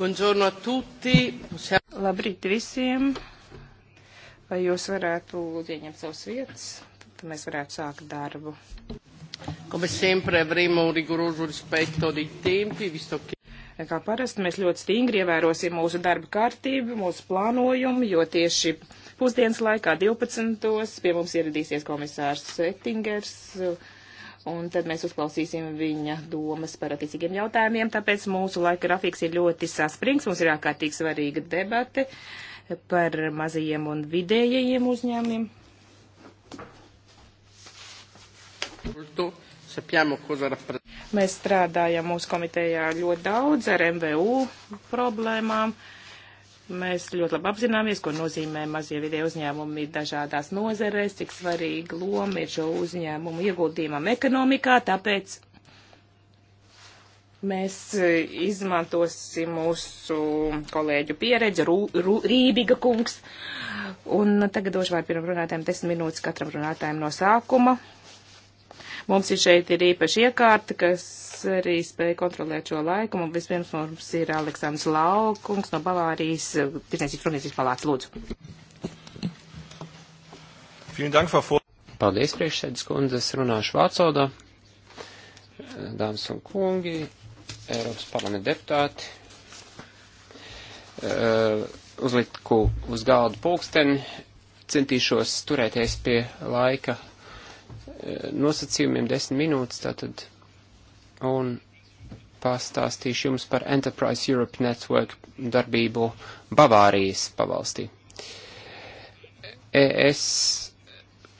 Buongiorno a tutti. Labrīt visiem. Vai jūs varētu lūdzu ieņemt savas vietas? Tad mēs varētu sākt darbu. Come sempre avremo un rigoroso rispetto dei tempi, visto che... Kā parasti mēs ļoti stingri ievērosim mūsu darba kārtību, mūsu plānojumu, jo tieši pusdienas laikā 12. pie mums ieradīsies komisārs Ettingers. Uh, un tad mēs uzklausīsim viņa domas par attiecīgiem jautājumiem. Tāpēc mūsu laika grafiks ir ļoti saspringts, mums ir ārkārtīgi svarīga debate par mazajiem un vidējajiem uzņēmumiem. Mēs strādājam mūsu komitejā ļoti daudz ar MVU problēmām. Uh, Mēs ļoti labi apzināmies, ko nozīmē mazie vidē uzņēmumi dažādās nozerēs, cik svarīga loma ir šo uzņēmumu ieguldījumam ekonomikā, tāpēc mēs e, izmantosim mūsu kolēģu pieredzi, Rū, Rū, Rībiga kungs, un tagad došu vārdu pirmam runātājiem desmit minūtes katram runātājiem no sākuma. Mums ir šeit ir īpaši iekārta, kas arī spēja kontrolēt šo laiku. Un vispirms mums ir Aleksandrs Laukungs no Bavārijas eh, Tirzniecības Rūpniecības palātas. Lūdzu. Paldies, priekšsēdus kundzes, runāšu vācodā. Eh, dāmas un kungi, Eiropas parlamenta deputāti, eh, uzliku uz galdu pulksteni, centīšos turēties pie laika nosacījumiem desmit minūtes, tātad un pastāstīšu jums par Enterprise Europe Network darbību Bavārijas pavalstī. ES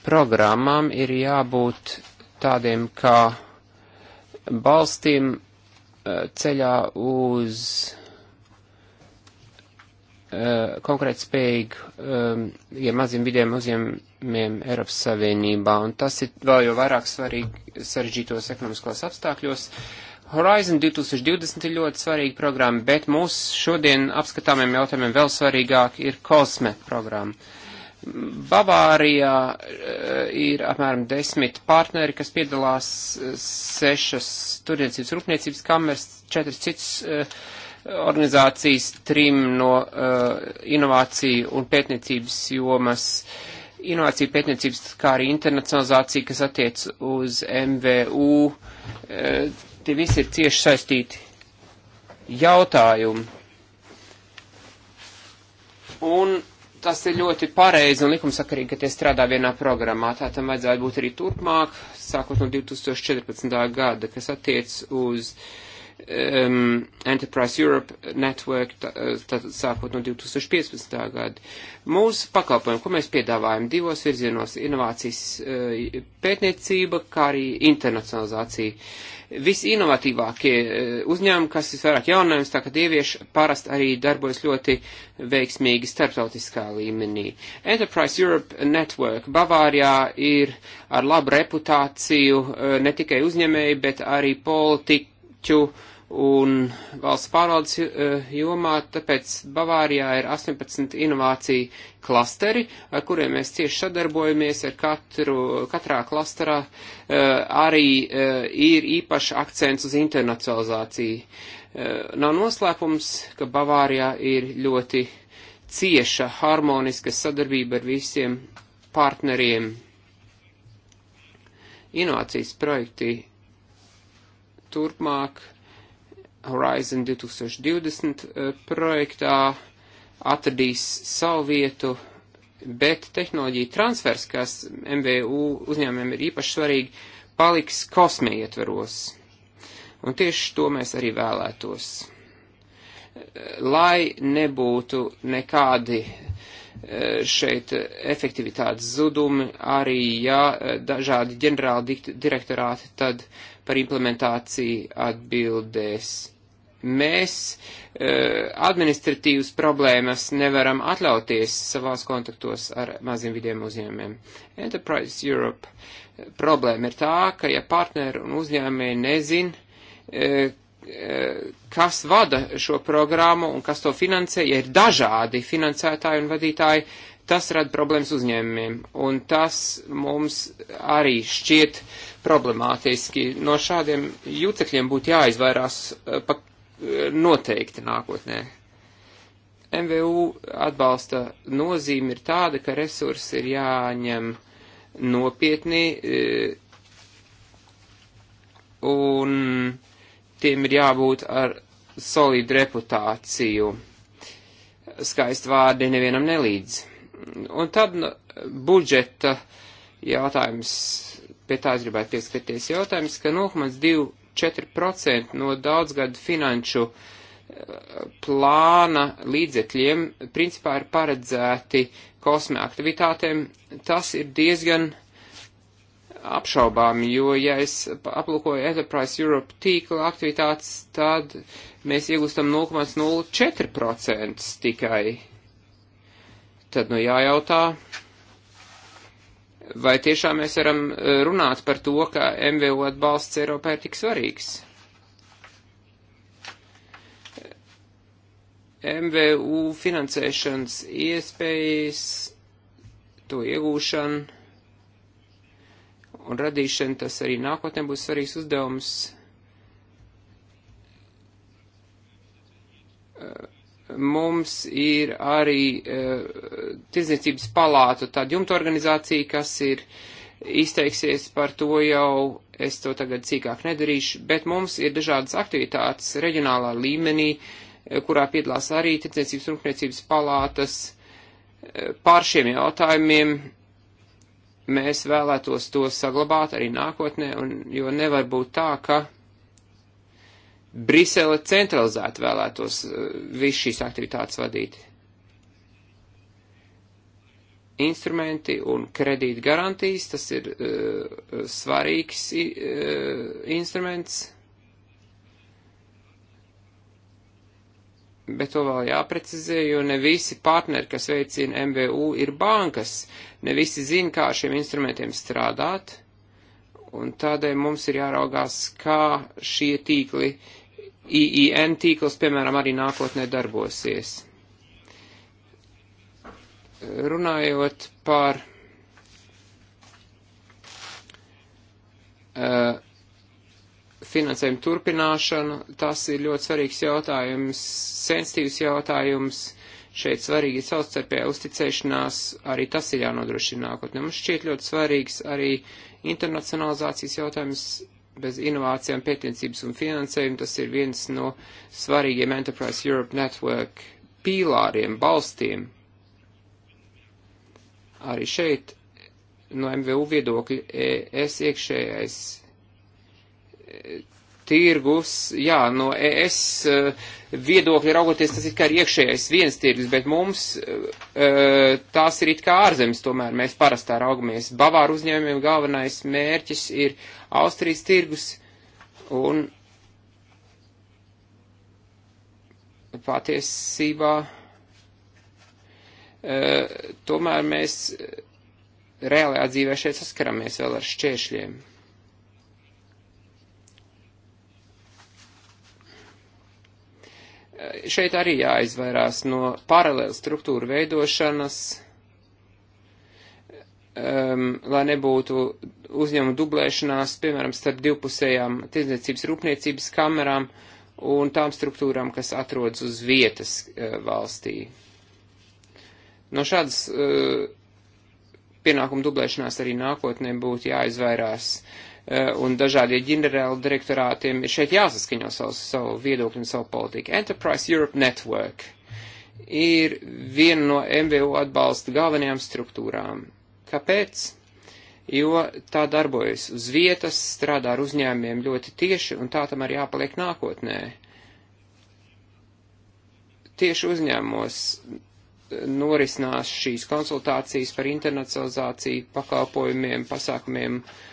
programmām ir jābūt tādiem kā balstīm e, ceļā uz e, konkrēti spējīgu, e, ja maziem vidiem uzņēmumu uzņēmumiem Eiropas Savienībā, un tas ir vēl jau vairāk svarīgi sarežģītos ekonomiskos apstākļos. Horizon 2020 ir ļoti svarīga programma, bet mūsu šodien apskatāmiem jautājumiem vēl svarīgāk ir kosme programma. Bavārijā eh, ir apmēram desmit partneri, kas piedalās eh, sešas turniecības rūpniecības kameras, četras citas eh, organizācijas, trim no inovāciju un pētniecības jomas. Uh, inovāciju pētniecības, kā arī internacionalizācija, kas attiec uz MVU, e, tie visi ir cieši saistīti jautājumi. Un tas ir ļoti pareizi un likumsakarīgi, ka tie strādā vienā programmā. Tā tam vajadzētu būt arī turpmāk, sākot no 2014. gada, kas attiec uz uh, um, Enterprise Europe Network, tātad sākot no 2015. gada. Mūsu pakalpojumi, ko mēs piedāvājam divos virzienos - inovācijas uh, pētniecība, kā arī internacionalizācija. Visi inovatīvākie uh, uzņēmumi, kas visvairāk jaunājums, tā kad ievieš, parasti arī darbojas ļoti veiksmīgi starptautiskā līmenī. Enterprise Europe Network Bavārijā ir ar labu reputāciju uh, ne tikai uzņēmēji, bet arī politika banķu un valsts pārvaldes eh, jomā, tāpēc Bavārijā ir 18 inovāciju klasteri, ar kuriem mēs cieši sadarbojamies, ar katru, katrā klasterā eh, arī eh, ir īpaši akcents uz internacionalizāciju. Nav noslēpums, ka Bavārijā ir ļoti cieša, harmoniska sadarbība ar visiem partneriem. Inovācijas projekti turpmāk Horizon 2020 eh, projektā atradīs savu vietu, bet tehnoloģija transfers, kas MVU uzņēmumiem ir īpaši svarīgi, paliks kosmē ietveros. Un tieši to mēs arī vēlētos. Lai nebūtu nekādi eh, šeit efektivitātes zudumi, arī ja eh, dažādi ģenerāli direktorāti tad par implementāciju atbildēs. Mēs eh, administratīvas problēmas nevaram atļauties savās kontaktos ar maziem vidiem uzņēmumiem. Enterprise Europe eh, problēma ir tā, ka ja partneri un uzņēmēji nezin, eh, kas vada šo programmu un kas to finansē, ja ir dažādi finansētāji un vadītāji, tas rada problēmas uzņēmumiem. Un tas mums arī šķiet uh, problemātiski. No šādiem jucekļiem būtu jāizvairās eh, pa, eh, noteikti nākotnē. MVU atbalsta nozīme ir tāda, ka resursi ir jāņem nopietni eh, un tiem ir jābūt ar solidu reputāciju. Skaisti vārdi nevienam nelīdz. Un tad nu, budžeta jautājums pie tā es gribētu pieskarties jautājums, ka 0,24% nu, no daudzgadu finanšu eh, plāna līdzekļiem principā ir paredzēti kosmē aktivitātēm. Tas ir diezgan apšaubāmi, jo, ja es aplūkoju Enterprise Europe tīkla aktivitātes, tad mēs iegūstam 0,04% tikai. Tad nu jājautā, Vai tiešām mēs varam eh, runāt par to, ka MVO atbalsts Eiropā ir tik svarīgs? MVU finansēšanas iespējas, to iegūšana un radīšana, tas arī nākotnē būs svarīgs uzdevums. Uh, mums ir arī uh, eh, Tirzniecības palātu tāda jumta organizācija, kas ir izteiksies par to jau, es to tagad cīkāk nedarīšu, bet mums ir dažādas aktivitātes reģionālā līmenī, eh, kurā piedalās arī Tirzniecības rūpniecības palātas. Eh, pār šiem jautājumiem mēs vēlētos to saglabāt arī nākotnē, un, jo nevar būt tā, ka Brisele centralizēti vēlētos eh, visu šīs aktivitātes vadīt. Instrumenti un kredīta garantijas, tas ir uh, svarīgs uh, instruments, bet to vēl jāprecizē, jo ne visi partneri, kas veicina MBU, ir bankas, ne visi zina, kā ar šiem instrumentiem strādāt, un tādēļ mums ir jāraugās, kā šie tīkli uh, IIN tīkls, piemēram, arī nākotnē darbosies. Runājot par uh, finansējumu turpināšanu, tas ir ļoti svarīgs jautājums, sensitīvs jautājums šeit svarīgi savstarpējā uzticēšanās, arī tas ir jānodrošina nākotnē. Mums šķiet ļoti svarīgs arī internacionalizācijas jautājums, bez inovācijām, pētniecības un finansējuma. Tas ir viens no svarīgiem Enterprise Europe Network pīlāriem, balstiem. Arī šeit no MVU viedokļa es iekšējais tirgus, jā, no ES eh, viedokļa raugoties, tas ir kā ir iekšējais viens tirgus, bet mums eh, tās ir it kā ārzemes, tomēr mēs parastā raugamies. Bavāru uzņēmumiem galvenais mērķis ir Austrijas tirgus un patiesībā eh, tomēr mēs reālajā dzīvē šeit saskaramies vēl ar šķēršļiem. Šeit arī jāizvairās no paralēlu struktūru veidošanas, um, lai nebūtu uzņēmumu dublēšanās, piemēram, starp divpusējām tirdzniecības rūpniecības kamerām un tām struktūrām, kas atrodas uz vietas uh, valstī. No šādas uh, pienākumu dublēšanās arī nākotnē būtu jāizvairās. Uh, Eh, un dažādie ģenerāli direktorātiem ir šeit jāsaskaņo savu, savu viedokli un savu politiku. Enterprise Europe Network ir viena no MVO atbalsta galvenajām struktūrām. Kāpēc? Jo tā darbojas uz vietas, strādā ar uzņēmiem ļoti tieši, un tā tam arī jāpaliek nākotnē. Tieši uzņēmumos norisinās šīs konsultācijas par internacionalizāciju, pakalpojumiem, pasākumiem, uh,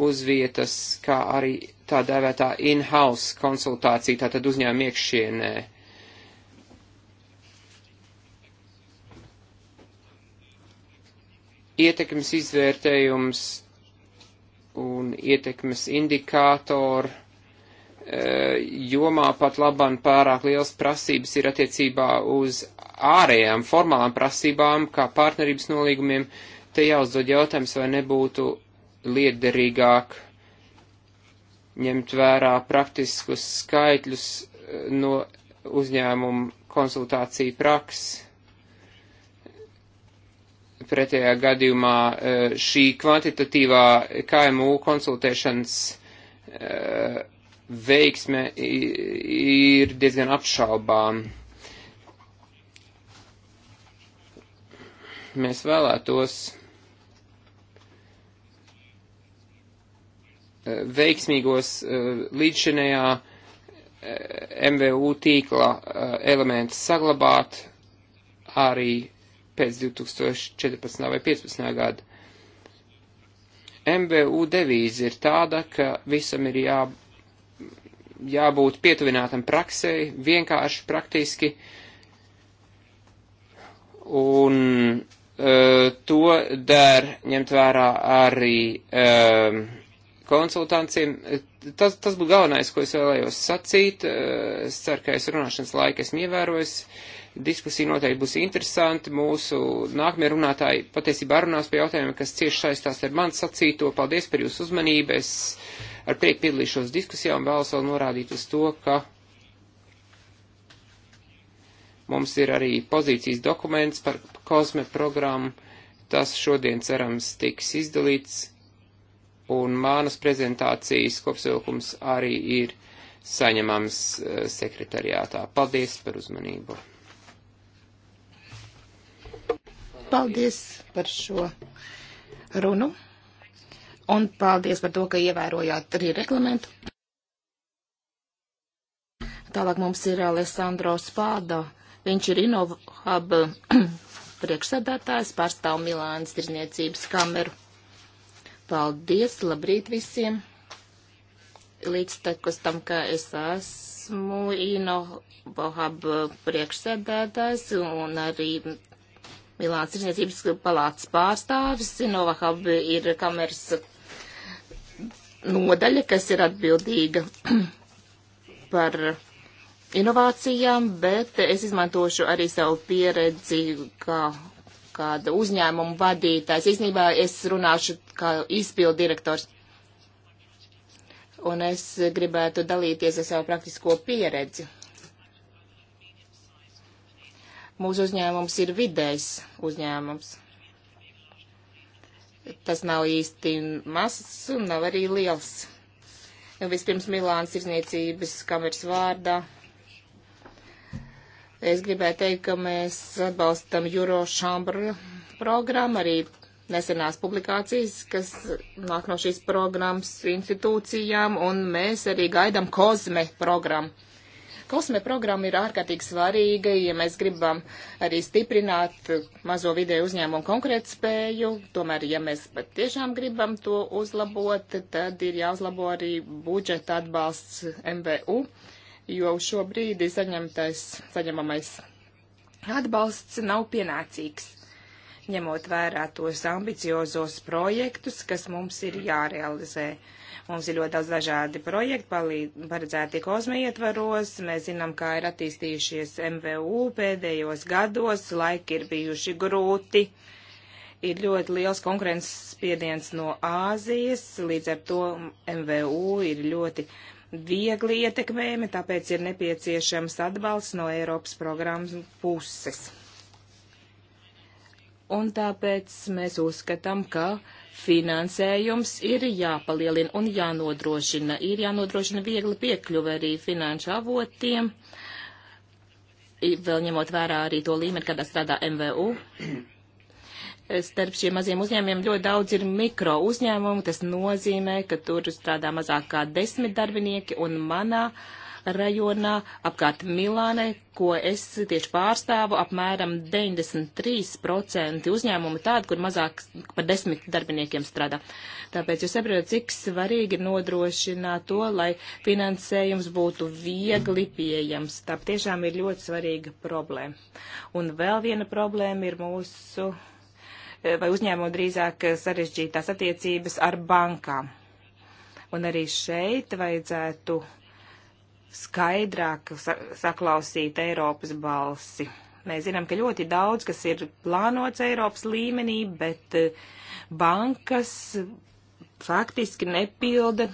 uz vietas, kā arī tā dēvētā in-house konsultācija, tātad uzņēmuma iekšienē. Ietekmes izvērtējums un ietekmes indikātori e, jomā pat labam pārāk liels prasības ir attiecībā uz ārējām formālām prasībām, kā partnerības nolīgumiem. Te jāuzdod jautājums, vai nebūtu liederīgāk ņemt vērā praktiskus skaitļus eh, no uzņēmumu konsultāciju prakses. Pretējā gadījumā eh, šī kvantitatīvā KMU konsultēšanas eh, veiksme ir diezgan apšaubām. Mēs vēlētos Eh, veiksmīgos eh, līdzšinējā eh, MVU tīkla elementus saglabāt arī pēc 2014. vai 2015. gada. MVU devīze ir tāda, ka visam ir jā, jābūt pietuvinātam praksei, vienkārši, praktiski, un uh, to dēr ņemt vērā arī uh, konsultantiem. Tas, tas būtu galvenais, ko es vēlējos sacīt. Es ceru, ka es runāšanas laiku esmu ievērojis. Diskusija noteikti būs interesanti. Mūsu nākamie runātāji patiesībā runās par jautājumiem, kas cieši saistās ar man sacīto. Paldies par jūsu uzmanību. Es ar prieku piedalīšos diskusijā un vēlos vēl norādīt uz to, ka mums ir arī pozīcijas dokuments par kosme programmu. Tas šodien cerams tiks izdalīts un manas prezentācijas kopsavilkums arī ir saņemams eh, sekretariātā. Paldies par uzmanību! Paldies par šo runu un paldies par to, ka ievērojāt arī reglamentu. Tālāk mums ir Alessandro Spādo. Viņš ir InnoHub priekšsēdētājs, pārstāv Milānas tirzniecības kameru. Paldies, labrīt visiem! Līdztekus tam, ka es esmu Ino Bohab priekšsēdētājs un arī Milāns Tirzniecības palātas pārstāvis. Ino Bohab ir kameras nodaļa, kas ir atbildīga par inovācijām, bet es izmantošu arī savu pieredzi kā kāda uzņēmuma vadītājs. Īsnībā es runāšu kā izpildu direktors. Un es gribētu dalīties ar savu praktisko pieredzi. Mūsu uzņēmums ir vidējs uzņēmums. Tas nav īsti mazs un nav arī liels. Nu, vispirms Milāns izniecības kameras vārdā Es gribēju teikt, ka mēs atbalstam Euro Chambre programmu, arī nesenās publikācijas, kas nāk no šīs programmas institūcijām, un mēs arī gaidām kozme programmu. Kosme programma ir ārkārtīgi svarīga, ja mēs gribam arī stiprināt mazo vidēju uzņēmumu konkurētspēju. Tomēr, ja mēs patiešām gribam to uzlabot, tad ir jāuzlabo arī budžeta atbalsts MVU. Uh, jo šo brīdi saņemtais, saņemamais atbalsts nav pienācīgs, ņemot vērā tos ambiciozos projektus, kas mums ir jārealizē. Mums ir ļoti daudz dažādi projekti, paredzēti kosmē ietvaros. Mēs zinām, kā ir attīstījušies MVU pēdējos gados, laiki ir bijuši grūti. Ir ļoti liels konkurences spiediens no Āzijas, līdz ar to MVU ir ļoti uh, viegli ietekmējami, tāpēc ir nepieciešams atbalsts no Eiropas programmas puses. Un tāpēc mēs uzskatām, ka finansējums ir jāpalielina un jānodrošina. Ir jānodrošina viegli piekļuve arī finanšu avotiem, vēl ņemot vērā arī to līmeni, kādā strādā MVU starp šiem maziem uzņēmumiem ļoti daudz ir mikro uzņēmumu. Tas nozīmē, ka tur strādā mazāk kā desmit darbinieki un manā rajonā apkārt Milāne, ko es tieši pārstāvu, apmēram 93% uzņēmumu tādu, kur mazāk par desmit darbiniekiem strādā. Tāpēc jūs saprotat, cik svarīgi ir nodrošināt to, lai finansējums būtu viegli pieejams. Tā tiešām ir ļoti svarīga problēma. Un vēl viena problēma ir mūsu vai uzņēmumu drīzāk sarežģītās attiecības ar bankām. Un arī šeit vajadzētu skaidrāk saklausīt Eiropas balsi. Mēs zinām, ka ļoti daudz, kas ir plānots Eiropas līmenī, bet eh, bankas faktiski nepilda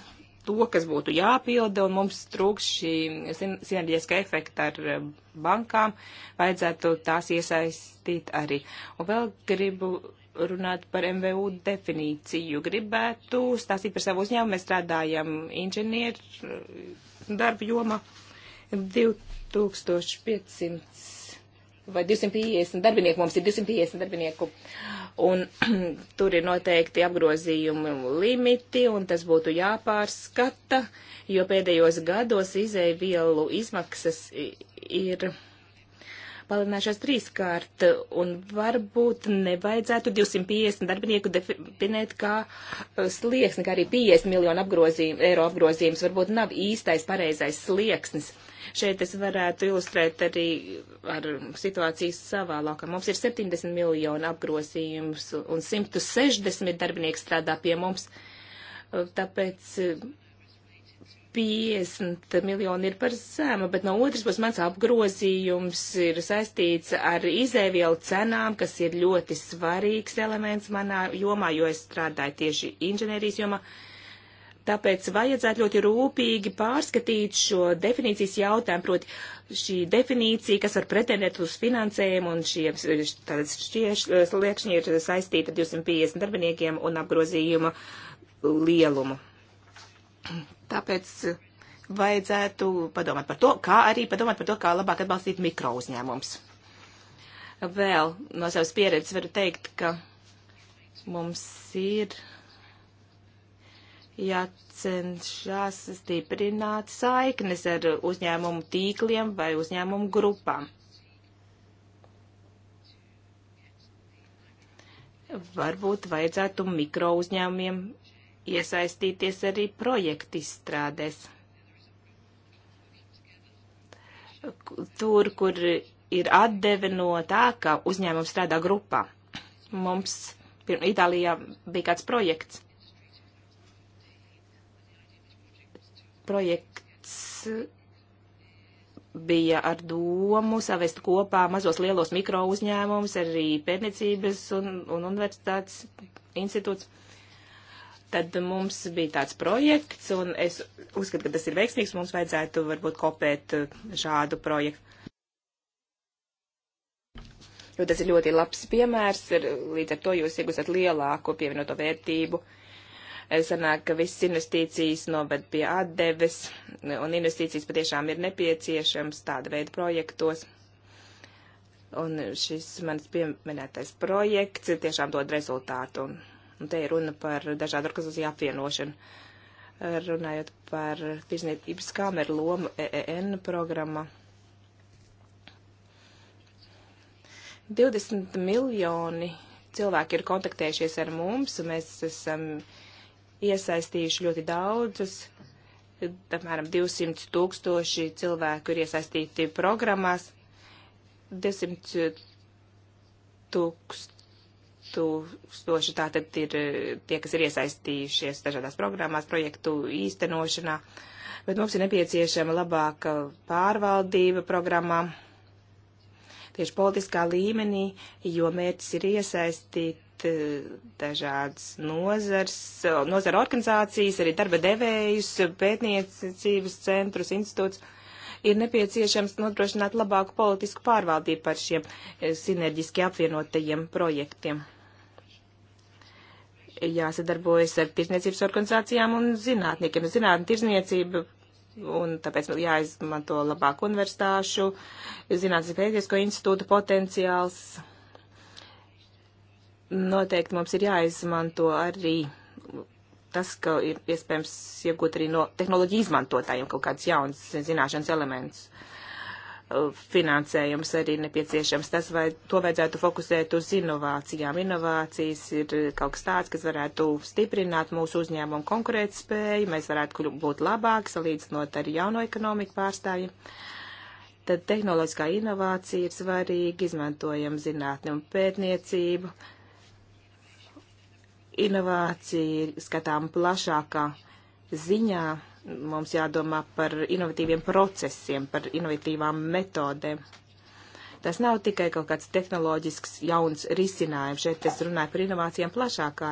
to, kas būtu jāpilda, un mums trūks šī sinerģiskā efekta ar eh, bankām, vajadzētu tās iesaistīt arī. Un vēl gribu runāt par MVU definīciju. Gribētu stāstīt par savu uzņēmumu. Mēs strādājam inženieru darbu jomā 2500 vai 250 darbinieku. Mums ir 250 darbinieku. Un tur ir noteikti apgrozījumi limiti, un tas būtu jāpārskata, jo pēdējos gados izēvielu izmaksas ir palielinājušās trīskārt, un varbūt nevajadzētu 250 darbinieku definēt kā uh, slieksni, kā arī 50 miljonu apgrozījum, eiro apgrozījums varbūt nav īstais pareizais slieksnis. Šeit es varētu ilustrēt arī ar situācijas savā lokā. Mums ir 70 miljonu apgrozījums un 160 darbinieki strādā pie mums. Uh, tāpēc uh, 50 miljoni ir par zemu, bet no otras puses mans apgrozījums ir saistīts ar izēvielu cenām, kas ir ļoti svarīgs elements manā jomā, jo es strādāju tieši inženierijas jomā. Tāpēc vajadzētu ļoti rūpīgi pārskatīt šo definīcijas jautājumu, proti šī definīcija, kas var pretendēt uz finansējumu, un šie sliekšņi ir saistīti ar 250 darbiniekiem un apgrozījuma lielumu. Tāpēc vajadzētu padomāt par to, kā arī padomāt par to, kā labāk atbalstīt mikro uzņēmums. Vēl no savas pieredzes varu teikt, ka mums ir jācenšas stiprināt saiknes ar uzņēmumu tīkliem vai uzņēmumu grupām. Varbūt vajadzētu mikro uzņēmumiem iesaistīties arī projektu izstrādēs. Tur, kur ir atdeve no tā, ka uzņēmums strādā grupā. Mums pirms Itālijā bija kāds projekts. Projekts bija ar domu savest kopā mazos lielos mikro uzņēmumus, arī pētniecības un, un universitātes institūts. Tad mums bija tāds projekts, un es uzskatu, ka tas ir veiksmīgs. Mums vajadzētu varbūt kopēt eh, šādu projektu. Jo tas ir ļoti labs piemērs, līdz ar to jūs iegūstat lielāko pievienoto vērtību. Eh, sanāk, ka visas investīcijas noved pie atdeves, un investīcijas patiešām ir nepieciešams tāda veida projektos. Un šis mans pieminētais projekts tiešām dod rezultātu. Un Un te ir runa par dažādu organizāciju apvienošanu. Runājot par tirzniecības kameru lomu EEN programma. 20 miljoni cilvēki ir kontaktējušies ar mums, un mēs esam iesaistījuši ļoti daudzus apmēram 200 tūkstoši cilvēku ir iesaistīti programmās, 200 tūkstoši tūkstoši tātad ir eh, tie, kas ir iesaistījušies dažādās programmās, projektu īstenošanā, bet mums ir nepieciešama labāka pārvaldība programmā tieši politiskā līmenī, jo mērķis ir iesaistīt eh, dažādas nozars, nozara organizācijas, arī darba devējus, pētniecības centrus, institūts. Ir nepieciešams nodrošināt labāku politisku pārvaldību par šiem eh, sinerģiski apvienotajiem projektiem jāsadarbojas ar tirzniecības organizācijām un zinātniekiem. Zinātne, tirzniecība, un tāpēc jāizmanto labāk universitāšu, zinātnes pētiesko institūtu potenciāls. Noteikti mums ir jāizmanto arī tas, ka ir iespējams iegūt arī no tehnoloģiju izmantotājiem kaut kāds jauns zināšanas elements. Uh, finansējums arī nepieciešams. Tas vai to vajadzētu fokusēt uz inovācijām. Inovācijas ir kaut kas tāds, kas varētu stiprināt mūsu uzņēmumu konkurētspēju, mēs varētu būt labāki salīdzinot ar jauno ekonomiku pārstāvjiem. Tad tehnoloģiskā inovācija ir svarīga, izmantojam zinātni un pētniecību. Inovācija ir skatām plašākā ziņā Mums jādomā par inovatīviem procesiem, par inovatīvām metodēm. Tas nav tikai kaut kāds tehnoloģisks jauns risinājums. Šeit es runāju par inovācijām plašākā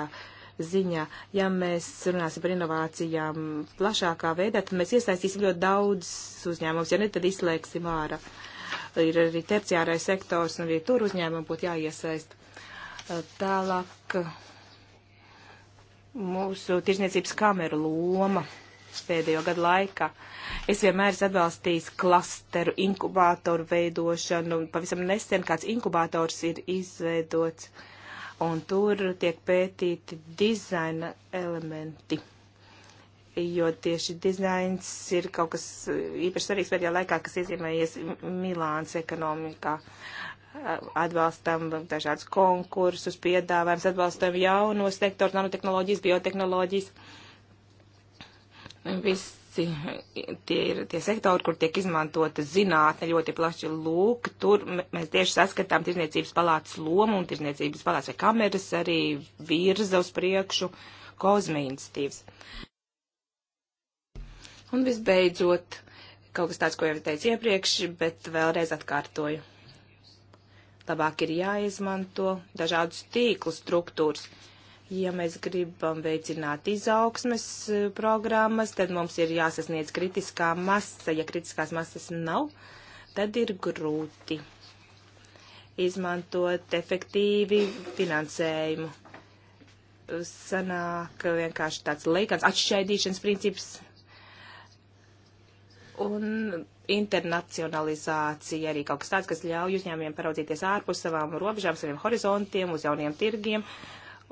ziņā. Ja mēs runāsim par inovācijām plašākā veidā, tad mēs iesaistīsim ļoti daudz uzņēmumus, ja ne, tad izslēgsim ārā. Ir arī terciārais sektors, un arī tur uzņēmumi būtu jāiesaist. Tālāk mūsu tirzniecības kameru loma pēdējo gadu laikā. Es vienmēr esmu atbalstījis klasteru inkubātoru veidošanu. Pavisam nesen kāds inkubators ir izveidots, un tur tiek pētīti dizaina elementi. Jo tieši dizains ir kaut kas eh, īpaši svarīgs pēdējā laikā, kas iezīmējies Milāns ekonomikā. Eh, atbalstam dažādus konkursus, piedāvājums, atbalstam jaunos sektors, nanotehnoloģijas, biotehnoloģijas. Uh, Visi tie ir tie sektori, kur tiek izmantota zinātne ļoti plaši. Lūk, tur mēs tieši saskatām tirzniecības palātas lomu un tirzniecības palātas vai kameras arī virza uz priekšu kozmē institīvas. Un visbeidzot, kaut kas tāds, ko jau teicu iepriekš, bet vēlreiz atkārtoju. Labāk ir jāizmanto dažādus tīklu struktūras Ja mēs gribam veicināt izaugsmes eh, programmas, tad mums ir jāsasniedz kritiskā masa. Ja kritiskās masas nav, tad ir grūti izmantot efektīvi finansējumu. Sanāk vienkārši tāds leikans atšķaidīšanas princips un internacionalizācija arī kaut kas tāds, kas ļauj uzņēmumiem paraudzīties ārpus savām robežām, saviem horizontiem, uz jauniem tirgiem. Uh,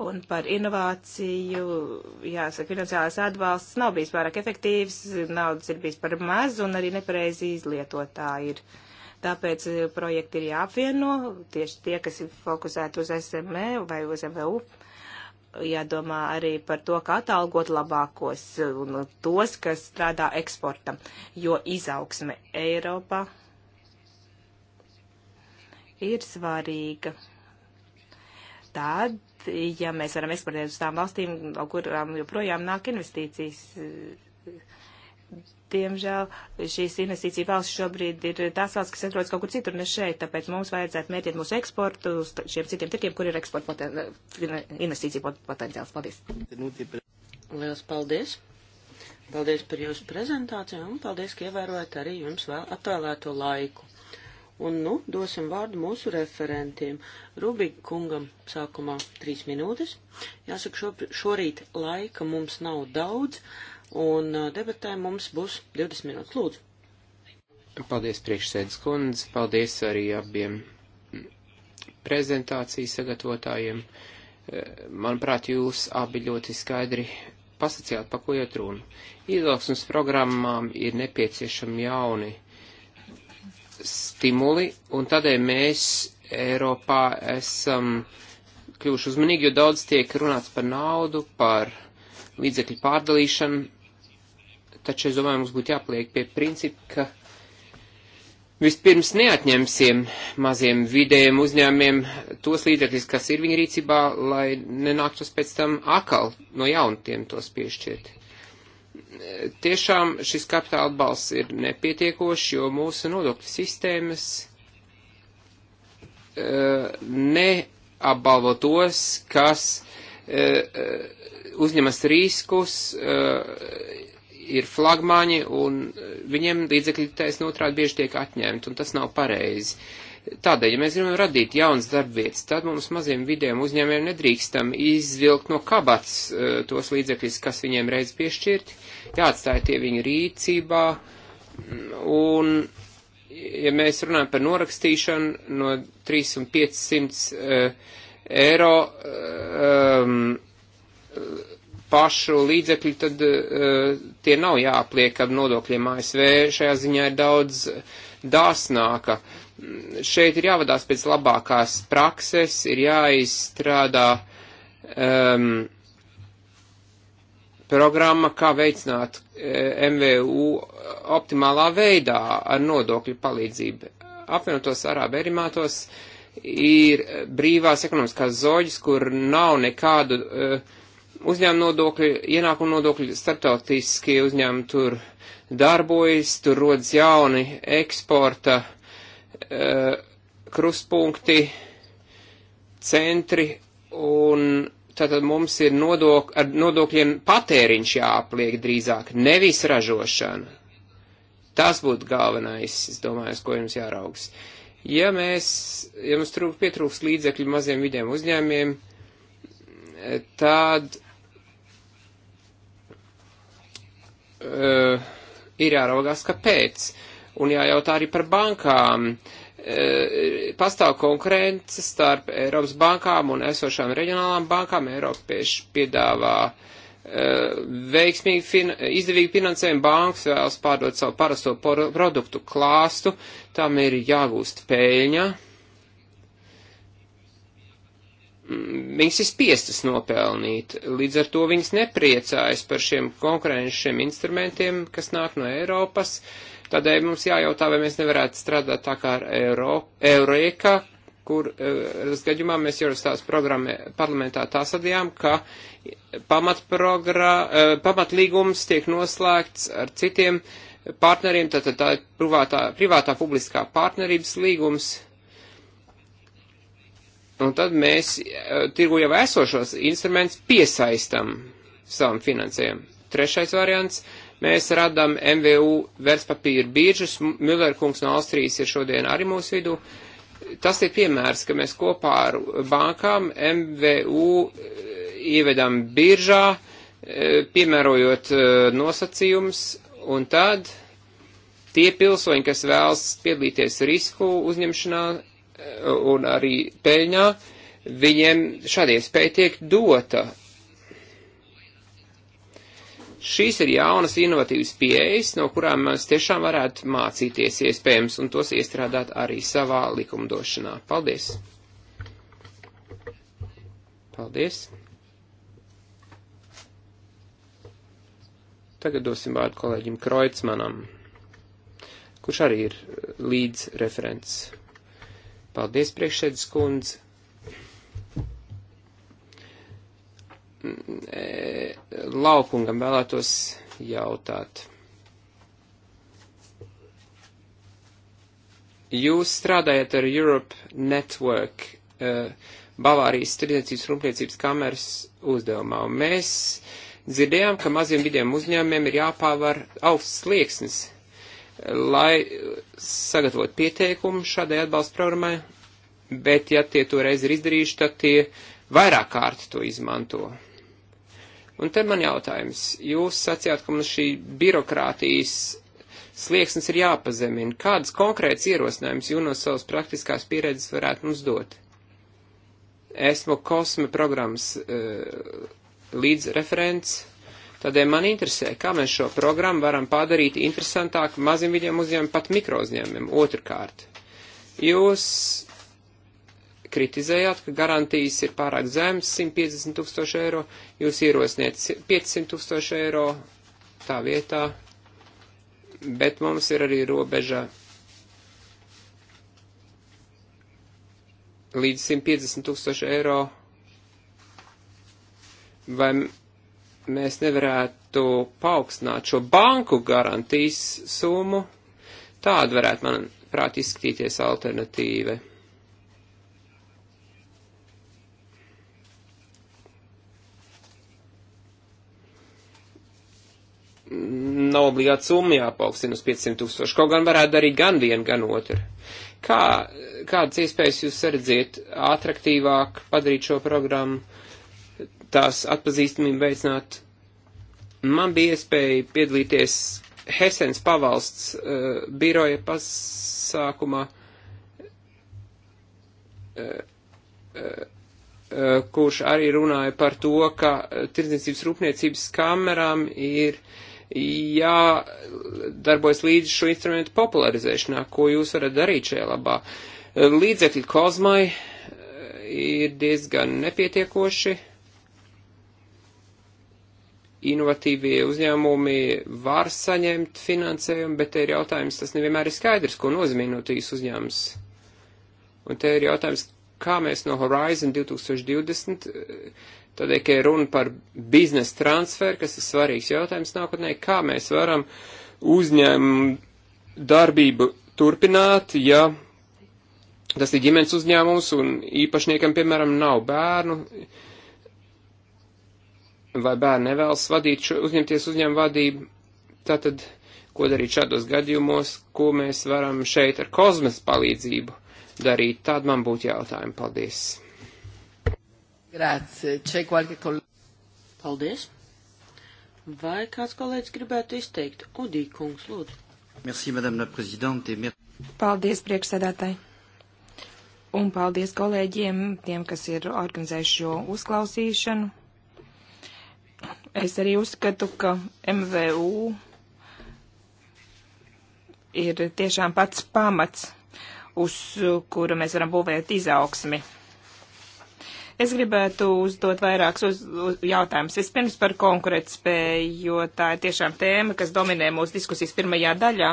Un par inovāciju, jāsaka, finansiālās atbalsts nav bijis pārāk efektīvs, naudas ir bijis par maz un arī nepareizi izlietotā ir. Tāpēc eh, projekti ir jāapvieno, tieši tie, kas ir fokusēti uz SME vai uz MVU jādomā arī par to, kā atalgot labākos eh, un tos, kas strādā eksportam, jo izaugsme Eiropā ir svarīga. Tad ja mēs varam eksportēt uz tām valstīm, no kurām joprojām nāk investīcijas. Diemžēl šīs investīcija valsts šobrīd ir tās valsts, kas atrodas kaut kur citur, ne šeit, tāpēc mums vajadzētu mērķēt mūsu eksportu uz šiem citiem tirkiem, kur ir eksporta poten eh, investīcija potenciāls. Paldies! Lielas paldies! Paldies par jūsu prezentāciju un paldies, ka ievērojat arī jums vēl atvēlēto laiku. Un, nu, dosim vārdu mūsu referentiem. Rubik kungam sākumā trīs minūtes. Jāsaka, šo, šorīt laika mums nav daudz, un uh, debatē mums būs 20 minūtes. Lūdzu. Paldies priekšsēdus kundze, paldies arī abiem prezentāciju sagatavotājiem. Eh, manuprāt, jūs abi ļoti skaidri pasacījāt, pa ko iet runa. Izaugsmas programmām ir nepieciešami jauni stimuli, un tādēļ mēs Eiropā esam kļuvuši uzmanīgi, jo daudz tiek runāts par naudu, par līdzekļu pārdalīšanu, taču es domāju, mums būtu jāpaliek pie principa, ka vispirms neatņemsim maziem vidējiem uzņēmiem tos līdzekļus, kas ir viņa rīcībā, lai nenāktos pēc tam akal no jauna tiem tos piešķirt tiešām šis kapitāla atbalsts ir nepietiekošs, jo mūsu nodokļu sistēmas e, neapbalvo tos, kas e, e, uzņemas riskus, ir flagmaņi, un viņiem līdzekļi taisnotrādi bieži tiek atņemti, un tas nav pareizi. Uh, Tādēļ, ja mēs gribam radīt jaunas darbvietas, tad mums maziem vidiem uzņēmējiem nedrīkstam izvilkt no kabats eh, tos līdzekļus, kas viņiem reiz piešķirti, jāatstāja tie viņu rīcībā, un, ja mēs runājam par norakstīšanu no 3 un 500 eh, eiro eh, um, pašu līdzekļu, tad uh, tie nav jāpliek ar nodokļiem ASV. Šajā ziņā ir daudz dāsnāka uh, Šeit ir jāvadās pēc labākās prakses, ir jāizstrādā um, programma, kā veicināt e, eh, MVU optimālā veidā ar nodokļu palīdzību. Apvienotos Arābu Emirātos ir brīvās ekonomiskās zoģis, kur nav nekādu e, uzņēmumu nodokļu, ienākumu nodokļu, starptautiskie uzņēmumi tur darbojas, tur rodas jauni eksporta Eh, krustpunkti, centri un tātad mums ir nodok, ar nodokļiem patēriņš jāapliek drīzāk, nevis ražošana. Tas būtu galvenais, es domāju, uz ko jums jāraugs. Ja mēs, ja mums trūk, pietrūks līdzekļu maziem vidiem uzņēmiem, eh, tad uh, ir jāraugās, kāpēc. Uh, Un jājautā arī par bankām. E, pastāv konkurence starp Eiropas bankām un esošām reģionālām bankām. Eiropieši piedāvā e, veiksmīgi, fin izdevīgi finansējumu bankas vēlas pārdot savu parasto produktu klāstu, tam ir jāgūst pēļņa. Mm, viņas ir spiestas nopelnīt, līdz ar to viņas nepriecājas par šiem konkurenčiem instrumentiem, kas nāk no Eiropas. Uh, Tādēļ mums jājautā, vai mēs nevarētu strādāt tā kā ar Euro, Eureka, kur eh, es gadījumā mēs jau tās programmē parlamentā tā sadījām, ka eh, pamatlīgums tiek noslēgts ar citiem partneriem, tātad tā ir tā, privātā, privātā publiskā partnerības līgums. Un tad mēs eh, tirgu jau esošos instrumentus piesaistam savam finansējumu. Trešais variants Mēs radām MVU vērtspapīru biržas, Müller kungs no Austrijas ir šodien arī mūsu vidū. Tas ir piemērs, ka mēs kopā ar bankām MVU eh, ievedam biržā, eh, piemērojot eh, nosacījums, un tad tie pilsoņi, kas vēlas piedalīties risku uzņemšanā un arī peļņā, viņiem šādi iespēja tiek dota Šīs ir jaunas inovatīvas pieejas, no kurām mēs tiešām varētu mācīties iespējams un tos iestrādāt arī savā likumdošanā. Paldies! Paldies! Tagad dosim vārdu kolēģim Kreutzmanam, kurš arī ir līdz referents. Paldies, priekšsēdus kundze! Laukungam vēlētos jautāt. Jūs strādājat ar Europe Network eh, Bavārijas Tirdzniecības rūpniecības kameras uzdevumā. Un mēs dzirdējām, ka maziem vidiem uzņēmumiem ir jāpāvar augsts slieksnis, lai sagatavot pieteikumu šādai atbalsta programmai, bet ja tie to reiz ir izdarījuši, tad tie vairāk kārt to izmanto. Un te man jautājums, jūs sacījāt, ka mums šī birokrātijas slieksnis ir jāpazemina. Kādas konkrētas ierosinājumas jūs no savas praktiskās pieredzes varētu mums dot? Esmu kosme programmas uh, līdzreferents, tādēļ man interesē, kā mēs šo programmu varam padarīt interesantāku maziem vidiem uzņēmumiem, pat mikro uzņēmumiem. Otrkārt, jūs kritizējāt, ka garantijas ir pārāk zemes, 150 tūkstoši eiro, jūs ierosniet 500 tūkstoši eiro tā vietā, bet mums ir arī robeža līdz 150 tūkstoši eiro. Vai mēs nevarētu paaugstināt šo banku garantijas summu? Tāda varētu, manuprāt, izskatīties alternatīva. nav obligāti summa jāpaukstina uz 500 tūkstoši. Kaut gan varētu darīt gan vienu, gan otru. Kā, kādas iespējas jūs redziet atraktīvāk padarīt šo programmu, tās atpazīstamību veicināt? Man bija iespēja piedalīties Hesens pavalsts uh, biroja pasākumā, uh, uh, kurš arī runāja par to, ka tirdzniecības rūpniecības kamerām ir uh, jādarbojas līdz šo instrumentu popularizēšanā, ko jūs varat darīt šajā labā. Līdzekļi kozmai eh, ir diezgan nepietiekoši. Inovatīvie uzņēmumi var saņemt finansējumu, bet te ir jautājums, tas nevienmēr ir skaidrs, ko nozīmē no tīs uzņēmums. Un te ir jautājums, kā mēs no Horizon 2020 Tādēļ, ka ir runa par biznesa transferu, kas ir svarīgs jautājums nākotnē, kā mēs varam uzņēmumu darbību turpināt, ja tas ir ģimenes uzņēmums un īpašniekam, piemēram, nav bērnu vai bērni nevēlas vadīt, šo, uzņemties uzņēmumu vadību. Tātad, ko darīt šādos gadījumos, ko mēs varam šeit ar kozmes palīdzību darīt, tād man būtu jautājumi. Paldies! Grāci, čia kolēģi. Kol... Paldies. Vai kāds kolēģis gribētu izteikt? Udī, kungs, lūdzu. Merci, madame la présidente. Et merci. Paldies, priekšsēdētāji. Un paldies kolēģiem, tiem, kas ir organizējuši šo uzklausīšanu. Es arī uzskatu, ka MVU ir tiešām pats pamats, uz kura mēs varam būvēt izaugsmi. Es gribētu uzdot vairākus uz, uz jautājumus. Vispirms par konkurētspēju, jo tā ir tiešām tēma, kas dominē mūsu diskusijas pirmajā daļā.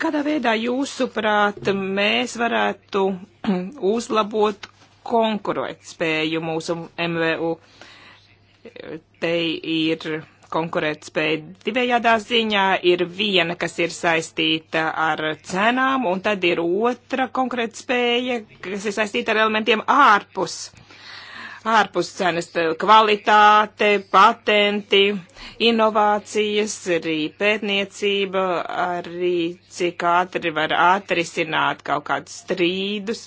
Kādā veidā jūsuprāt mēs varētu uzlabot konkurētspēju mūsu MVU? Te ir konkurētspēja divējādā ziņā ir viena, kas ir saistīta ar cenām, un tad ir otra konkurētspēja, kas ir saistīta ar elementiem ārpus ārpus cenas kvalitāte, patenti, inovācijas, arī pētniecība, arī cik ātri var atrisināt kaut kādus strīdus.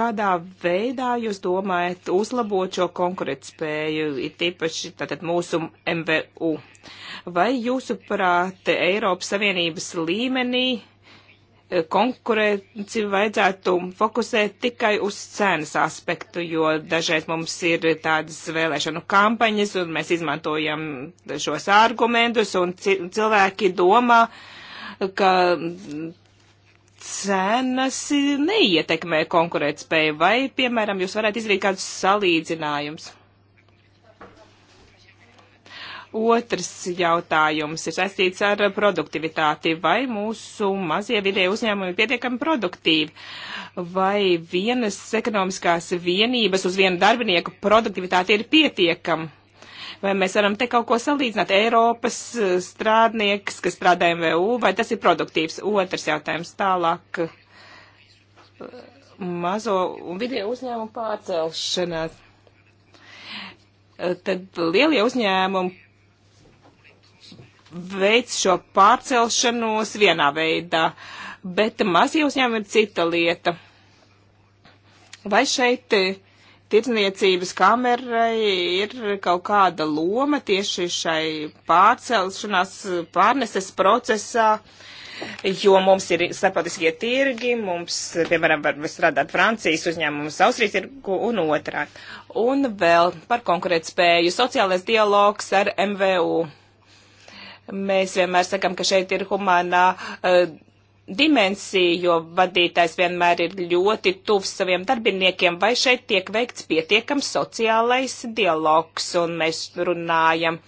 Kādā veidā jūs domājat uzlabot šo konkurētspēju, it īpaši tātad mūsu MVU? Vai jūsuprāt Eiropas Savienības līmenī konkurenci vajadzētu fokusēt tikai uz cenas aspektu, jo dažreiz mums ir tādas vēlēšanu kampaņas, un mēs izmantojam šos argumentus, un cilvēki domā, ka cenas neietekmē konkurētspēju, vai, piemēram, jūs varētu izrīt kādus salīdzinājumus. Otrs jautājums ir saistīts ar produktivitāti. Vai mūsu mazie vidēji uzņēmumi ir pietiekami produktīvi? Vai vienas ekonomiskās vienības uz vienu darbinieku produktivitāte ir pietiekama? Vai mēs varam te kaut ko salīdzināt? Eiropas eh, strādnieks, kas strādā MVU, vai tas ir produktīvs? Otrs jautājums tālāk. Eh, mazo un vidēju uzņēmumu pārcelšanās eh, tad lielie uzņēmumi veids šo pārcelšanos vienā veidā, bet mazie uzņēmumi ir cita lieta. Vai šeit eh, tirdzniecības kamerai ir kaut kāda loma tieši šai pārcelšanās pārneses procesā? Jo mums ir starptautiskie tirgi, mums, piemēram, var strādāt Francijas uzņēmums, Austrijas tirgu un otrā. Un vēl par konkurētspēju sociālais dialogs ar MVU Mēs vienmēr sakam, ka šeit ir humānā uh, eh, dimensija, jo vadītājs vienmēr ir ļoti tuvs saviem darbiniekiem, vai šeit tiek veikts pietiekams sociālais dialogs, un mēs runājam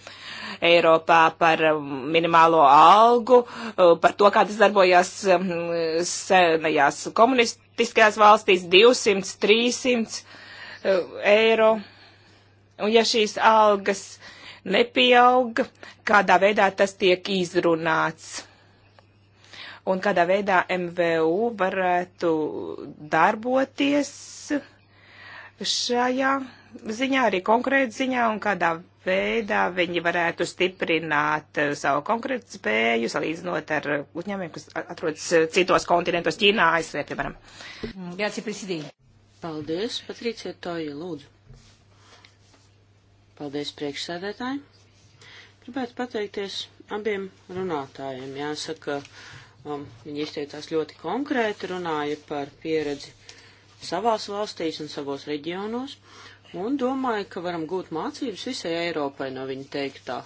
Eiropā par um, minimālo algu, uh, par to, kā tas darbojās um, senajās komunistiskajās valstīs 200, 300 uh, eiro. Un ja šīs algas uh, nepieaug, kādā veidā tas tiek izrunāts. Un kādā veidā MVU varētu darboties šajā ziņā, arī konkrēti ziņā, un kādā veidā viņi varētu stiprināt eh, savu konkrētu spēju, salīdzinot ar uzņēmumiem, kas atrodas eh, citos kontinentos, Ķīnā, ASV, piemēram. Jāci, prezidī. Paldies, Patricija Toja, lūdzu. Paldies priekšsēdētāji. Gribētu pateikties abiem runātājiem. Jāsaka, um, viņi izteicās ļoti konkrēti, runāja par pieredzi savās valstīs un savos reģionos. Un domāju, ka varam gūt mācības visai Eiropai no viņa teiktā.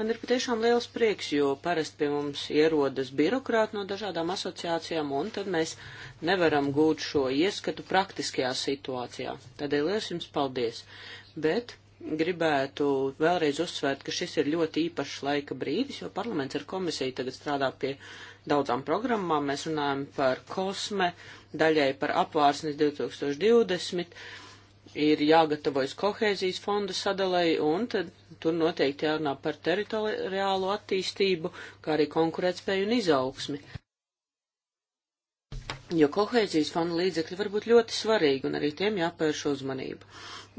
Man ir patiešām liels prieks, jo parasti pie mums ierodas birokrāti no dažādām asociācijām, un tad mēs nevaram gūt šo ieskatu praktiskajā situācijā. Tādēļ liels jums paldies. Bet gribētu vēlreiz uzsvērt, ka šis ir ļoti īpašs laika brīdis, jo parlaments ar komisiju tagad strādā pie daudzām programmām. Mēs runājam par kosme, daļai par apvārsnes 2020, ir jāgatavojas kohēzijas fonda sadalai, un tad tur noteikti jārunā par teritoriālo attīstību, kā arī konkurētspēju un izaugsmi. Jo kohēzijas fonda līdzekļi var būt ļoti svarīgi, un arī tiem jāpērš uzmanību.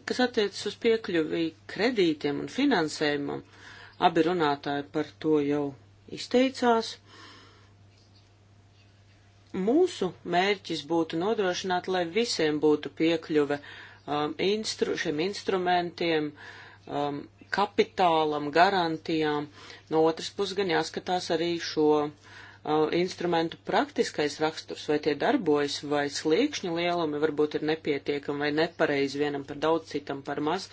Kas attiecas uz piekļuvi kredītiem un finansējumam, abi runātāji par to jau izteicās. Mūsu mērķis būtu nodrošināt, lai visiem būtu piekļuve um, instru, šiem instrumentiem, um, kapitālam, garantijām. No otras puses gan jāskatās arī šo uh, Uh, instrumentu praktiskais raksturs, vai tie darbojas, vai sliekšņa lielumi varbūt ir nepietiekami vai nepareizi vienam par daudz, citam par maz.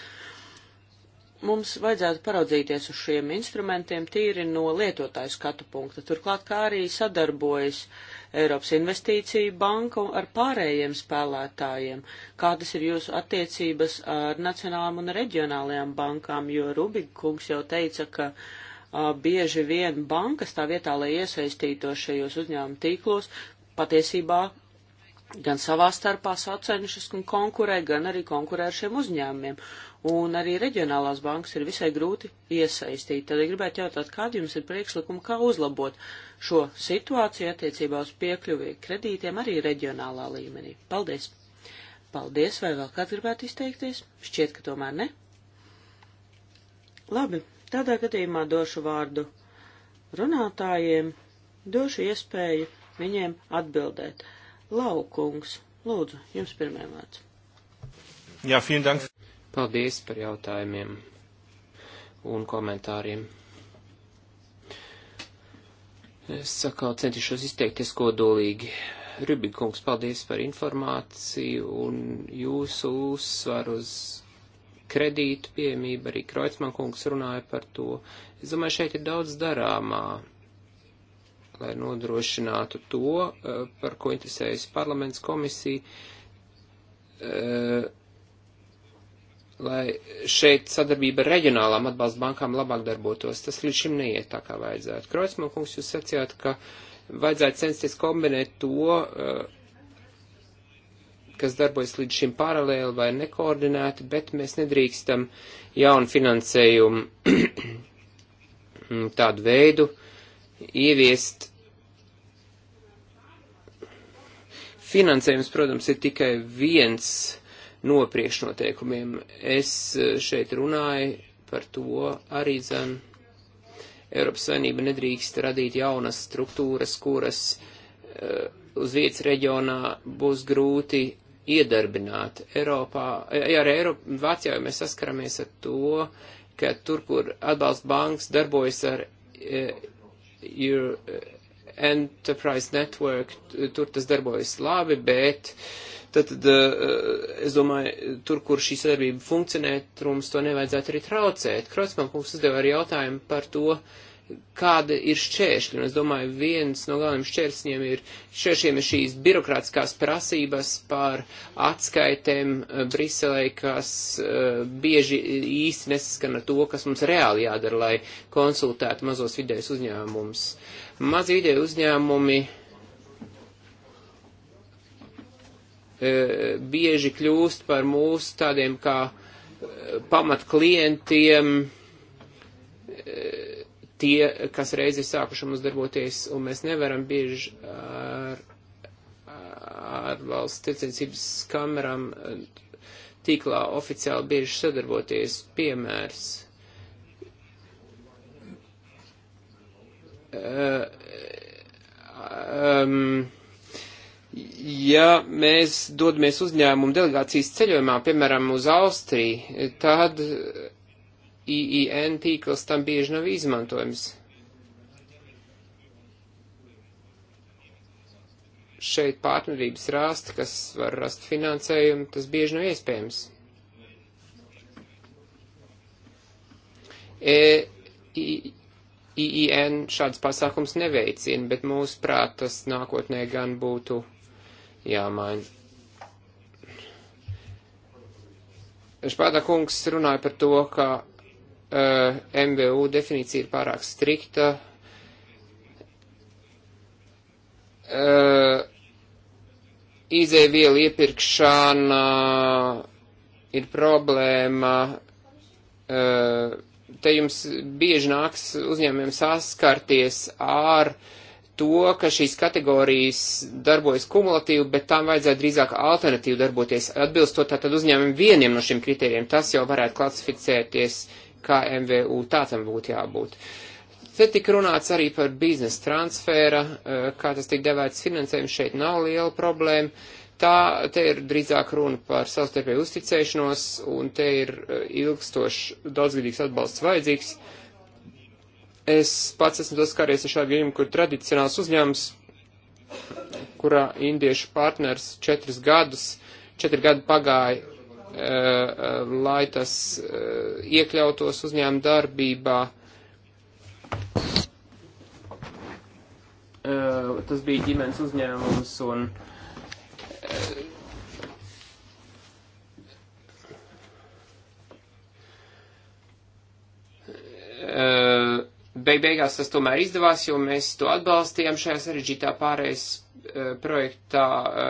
Mums vajadzētu paraudzīties uz šiem instrumentiem tīri no lietotāju skatu punkta, turklāt kā arī sadarbojas Eiropas investīciju banka ar pārējiem spēlētājiem, kādas ir jūsu attiecības ar nacionālām un reģionālajām bankām, jo Rubik kungs jau teica, ka uh, bieži vien bankas tā vietā, lai iesaistītos šajos uzņēmuma tīklos, patiesībā gan savā starpā sacenšas un konkurē, gan arī konkurē ar šiem uzņēmumiem. Un arī reģionālās bankas ir visai grūti iesaistīt. Tad ja gribētu jautāt, kādi jums ir priekšlikumi, kā uzlabot šo situāciju attiecībā uz piekļuvi kredītiem arī reģionālā līmenī. Paldies! Paldies, vai vēl kāds gribētu izteikties? Šķiet, ka tomēr ne. Labi, Tādā gadījumā došu vārdu runātājiem, došu iespēju viņiem atbildēt. Laukungs, lūdzu, jums pirmajam vārds. Jā, vielen dank. Paldies par jautājumiem un komentāriem. Es sakau, centīšos izteikties kodolīgi. Rubikungs, paldies par informāciju un jūsu uzsvaru uz kredītu pieejamība, arī Kreutzmann kungs runāja par to. Es domāju, šeit ir daudz darāmā, lai nodrošinātu to, eh, par ko interesējas parlaments komisija, eh, lai šeit sadarbība ar reģionālām atbalsta bankām labāk darbotos. Tas līdz šim neiet tā, kā vajadzētu. Kreutzmann kungs, jūs sacījāt, ka vajadzētu censties kombinēt to, eh, kas darbojas līdz šim paralēli vai nekoordinēti, bet mēs nedrīkstam jaunu finansējumu tādu veidu ieviest. Finansējums, protams, ir tikai viens no priekšnoteikumiem. Es eh, šeit runāju par to arī zan. Eiropas Savienība nedrīkst radīt jaunas struktūras, kuras uh, uz vietas reģionā būs grūti iedarbināt Eiropā, ar Eiropu, Vācijā mēs saskaramies ar to, ka tur, kur atbalsta bankas darbojas ar Euro Enterprise Network, tur tas darbojas labi, bet tad, e, es domāju, tur, kur šī sadarbība funkcionē, tur mums to nevajadzētu arī traucēt. Krocman kungs uzdeva arī jautājumu par to, uh, kāda ir šķēršļi. Un es domāju, viens no galvenajiem šķērsļiem ir, šķēršļiem ir šīs birokrātiskās prasības par atskaitēm eh, Briselē, kas uh, bieži īsti nesaskana to, kas mums reāli jādara, lai konsultētu mazos vidējus uzņēmumus. Mazi vidēji uzņēmumi uh, bieži kļūst par mūsu tādiem kā uh, pamat klientiem, tie, kas reiz ir sākuši mums darboties, un mēs nevaram bieži ar, ar valsts tirdzniecības kamerām eh, tīklā oficiāli bieži sadarboties. Piemērs. Um, ja mēs dodamies uzņēmumu delegācijas ceļojumā, piemēram, uz Austriju, tad IIN tīkls tam bieži nav izmantojams. Šeit partnerības rāsti, kas var rast finansējumu, tas bieži nav iespējams. E, I, IIN šāds pasākums neveicina, bet mūsuprāt tas nākotnē gan būtu jāmaina. Špāda kungs runāja par to, ka Eh, MBU definīcija ir pārāk strikta. Eh, Izēvielu iepirkšana ir problēma. Eh, te jums bieži nāks uzņēmumiem saskarties ar to, ka šīs kategorijas darbojas kumulatīvi, bet tām vajadzētu drīzāk alternatīvi darboties, atbilstot tātad uzņēmumiem vieniem no šiem kritērijiem. Tas jau varētu klasificēties uh, kā MVU. Tā tam būtu jābūt. Te tik runāts arī par biznesa transfēra, eh, kā tas tik devēts finansējums, šeit nav liela problēma. Tā te ir drīzāk runa par savstarpēju uzticēšanos, un te ir eh, ilgstošs daudzgadīgs atbalsts vajadzīgs. Es pats esmu saskāries ar šādu gadījumu, kur tradicionāls uzņēmums, kurā indiešu partners četrus gadus, četri gadi pagāja Uh, lai tas uh, iekļautos uzņēmuma darbībā. Uh, tas bija ģimenes uzņēmums un uh, beig beigās tas tomēr izdevās, jo mēs to atbalstījām šajā sarežģītā pārējais e, projektā, e,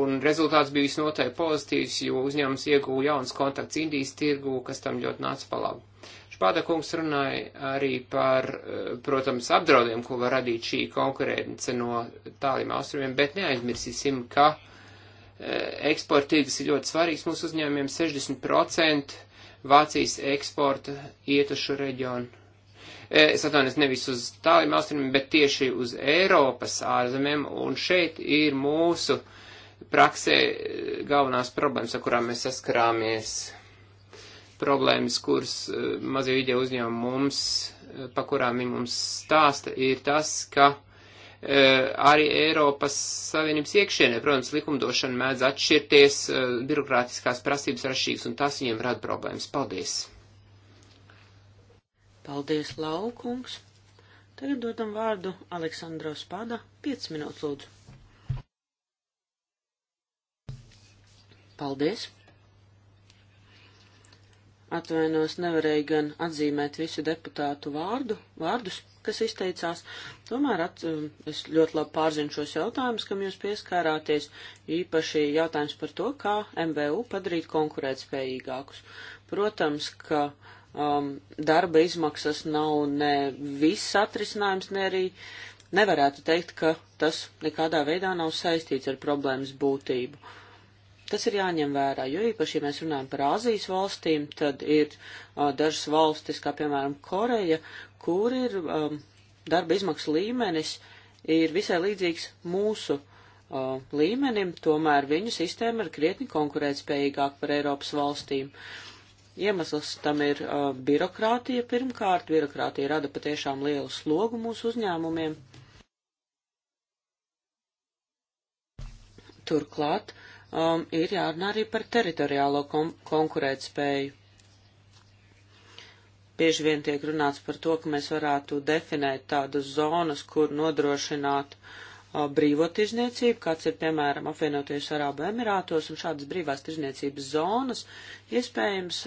un rezultāts bija visnotaļ pozitīvs, jo uzņēmums ieguva jauns kontakts Indijas tirgū, kas tam ļoti nāca pa labu. Špāda kungs runāja arī par, e, protams, apdraudiem, ko var radīt šī konkurence no tāliem austrumiem, bet neaizmirsīsim, ka eksporta tirgus ir ļoti svarīgs mūsu uzņēmumiem, 60% Vācijas eksporta iet uz šo reģionu E, es atvainojos nevis uz tāliem austrumiem, bet tieši uz Eiropas ārzemēm, un šeit ir mūsu praksē e, galvenās problēmas, ar kurām mēs saskarāmies. Problēmas, kuras e, mazie video uzņēmumi mums, pa kurām viņi mums stāsta, ir tas, ka arī Eiropas Savienības iekšienē, protams, likumdošana mēdz atšķirties, birokrātiskās prasības rašīgas, un tas viņiem rada problēmas. Paldies! Paldies, Laukungs. Tagad dodam vārdu Aleksandro Spada. 5 minūtes, lūdzu. Paldies. Atvainos, nevarēju gan atzīmēt visu deputātu vārdu, vārdus, kas izteicās. Tomēr at, um, es ļoti labi pārzinu šos jautājumus, kam jūs pieskārāties, īpaši jautājums par to, kā MVU padarīt konkurētspējīgākus. Protams, ka uh, um, darba izmaksas nav ne viss atrisinājums, ne arī nevarētu teikt, ka tas nekādā veidā nav saistīts ar problēmas būtību. Tas ir jāņem vērā, jo īpaši, ja mēs runājam par Āzijas valstīm, tad ir uh, dažas valstis, kā piemēram Koreja, kur ir um, darba izmaksu līmenis, ir visai līdzīgs mūsu uh, līmenim, tomēr viņu sistēma ir krietni konkurētspējīgāka par Eiropas valstīm. Uh, Iemesls tam ir uh, birokrātija pirmkārt. Birokrātija rada patiešām lielu slogu mūsu uzņēmumiem. Turklāt um, ir jārunā arī par teritoriālo konkurētspēju. Bieži vien tiek runāts par to, ka mēs varētu definēt tādas zonas, kur nodrošināt uh, brīvo tirzniecību, kāds ir, piemēram, apvienoties Arābu Emirātos un šādas brīvās tirzniecības zonas, iespējams,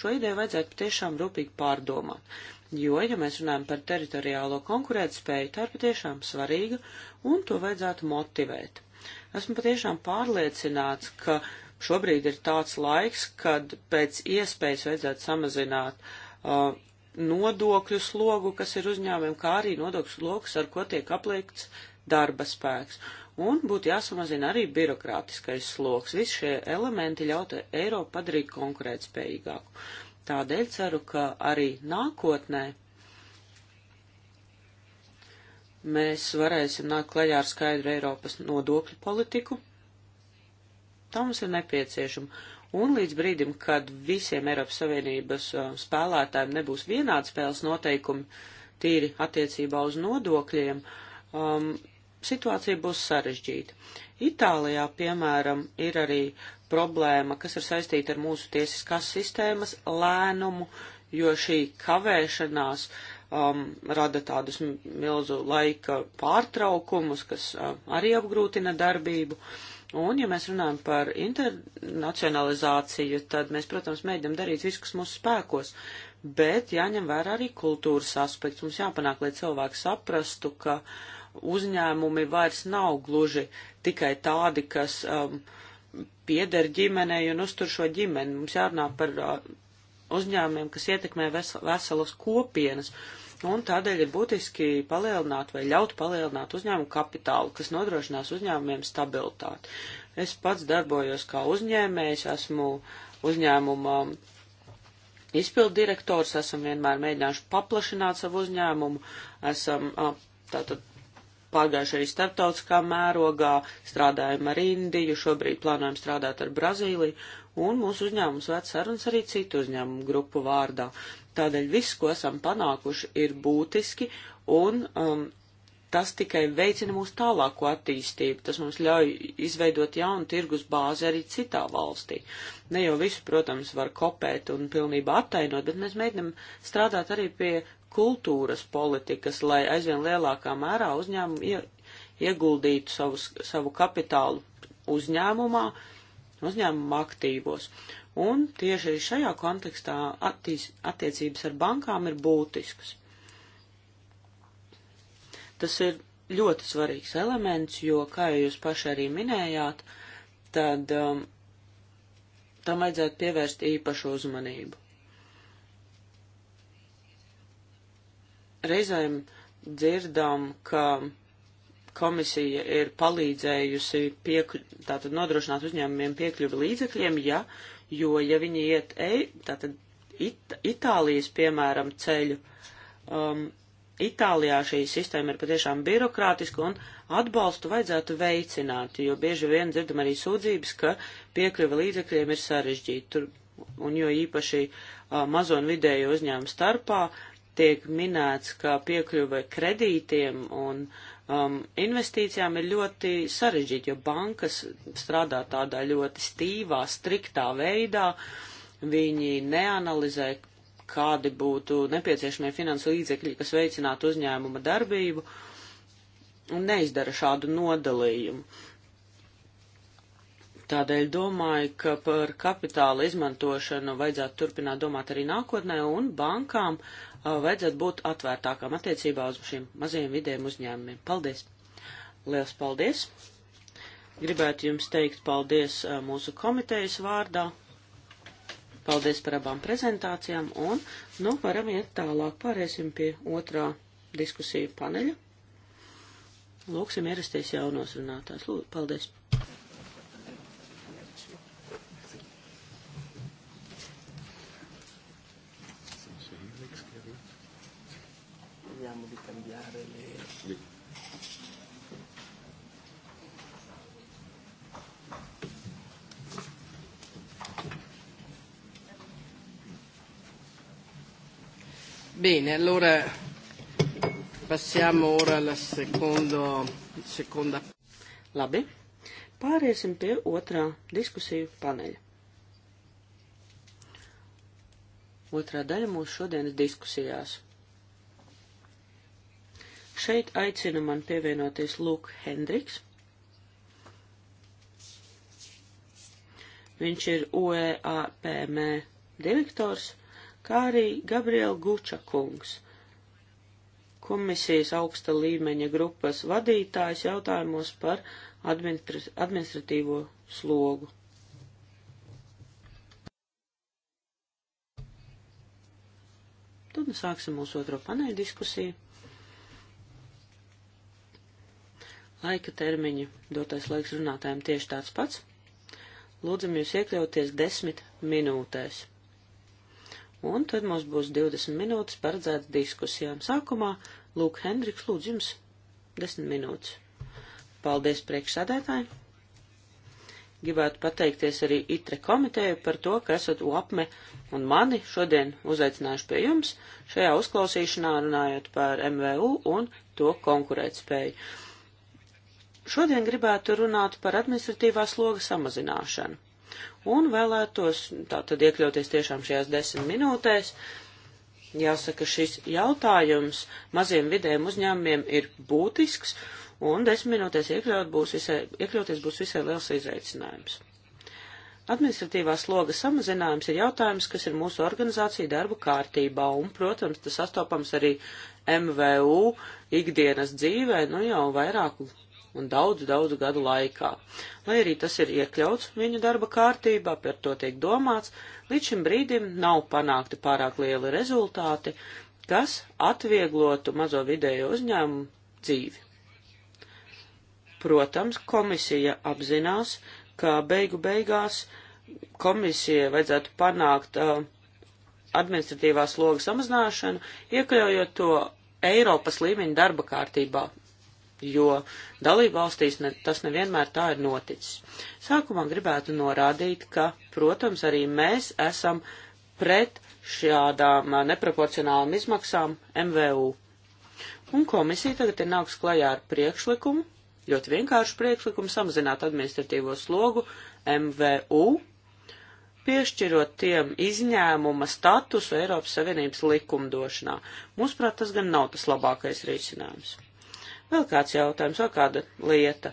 šo ideju vajadzētu patiešām rūpīgi pārdomāt. Jo, ja mēs runājam par teritoriālo konkurētspēju, tā ir patiešām svarīga un to vajadzētu motivēt. Esmu patiešām pārliecināts, ka šobrīd ir tāds laiks, kad pēc iespējas vajadzētu samazināt uh, nodokļu slogu, kas ir uzņēmumiem, kā arī nodokļu sloks, ar ko tiek aplikts darba spēks. Un būtu jāsamazina arī birokrātiskais sloks. Visi šie elementi ļautu Eiropu padarīt konkurētspējīgāku. Tādēļ ceru, ka arī nākotnē mēs varēsim nākt klajā ar skaidru Eiropas nodokļu politiku. Tā mums ir nepieciešama. Un līdz brīdim, kad visiem Eiropas Savienības uh, spēlētājiem nebūs vienādi spēles noteikumi tīri attiecībā uz nodokļiem, um, situācija būs sarežģīta. Itālijā, piemēram, ir arī problēma, kas ir saistīta ar mūsu tiesiskās sistēmas lēnumu, jo šī kavēšanās um, rada tādus milzu laika pārtraukumus, kas um, arī apgrūtina darbību. Un, ja mēs runājam par internacionalizāciju, tad mēs, protams, mēģinam darīt visu, kas mūsu spēkos, bet jāņem vērā arī kultūras aspekts. Mums jāpanāk, lai cilvēki saprastu, ka uh, uzņēmumi vairs nav gluži tikai tādi, kas um, pieder ģimenei un uztur šo ģimeni. Mums jārunā par uh, uzņēmumiem, kas ietekmē ves veselas kopienas. Un tādēļ ir būtiski palielināt vai ļaut palielināt uzņēmumu kapitālu, kas nodrošinās uzņēmumiem stabilitāti. Es pats darbojos kā uzņēmējs, esmu uzņēmuma um, izpildu direktors, esam vienmēr mēģinājuši paplašināt savu uzņēmumu, esam uh, tātad Pārgājuši arī starptautiskā mērogā, strādājam ar Indiju, šobrīd plānojam strādāt ar Brazīliju, un mūsu uzņēmums vec sarunas arī citu uzņēmumu grupu vārdā. Tādēļ viss, ko esam panākuši, ir būtiski, un um, tas tikai veicina mūsu tālāko attīstību, tas mums ļauj izveidot jaunu tirgus bāzi arī citā valstī. Ne jau visu, protams, var kopēt un pilnībā attainot, bet mēs mēģinam strādāt arī pie kultūras politikas, lai aizvien lielākā mērā uzņēmumi ieguldītu savus, savu kapitālu uzņēmumā, uzņēmuma aktīvos. Un tieši arī šajā kontekstā attīs, attiecības ar bankām ir būtiskas. Tas ir ļoti svarīgs elements, jo, kā jūs paši arī minējāt, tad um, tam vajadzētu pievērst īpašu uzmanību. reizēm dzirdam, ka komisija ir palīdzējusi piekļu, tātad nodrošināt uzņēmumiem piekļuvi līdzekļiem, ja, jo, ja viņi iet, ej, tātad It Itālijas, piemēram, ceļu, um, Itālijā šī sistēma ir patiešām birokrātiska un atbalstu vajadzētu veicināt, jo bieži vien dzirdam arī sūdzības, ka piekļuva līdzekļiem ir sarežģīta. Tur, un jo īpaši uh, mazo un vidējo uzņēmumu starpā tiek minēts, ka piekļuve kredītiem un um, investīcijām ir ļoti sarežģīta, jo bankas strādā tādā ļoti stīvā, striktā veidā. Viņi neanalizē, kādi būtu nepieciešamie finansu līdzekļi, kas veicinātu uzņēmuma darbību, un neizdara šādu nodalījumu. Tādēļ domāju, ka par kapitāla izmantošanu vajadzētu turpināt domāt arī nākotnē, un bankām uh, vajadzētu būt atvērtākām attiecībā uz šiem mazajiem vidiem uzņēmumiem. Paldies! Liels paldies! Gribētu jums teikt paldies uh, mūsu komitejas vārdā. Paldies par abām prezentācijām, un nu varam iet tālāk, pāriesim pie otrā diskusiju paneļa. Lūksim ierasties jaunos runātājs. Lūd, paldies! Bene, allora passiamo ora alla secondo, seconda. Labi, pāriesim pie otrā diskusiju paneļa. Otrā daļa mūsu šodienas diskusijās. Šeit aicina man pievienoties Lūk Hendriks. Viņš ir UEAPM direktors kā arī Gabriela Gučakungs, komisijas augsta līmeņa grupas vadītājs jautājumos par administratīvo slogu. Tad nu sāksim mūsu otro paneļu diskusiju. Laika termiņa dotais laiks runātājiem tieši tāds pats. Lūdzam jūs iekļauties desmit minūtēs un tad mums būs 20 minūtes paredzētas diskusijām. Sākumā Lūk Hendriks lūdz jums 10 minūtes. Paldies priekšsādētāji! Gribētu pateikties arī ITRE komiteju par to, ka esat UAPME un mani šodien uzaicinājuši pie jums šajā uzklausīšanā runājot par MVU un to konkurētspēju. Šodien gribētu runāt par administratīvā sloga samazināšanu un vēlētos tātad iekļauties tiešām šajās desmit minūtēs. Jāsaka, šis jautājums maziem vidējiem uzņēmumiem ir būtisks, un desmit minūtēs iekļaut būs visai, iekļauties būs visai liels izaicinājums. Administratīvā sloga samazinājums ir jautājums, kas ir mūsu organizācija darba kārtībā, un, protams, tas sastopams arī MVU ikdienas dzīvē, nu jau vairāku un daudzu, daudzu gadu laikā. Lai arī tas ir iekļauts viņu darba kārtībā, par to tiek domāts, līdz šim brīdim nav panākti pārāk lieli rezultāti, kas atvieglotu mazo vidējo uzņēmumu dzīvi. Protams, komisija apzinās, ka beigu beigās komisijai vajadzētu panākt uh, administratīvā sloga samazināšanu, iekļaujot to Eiropas līmeņa darba kārtībā, jo dalību valstīs ne, tas nevienmēr tā ir noticis. Sākumā gribētu norādīt, ka, protams, arī mēs esam pret šādām neproporcionālām izmaksām MVU. Un komisija tagad ir nāks klajā ar priekšlikumu, ļoti vienkāršu priekšlikumu samazināt administratīvo slogu MVU, piešķirot tiem izņēmuma statusu Eiropas Savienības likumdošanā. Mūsuprāt, tas gan nav tas labākais risinājums. Vēl kāds jautājums, vēl kāda lieta.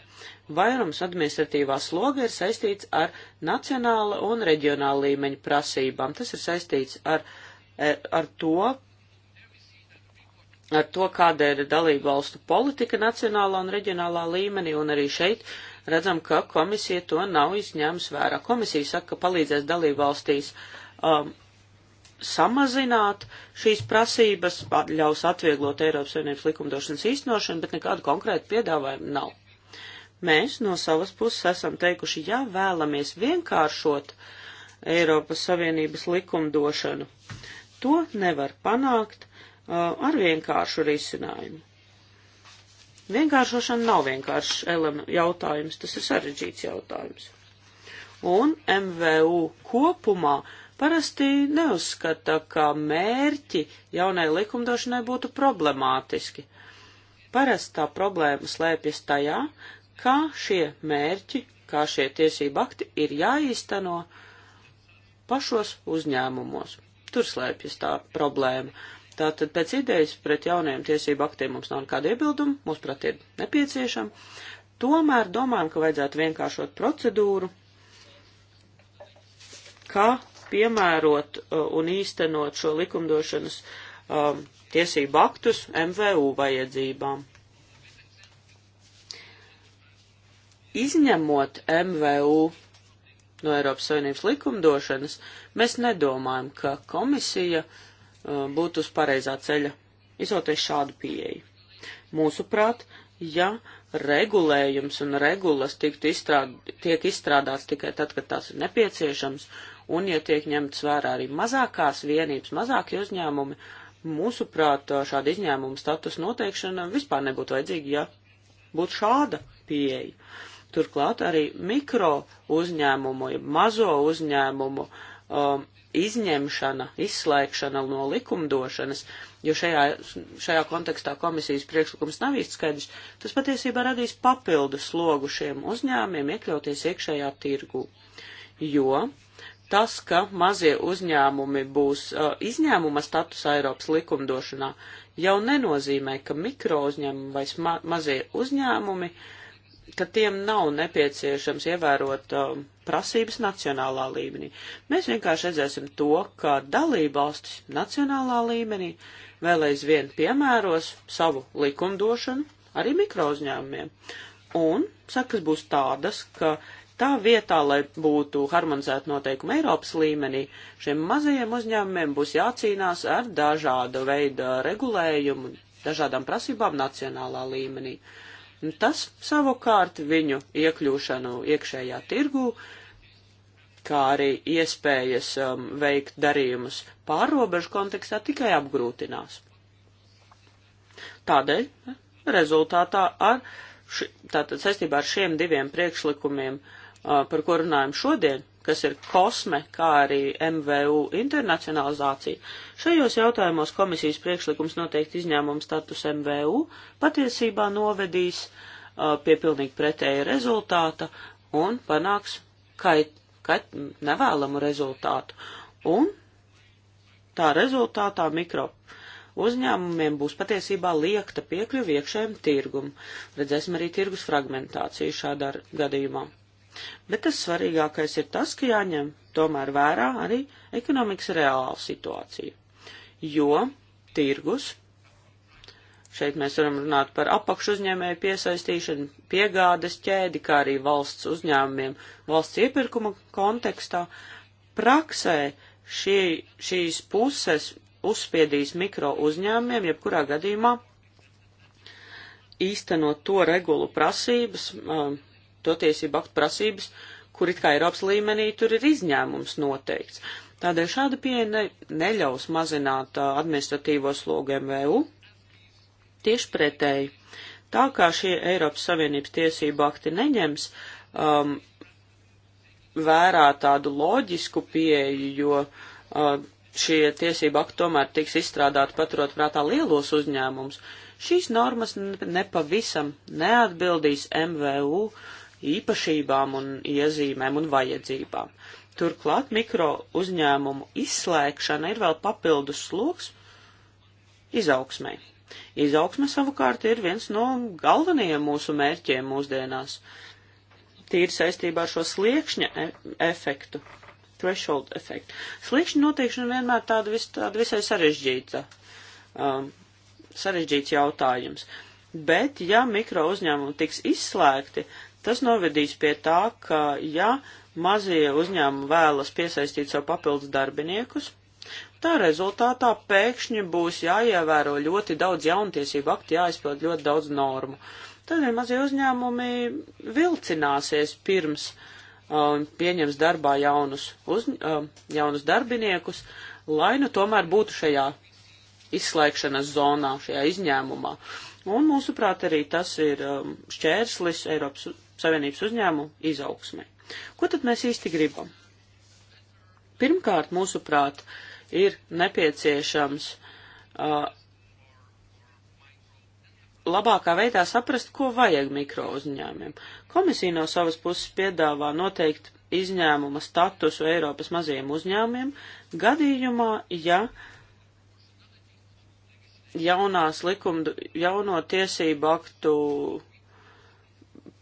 Vairums administratīvā sloga ir saistīts ar nacionāla un reģionāla līmeņa prasībām. Tas ir saistīts ar, e, ar to, ar to, kāda ir dalību valstu politika nacionālā un reģionālā līmenī, un arī šeit redzam, ka komisija to nav izņēmusi vērā. Komisija saka, ka palīdzēs dalību valstīs um, samazināt šīs prasības, ļaus atvieglot Eiropas Savienības likumdošanas īstenošanu, bet nekādu konkrētu piedāvājumu nav. Mēs no savas puses esam teikuši, ja vēlamies vienkāršot Eiropas Savienības likumdošanu, to nevar panākt uh, ar vienkāršu risinājumu. Vienkāršošana nav vienkāršs jautājums, tas ir sarežģīts jautājums. Un MVU kopumā uh, parasti neuzskata, ka mērķi jaunai likumdošanai būtu problemātiski. Parasti tā problēma slēpjas tajā, kā šie mērķi, kā šie tiesību akti ir jāīsteno pašos uzņēmumos. Tur slēpjas tā problēma. Tātad pēc idejas pret jaunajiem tiesību aktiem mums nav nekāda iebilduma, mums prat ir nepieciešama. Tomēr domājam, ka vajadzētu vienkāršot procedūru, kā piemērot uh, un īstenot šo likumdošanas um, tiesību aktus MVU vajadzībām. Izņemot MVU no Eiropas Savienības likumdošanas, mēs nedomājam, ka komisija uh, būtu uz pareizā ceļa izoties šādu pieeju. Mūsuprāt, ja regulējums un regulas izstrād, tiek izstrādāts tikai tad, kad tās ir nepieciešams, un ja tiek ņemts vērā arī mazākās vienības, mazākie uzņēmumi, mūsuprāt, šāda izņēmuma status noteikšana vispār nebūtu vajadzīga, ja būtu šāda pieeja. Turklāt arī mikro uzņēmumu, ja mazo uzņēmumu um, izņemšana, izslēgšana no likumdošanas, jo šajā, šajā kontekstā komisijas priekšlikums nav īsti skaidrs, tas patiesībā radīs papildus slogu šiem uzņēmiem iekļauties iekšējā tirgu. Jo tas, ka mazie uzņēmumi būs uh, izņēmuma statusā Eiropas likumdošanā, jau nenozīmē, ka mikro uzņēmumi vai ma mazie uzņēmumi, ka tiem nav nepieciešams ievērot uh, prasības nacionālā līmenī. Mēs vienkārši redzēsim to, ka dalībvalstis nacionālā līmenī vēl aizvien piemēros savu likumdošanu arī mikro uzņēmumiem. Un sekas būs tādas, ka Tā vietā, lai būtu harmonizēta noteikuma Eiropas līmenī, šiem mazajiem uzņēmumiem būs jācīnās ar dažāda veida regulējumu, dažādām prasībām nacionālā līmenī. Un tas savukārt viņu iekļūšanu iekšējā tirgū, kā arī iespējas um, veikt darījumus pārobežu kontekstā tikai apgrūtinās. Tādēļ eh, rezultātā ar, ši, tātad saistībā ar šiem diviem priekšlikumiem uh, par ko runājam šodien, kas ir kosme, kā arī MVU internacionalizācija, šajos jautājumos komisijas priekšlikums noteikti izņēmumu status MVU patiesībā novedīs pie pilnīgi pretēja rezultāta un panāks kait, kait nevēlamu rezultātu. Un tā rezultātā mikro uzņēmumiem būs patiesībā liekta piekļuvi iekšējiem tirgum. Redzēsim arī tirgus fragmentāciju šādā gadījumā. Bet tas svarīgākais ir tas, ka jāņem tomēr vērā arī ekonomikas reāla situācija. Jo tirgus, šeit mēs varam runāt par apakšu uzņēmēju piesaistīšanu, piegādes ķēdi, kā arī valsts uzņēmumiem valsts iepirkuma kontekstā, praksē šī, šīs puses uzspiedīs mikro uzņēmumiem, jebkurā gadījumā īstenot to regulu prasības, um, to tiesību aktu prasības, kur it kā Eiropas līmenī tur ir izņēmums noteikts. Tādēļ šāda pieeja ne, neļaus mazināt administratīvo slogu MVU. Tieši pretēji, tā kā šie Eiropas Savienības tiesību akti neņems um, vērā tādu loģisku pieeju, jo uh, šie tiesību akti tomēr tiks izstrādāti paturot prātā lielos uzņēmumus, šīs normas nepavisam neatbildīs MVU uh, īpašībām un iezīmēm un vajadzībām. Turklāt mikro uzņēmumu izslēgšana ir vēl papildus sloks izaugsmai. Izaugsme savukārt ir viens no galvenajiem mūsu mērķiem mūsdienās. Tīri saistībā ar šo sliekšņa e efektu, threshold efektu. Sliekšņa noteikšana vienmēr tāda, vis, tāda visai sarežģīta, um, sarežģīts jautājums. Bet, ja mikro uzņēmumi tiks izslēgti, Tas novedīs pie tā, ka ja mazie uzņēmumi vēlas piesaistīt savu papildus darbiniekus, tā rezultātā pēkšņi būs jāievēro ļoti daudz jauntiesību aktu, jāizpild ļoti daudz normu. Tādēļ mazie uzņēmumi vilcināsies pirms uh, pieņems darbā jaunus, uz, uh, um, jaunus darbiniekus, lai nu tomēr būtu šajā izslēgšanas zonā, šajā izņēmumā. Un mūsuprāt arī tas ir um, šķērslis Eiropas Savienības uzņēmumu izaugsmai. Ko tad mēs īsti gribam? Pirmkārt, mūsuprāt, ir nepieciešams uh, labākā veidā saprast, ko vajag mikro uzņēmumiem. Komisija no savas puses piedāvā noteikti izņēmuma statusu Eiropas mazajiem uzņēmumiem gadījumā, ja jaunās likumdu, jauno tiesību aktu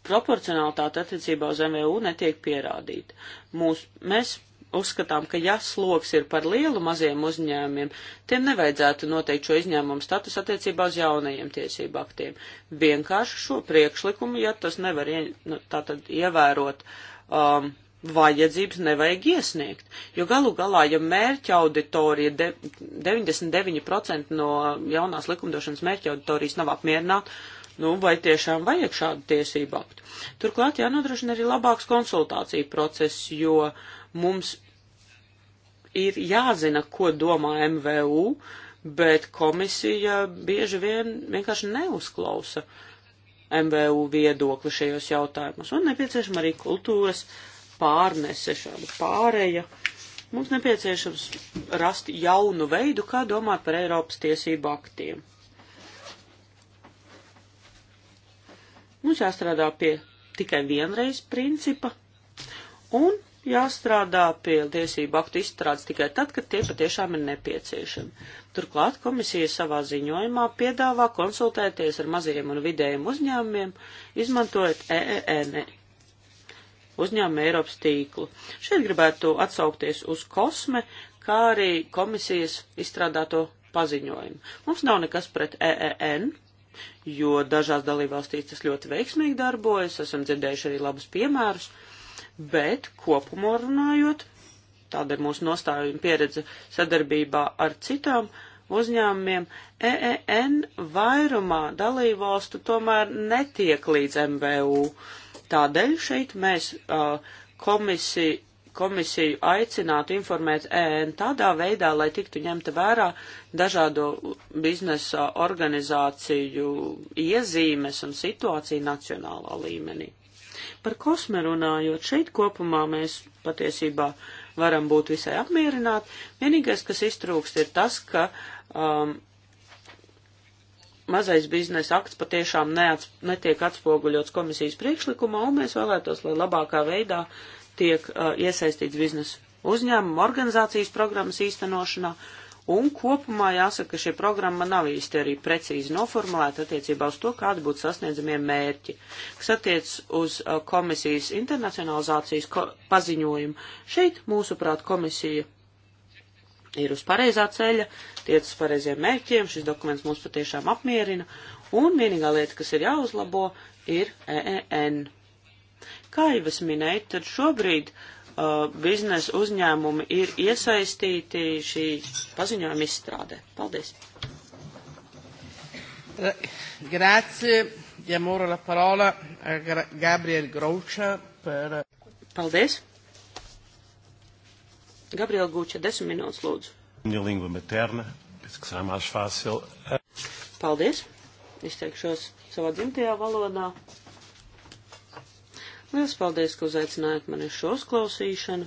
proporcionalitāte attiecībā uz MVU netiek pierādīta. Mūs, mēs uzskatām, ka ja sloks ir par lielu maziem uzņēmumiem, tiem nevajadzētu noteikt šo izņēmumu status attiecībā uz jaunajiem tiesību aktiem. Vienkārši šo priekšlikumu, ja tas nevar ie, nu, tātad ievērot um, vajadzības, nevajag iesniegt. Jo galu galā, ja mērķa auditorija, de, 99% no jaunās likumdošanas mērķa auditorijas nav apmierināta, nu, vai tiešām vajag šādu tiesību aktu. Turklāt jānodrošina arī labāks konsultāciju process, jo mums ir jāzina, ko domā MVU, bet komisija bieži vien vienkārši neuzklausa MVU viedokli šajos jautājumos. Un nepieciešama arī kultūras pārnese, šāda pāreja. Mums nepieciešams rast jaunu veidu, kā domāt par Eiropas tiesību aktiem. Mums jāstrādā pie tikai vienreiz principa un jāstrādā pie tiesību aktu izstrādes tikai tad, kad tie patiešām ir nepieciešami. Turklāt komisija savā ziņojumā piedāvā konsultēties ar mazajiem un vidējiem uzņēmumiem, izmantojot EEN uzņēmumu Eiropas tīklu. Šeit gribētu atsaukties uz kosme, kā arī komisijas izstrādāto paziņojumu. Mums nav nekas pret EEN, jo dažās dalībvalstīs tas ļoti veiksmīgi darbojas, esam dzirdējuši arī labus piemērus, bet kopumā runājot, tāda ir mūsu nostājuma pieredze sadarbībā ar citām uzņēmumiem, EEN vairumā dalībvalstu tomēr netiek līdz MVU. Tādēļ šeit mēs uh, komisi, komisiju aicinātu informēt ēn tādā veidā, lai tiktu ņemta vērā dažādo biznesa organizāciju iezīmes un situāciju nacionālā līmenī. Par kosme runājot, šeit kopumā mēs patiesībā varam būt visai apmierināti. Vienīgais, kas iztrūkst, ir tas, ka um, mazais biznesa akts patiešām neats, netiek atspoguļots komisijas priekšlikumā, un mēs vēlētos, lai labākā veidā uh, tiek uh, iesaistīts biznesa uzņēmuma organizācijas programmas īstenošanā, un kopumā jāsaka, ka šī programma nav īsti arī precīzi noformulēta attiecībā uz to, kādi būtu sasniedzamie mērķi. Kas attiec uz uh, komisijas internacionalizācijas ko paziņojumu, šeit, mūsuprāt, komisija ir uz pareizā ceļa, tiec uz pareiziem mērķiem, šis dokuments mūs patiešām apmierina, un vienīgā lieta, kas ir jāuzlabo, ir EEN. Kā jau es minēju, tad šobrīd uh, biznesa uzņēmumi ir iesaistīti šī paziņojuma izstrādē. Paldies! Eh, grazie, Jamora la parola, Gabriel Grouča par. Paldies! Gabriel Gūča, desmit minūtes lūdzu. Minha língua materna, penso que será mais fácil. Paldies! Izteikšos savā dzimtajā valodā. Lielas paldies, ka uzaicinājāt mani šo uzklausīšanu.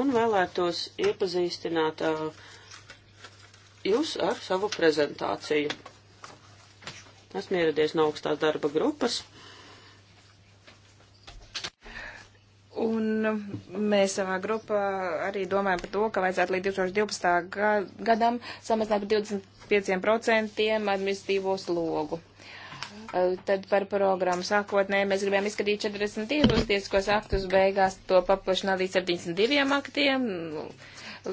Un vēlētos iepazīstināt uh, jūs ar savu prezentāciju. Esmu ieradies no augstās darba grupas. Un mēs savā grupā arī domājam par to, ka vajadzētu līdz 2012. gadam samazināt par 25% administratīvo slogu. Uh, Eh, tad par programmas nākotnē mēs gribējām izskatīt 42 tiesiskos aktus, beigās to paplašināt līdz 72 aktiem.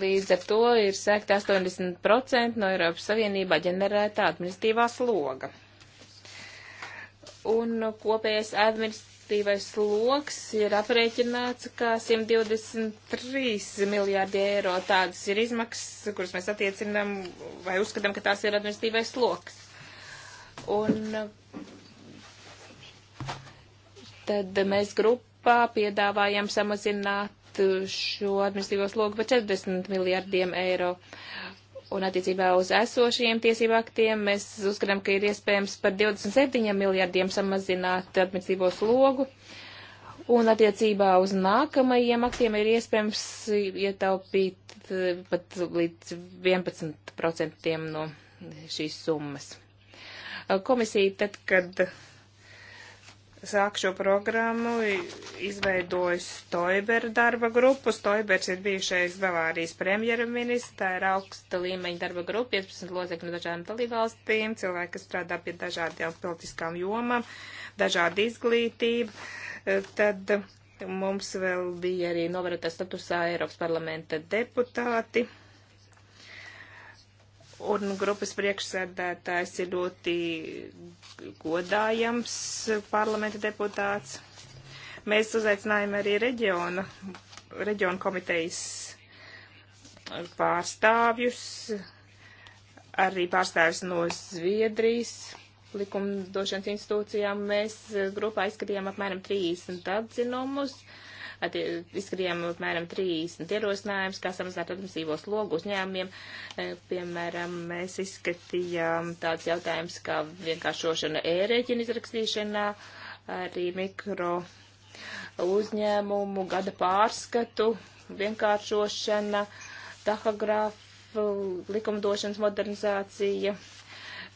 Līdz ar to ir sekta 80% no Eiropas Savienībā ģenerētā administratīvā sloga. Un kopējais administratīvais sloks ir aprēķināts kā 123 miljārdi eiro. Tādas ir izmaksas, kuras mēs attiecinām vai uzskatām, ka tās ir administratīvais sloks. Un tad mēs grupā piedāvājam samazināt šo administrīvo slogu par 40 miljardiem eiro. Un attiecībā uz esošajiem tiesību aktiem mēs uzskatām, ka ir iespējams par 27 miljardiem samazināt administrīvo slogu. Un attiecībā uz nākamajiem aktiem ir iespējams ietaupīt pat līdz 11% no šīs summas. Komisija, tad, kad sāk šo programmu, izveidoja Stoiber darba grupu. Stoibers ir bijušais Bavārijas premjerministrs, tā ir augsta līmeņa darba grupa, 15 locekļi no dažādām dalībvalstīm, cilvēki, kas strādā pie dažādām politiskām jomām, dažāda izglītība. Tad mums vēl bija arī novērotās statusā Eiropas parlamenta deputāti. Un grupas priekšsēdētājs ir ļoti godājams parlamenta deputāts. Mēs uzaicinājām arī reģiona, reģiona komitejas pārstāvjus, arī pārstāvjus no Zviedrijas likumdošanas institūcijām. Mēs grupā izskatījām apmēram 30 atzinumus. Uh, izskatījām apmēram 30 ierosinājumus, kā samazināt administratīvo slogu uzņēmumiem. E, piemēram, mēs izskatījām tāds jautājums kā vienkāršošana ērēķina izrakstīšanā, arī mikro uzņēmumu gada pārskatu, vienkāršošana, tahogrāfu likumdošanas modernizācija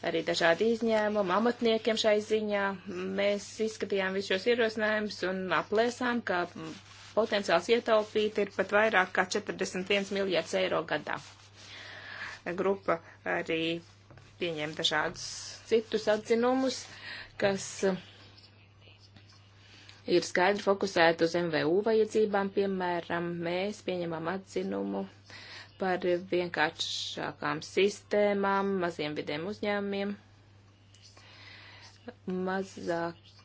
arī dažādi izņēmumi amatniekiem šai ziņā. Mēs izskatījām visus šos ierosinājumus un aplēsām, ka potenciāls ietaupīt ir pat vairāk kā 41 miljārds eiro gadā. Grupa arī pieņēma dažādus citus atzinumus, kas ir skaidri fokusēti uz MVU vajadzībām. Piemēram, mēs pieņemam atzinumu uh, par vienkāršākām sistēmām, maziem vidiem uzņēmumiem, mazāks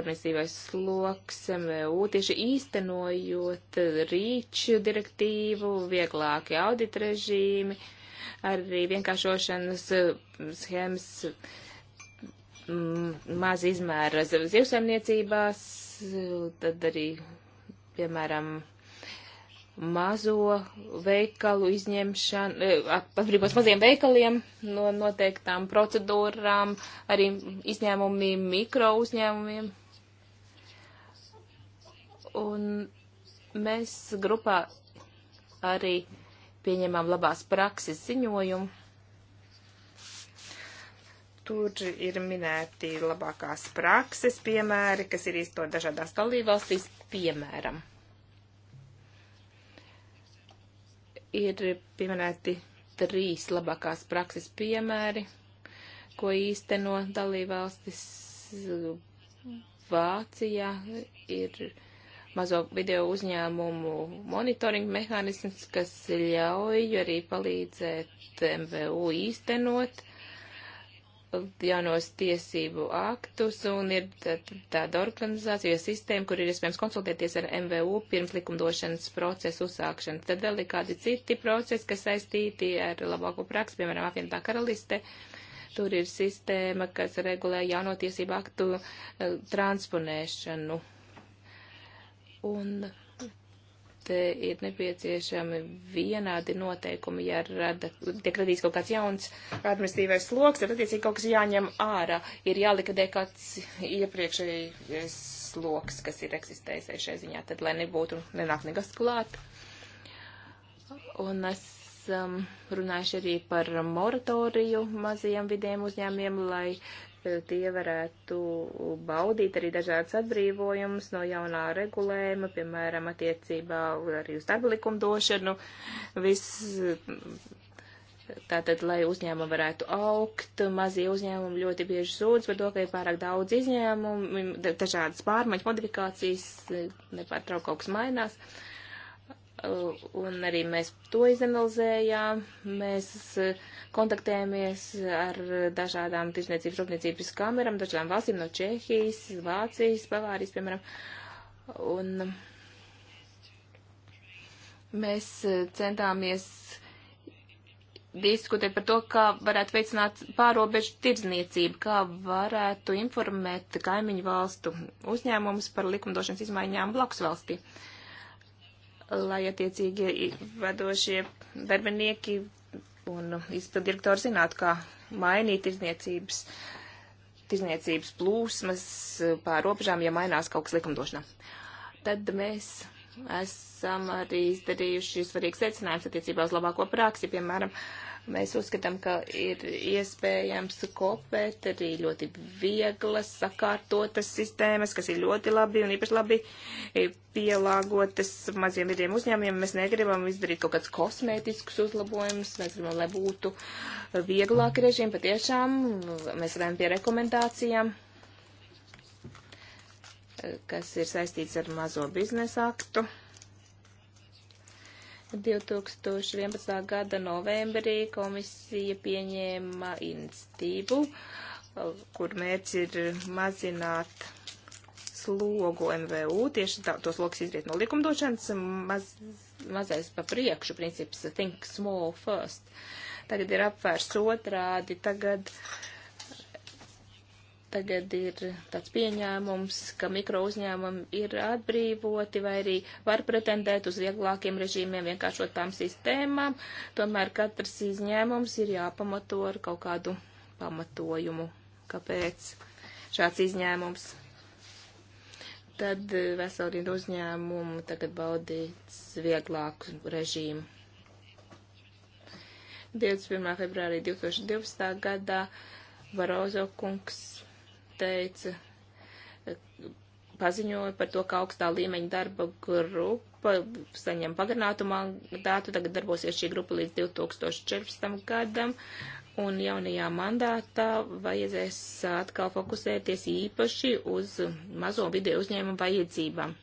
administratīvais sloks MVU, tieši īstenojot rīču direktīvu, vieglāki audit režīmi, arī vienkāršošanas schēmas mm, maz izmēra zivsaimniecībās, tad arī, piemēram, mazo veikalu izņemšanu, eh, atbrīvos maziem veikaliem no noteiktām procedūrām, arī izņēmumiem, mikro uzņēmumiem. Un mēs grupā arī pieņemam labās prakses ziņojumu. Tur ir minēti labākās prakses piemēri, kas ir izpildīti dažādās dalībvalstīs, piemēram Ir pieminēti trīs labākās prakses piemēri, ko īsteno dalībvalstis Vācijā ir mazo video uzņēmumu monitoringa mehānisms, kas ļauj arī palīdzēt MVU īstenot jaunos tiesību aktus un ir tāda organizācija sistēma, kur ir iespējams konsultēties ar MVU pirms likumdošanas procesu uzsākšanas. Tad vēl ir kādi citi procesi, kas saistīti ar labāko praksi, piemēram, apvienotā karaliste. Tur ir sistēma, kas regulē jauno tiesību aktu eh, transponēšanu. Un te ir nepieciešami vienādi noteikumi. Ja rada, tiek radīts kaut kāds jauns administratīvais sloks, tad attiecīgi kaut kas jāņem ārā. Ir jālikvidē kāds iepriekšējais sloks, kas ir eksistējis šajā ziņā, tad lai nebūtu nenāk nekas klāt. Un es um, runājuši arī par moratoriju mazajiem vidiem uzņēmiem, lai tie varētu baudīt arī dažādas atbrīvojumus no jaunā regulējuma, piemēram, attiecībā arī uz darba likumdošanu. Viss, tātad, lai uzņēmumi varētu augt, mazie uzņēmumi ļoti bieži sūdz par to, ka ir pārāk daudz izņēmumu, dažādas pārmaiņas, modifikācijas, nepārtrauk kaut kas mainās. Uh, un arī mēs to izanalizējām. Mēs eh, kontaktējāmies ar dažādām tirsniecības rūpniecības kamerām, dažādām valstīm no Čehijas, Vācijas, Bavārijas, piemēram. Un mēs eh, centāmies diskutēt par to, kā varētu veicināt pārobežu tirdzniecību, kā varētu informēt kaimiņu valstu uzņēmumus par likumdošanas izmaiņām blakus valstī. Uh, lai attiecīgi vadošie darbinieki un izpildirektori zinātu, kā mainīt izniecības, izniecības plūsmas pār robežām, ja mainās kaut kas likumdošanā. Tad mēs esam arī izdarījuši svarīgs secinājums attiecībā uz labāko praksi, piemēram, uh, Mēs uzskatām, ka ir iespējams kopēt arī ļoti vieglas, sakārtotas sistēmas, kas ir ļoti labi un īpaši labi pielāgotas maziem vidiem uzņēmiem. Mēs negribam izdarīt kaut kāds kosmētisks uzlabojums, mēs gribam, lai būtu vieglāk režīm patiešām. Mēs redzam pie rekomendācijām kas ir saistīts ar mazo biznesu aktu. 2011. gada novembrī komisija pieņēma iniciatīvu, kur mērķis ir mazināt slogu MVU, tieši tā, tos lokus izriet no likumdošanas, maz, mazais pa priekšu princips, think small first. Tagad ir apvērs otrādi, tagad uh, tagad ir tāds pieņēmums, ka mikro uzņēmumi ir atbrīvoti vai arī var pretendēt uz vieglākiem režīmiem, vienkāršotām sistēmām. Tomēr katrs izņēmums ir jāpamato ar kaut kādu pamatojumu, kāpēc šāds izņēmums. Tad eh, veseli ir uzņēmumu tagad baudīts vieglāku režīmu. 21. februārī 2012. gadā Barozo kungs teica, paziņoja par to, ka augstā līmeņa darba grupa saņem pagarinātu mandātu, tagad darbosies šī grupa līdz 2014. gadam, un jaunajā mandātā vajadzēs atkal fokusēties īpaši uz mazo video uzņēmumu vajadzībām.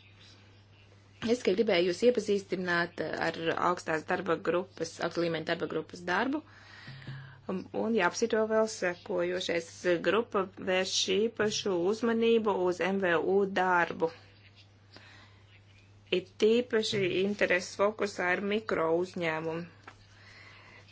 Es gribēju jūs iepazīstināt ar augstās darba grupas, augsta līmeņa darba grupas darbu. Uh, Un, um, un jāapsito vēl sekojošais grupa vērš īpašu uzmanību uz MVU darbu. It tīpaši intereses fokusā ir mikro uzņēmumi.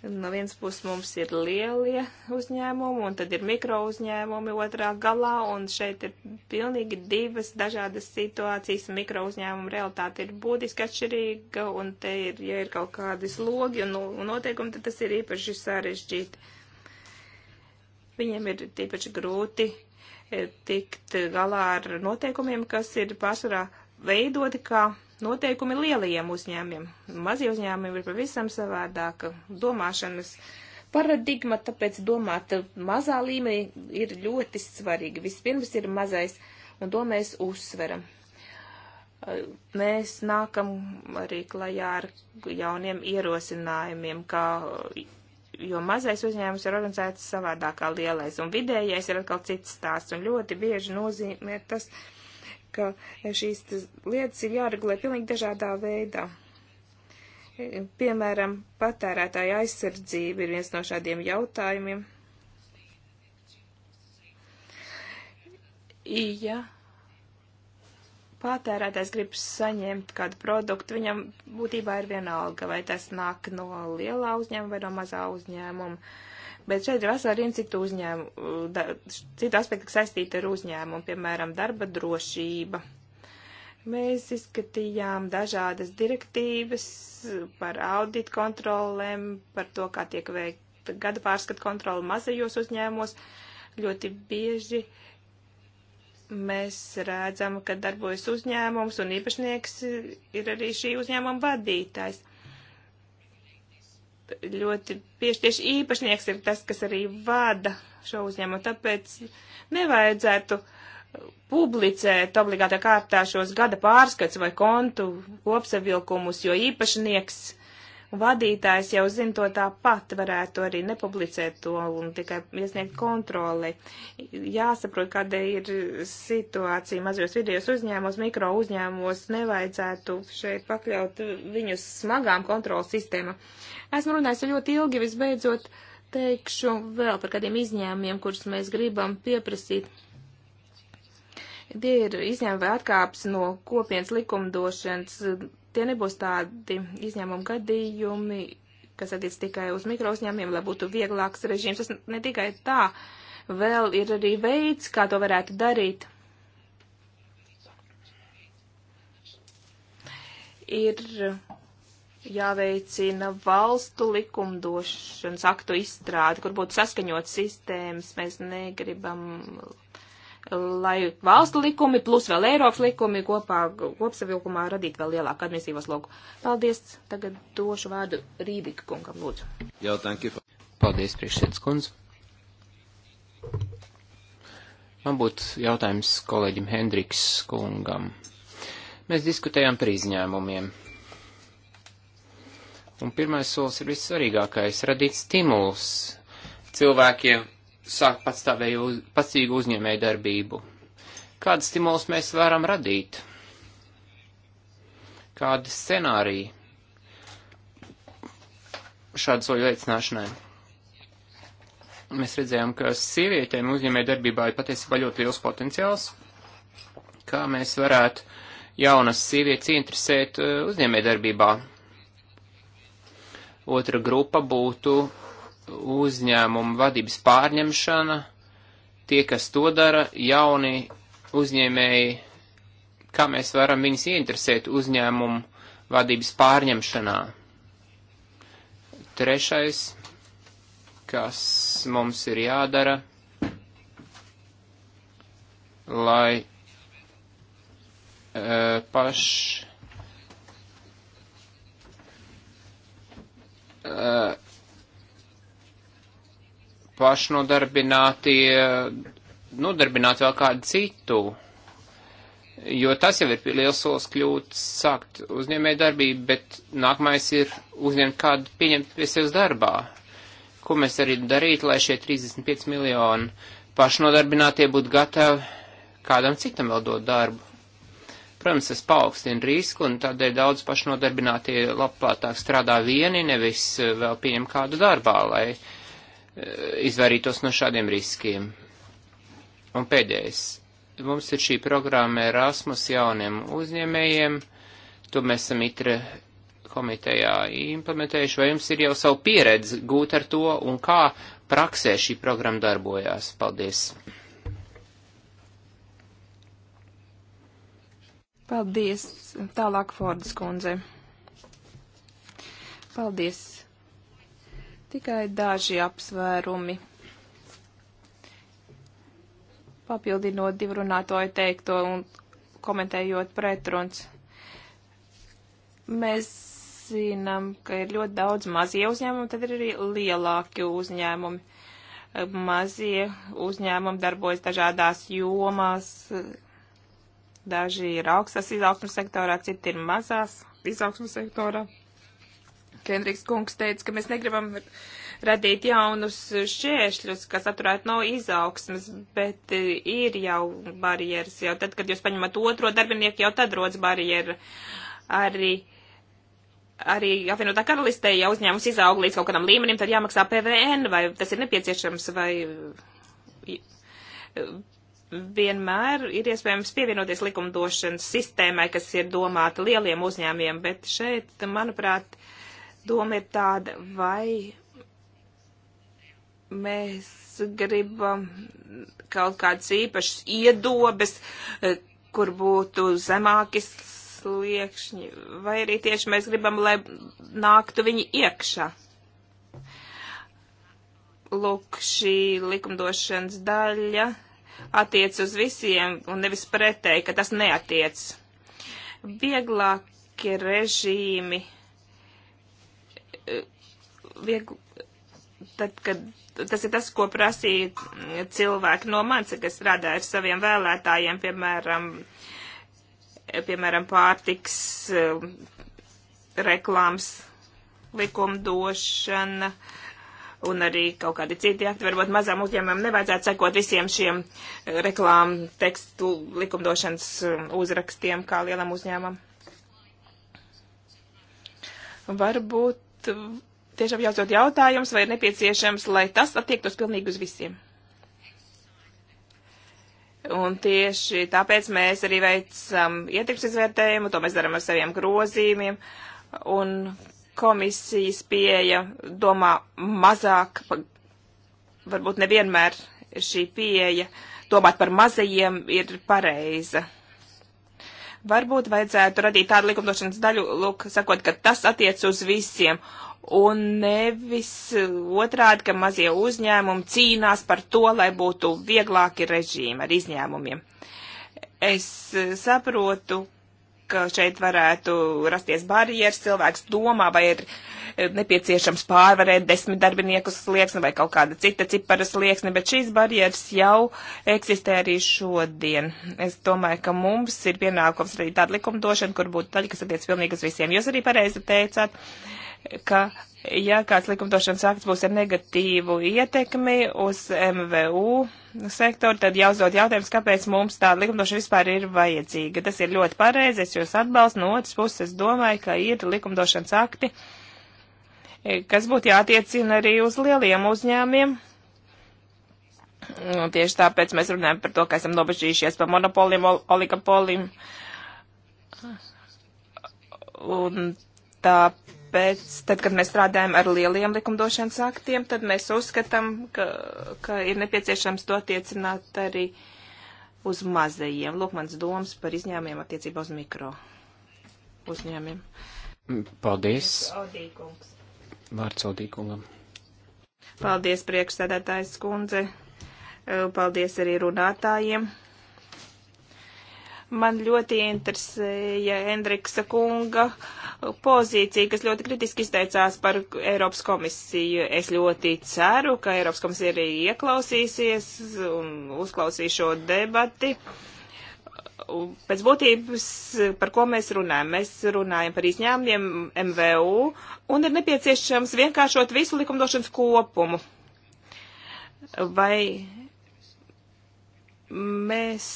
No vienas puses mums ir lielie uzņēmumi, un tad ir mikro uzņēmumi otrā galā, un šeit ir pilnīgi divas dažādas situācijas. Mikro uzņēmuma realitāte ir būtiski atšķirīga, un te ir, ja ir kaut kādi slogi un, un noteikumi, tad tas ir īpaši sarežģīti. Viņiem ir īpaši grūti eh, tikt galā ar noteikumiem, kas ir pārsvarā veidoti kā noteikumi lielajiem uzņēmiem. Mazie uzņēmumi ir pavisam savādāka domāšanas paradigma, tāpēc domāt mazā līmenī ir ļoti svarīgi. Vispirms ir mazais, un to mēs uzsveram. Mēs nākam arī klajā ar jauniem ierosinājumiem, kā, jo mazais uzņēmums ir organizēts savādākā lielais, un vidējais ir atkal cits stāsts, un ļoti bieži nozīmē tas, ka ka šīs lietas ir jāregulē pilnīgi dažādā veidā. Piemēram, patērētāja aizsardzība ir viens no šādiem jautājumiem. Ja patērētājs grib saņemt kādu produktu, viņam būtībā ir vienalga, vai tas nāk no lielā uzņēmuma vai no mazā uzņēmuma. Uh, Bet šeit ir vesela rinda citu uzņēmumu, da, citu aspektu saistīta ar uzņēmumu, piemēram, darba drošība. Mēs izskatījām dažādas direktīvas par audit kontrolēm, par to, kā tiek veikta gada pārskata kontrola mazajos uzņēmumos. Ļoti bieži mēs redzam, ka darbojas uzņēmums un īpašnieks ir arī šī uzņēmuma vadītājs ļoti bieži tieši īpašnieks ir tas, kas arī vada šo uzņēmumu. Tāpēc nevajadzētu publicēt obligātā kārtā šos gada pārskats vai kontu kopsavilkumus, jo īpašnieks vadītājs jau zina to tāpat, varētu arī nepublicēt to un tikai iesniegt kontroli. Jāsaprot, kāda ir situācija mazajos vidējos uzņēmos, mikro uzņēmos, nevajadzētu šeit pakļaut viņus smagām kontrolas sistēma. Esmu runājis ļoti ilgi, visbeidzot teikšu vēl par kādiem izņēmumiem, kurus mēs gribam pieprasīt tie ir izņēmumi vai atkāps no kopienas likumdošanas tie nebūs tādi izņēmumi gadījumi, kas attiec tikai uz mikrouzņēmumiem, lai būtu vieglāks režīms. Tas ne tikai tā, vēl ir arī veids, kā to varētu darīt. Ir jāveicina valstu likumdošanas aktu izstrāde, kur būtu saskaņot sistēmas. Mēs negribam lai valstu likumi plus vēl Eiropas likumi kopā kopsavilkumā radītu vēl lielāku administrīvos loku. Paldies. Tagad došu vārdu Rībika kungam, lūdzu. Jā, tanki. Paldies, priekšsēdus kundze. Man būtu jautājums kolēģim Hendriks kungam. Mēs diskutējām par izņēmumiem. Un pirmais solis ir vissvarīgākais - radīt stimulus cilvēkiem sākt patstāvēju uz, pasīgu uzņēmēju darbību. Kādu stimulus mēs varam radīt? Kādi scenāriji šādu soļu veicināšanai? Mēs redzējām, ka sievietēm uzņēmē darbībā ir patiesībā ļoti liels potenciāls. Kā mēs varētu jaunas sievietes interesēt uh, uzņēmē darbībā? Otra grupa būtu uzņēmumu vadības pārņemšana, tie, kas to dara, jauni uzņēmēji, kā mēs varam viņus ieinteresēt uzņēmumu vadības pārņemšanā. Trešais, kas mums ir jādara, lai e, paši e, pašnodarbinātie nodarbināt nu, vēl kādu citu, jo tas jau ir liels solis kļūt, sākt uzņēmē darbību, bet nākamais ir uzņemt kādu, pieņemt pie sevis darbā. Ko mēs arī darītu, lai šie 35 miljoni pašnodarbinātie būtu gatavi kādam citam vēl dot darbu? Protams, tas paaugstina risku, un tādēļ daudz pašnodarbinātie labprātāk strādā vieni, nevis vēl pieņem kādu darbā, lai uh, izvairītos no šādiem riskiem. Un pēdējais. Mums ir šī programma Erasmus jauniem uzņēmējiem. To mēs esam itre komitejā implementējuši. Vai jums ir jau savu pieredzi gūt ar to un kā praksē šī programma darbojās? Paldies! Paldies! Tālāk Fordas kundze. Paldies! Tikai daži apsvērumi. Papildinot divu runātoju teikto un komentējot pretruns. Mēs zinām, ka ir ļoti daudz mazie uzņēmumi, tad ir arī lielāki uzņēmumi. Mazie uzņēmumi darbojas dažādās jomās, daži ir augstas izaugsmas sektorā, citi ir mazās izaugsmas sektorā. Henriks kungs teica, ka mēs negribam radīt jaunus šķēršļus, kas atturētu no izaugsmas, bet e, ir jau barjeras. Jau tad, kad jūs paņemat otro darbinieku, jau tad rodas barjera. Arī, arī apvienotā karalistē, ja uzņēmums izaug līdz kaut kādam līmenim, tad jāmaksā PVN, vai tas ir nepieciešams, vai vienmēr ir iespējams pievienoties likumdošanas sistēmai, kas ir domāta lieliem uzņēmiem, bet šeit, manuprāt, doma ir tāda, vai mēs gribam kaut kādas īpašas iedobes, eh, kur būtu zemāki sliekšņi, vai arī tieši mēs gribam, lai nāktu viņi iekšā. Lūk, šī likumdošanas daļa attiec uz visiem un nevis pretēji, ka tas neatiec. Vieglākie režīmi viegli, tad, kad tas ir tas, ko prasīja cilvēki no manis, kas strādā ar saviem vēlētājiem, piemēram, piemēram pārtiks eh, reklāmas likumdošana un arī kaut kādi citi akti. Varbūt mazām uzņēmumiem nevajadzētu sekot visiem šiem eh, reklāmu tekstu likumdošanas eh, uzrakstiem kā lielam uzņēmumam. Varbūt bet uh, tiešām jāuzdod jautājums, vai ir nepieciešams, lai tas attiektos pilnīgi uz visiem. Un tieši tāpēc mēs arī veicam ietekmes izvērtējumu, to mēs darām ar saviem grozījumiem, un komisijas pieeja domā mazāk, varbūt nevienmēr šī pieeja domāt par mazajiem ir pareiza. Varbūt vajadzētu radīt tādu likumdošanas daļu, lūk, sakot, ka tas attiec uz visiem. Un nevis otrādi, ka mazie uzņēmumi cīnās par to, lai būtu vieglāki režīmi ar izņēmumiem. Es e, saprotu, ka šeit varētu rasties barjeras, cilvēks domā, vai ir nepieciešams pārvarēt desmit darbinieku slieksni vai kaut kāda cita cipara slieksni, bet šīs barjeras jau eksistē arī šodien. Es domāju, ka mums ir pienākums arī tāda likumdošana, kur būtu daļa, kas attiec pilnīgi uz visiem. Jūs arī pareizi teicāt, ka ja kāds likumdošanas akts būs ar negatīvu ietekmi uz MVU sektoru, tad jāuzdod jautājums, kāpēc mums tāda likumdošana vispār ir vajadzīga. Tas ir ļoti pareizi, es jūs atbalstu, no otras puses es domāju, ka ir likumdošanas akti, uh, kas būtu jātiecina arī uz lieliem uzņēmiem. Un nu, tieši tāpēc mēs runājam par to, ka esam nobežījušies par monopoliem, oligopoliem. Un tāpēc, tad, kad mēs strādājam ar lieliem likumdošanas aktiem, tad mēs uzskatām, ka, ka ir nepieciešams to attiecināt arī uz mazajiem. Lūk, mans domas par izņēmumiem attiecībā uz mikro uzņēmumiem. Paldies. Paldies Vārds Aldīkungam. Paldies, priekšsēdētājs kundze. Paldies arī runātājiem. Man ļoti interesēja Endriksa kunga pozīcija, kas ļoti kritiski izteicās par Eiropas komisiju. Es ļoti ceru, ka Eiropas komisija arī ieklausīsies un uzklausīs šo debati. Uh, pēc būtības, par ko mēs runājam. Mēs runājam par izņēmumiem MVU un ir nepieciešams vienkāršot visu likumdošanas kopumu. Vai mēs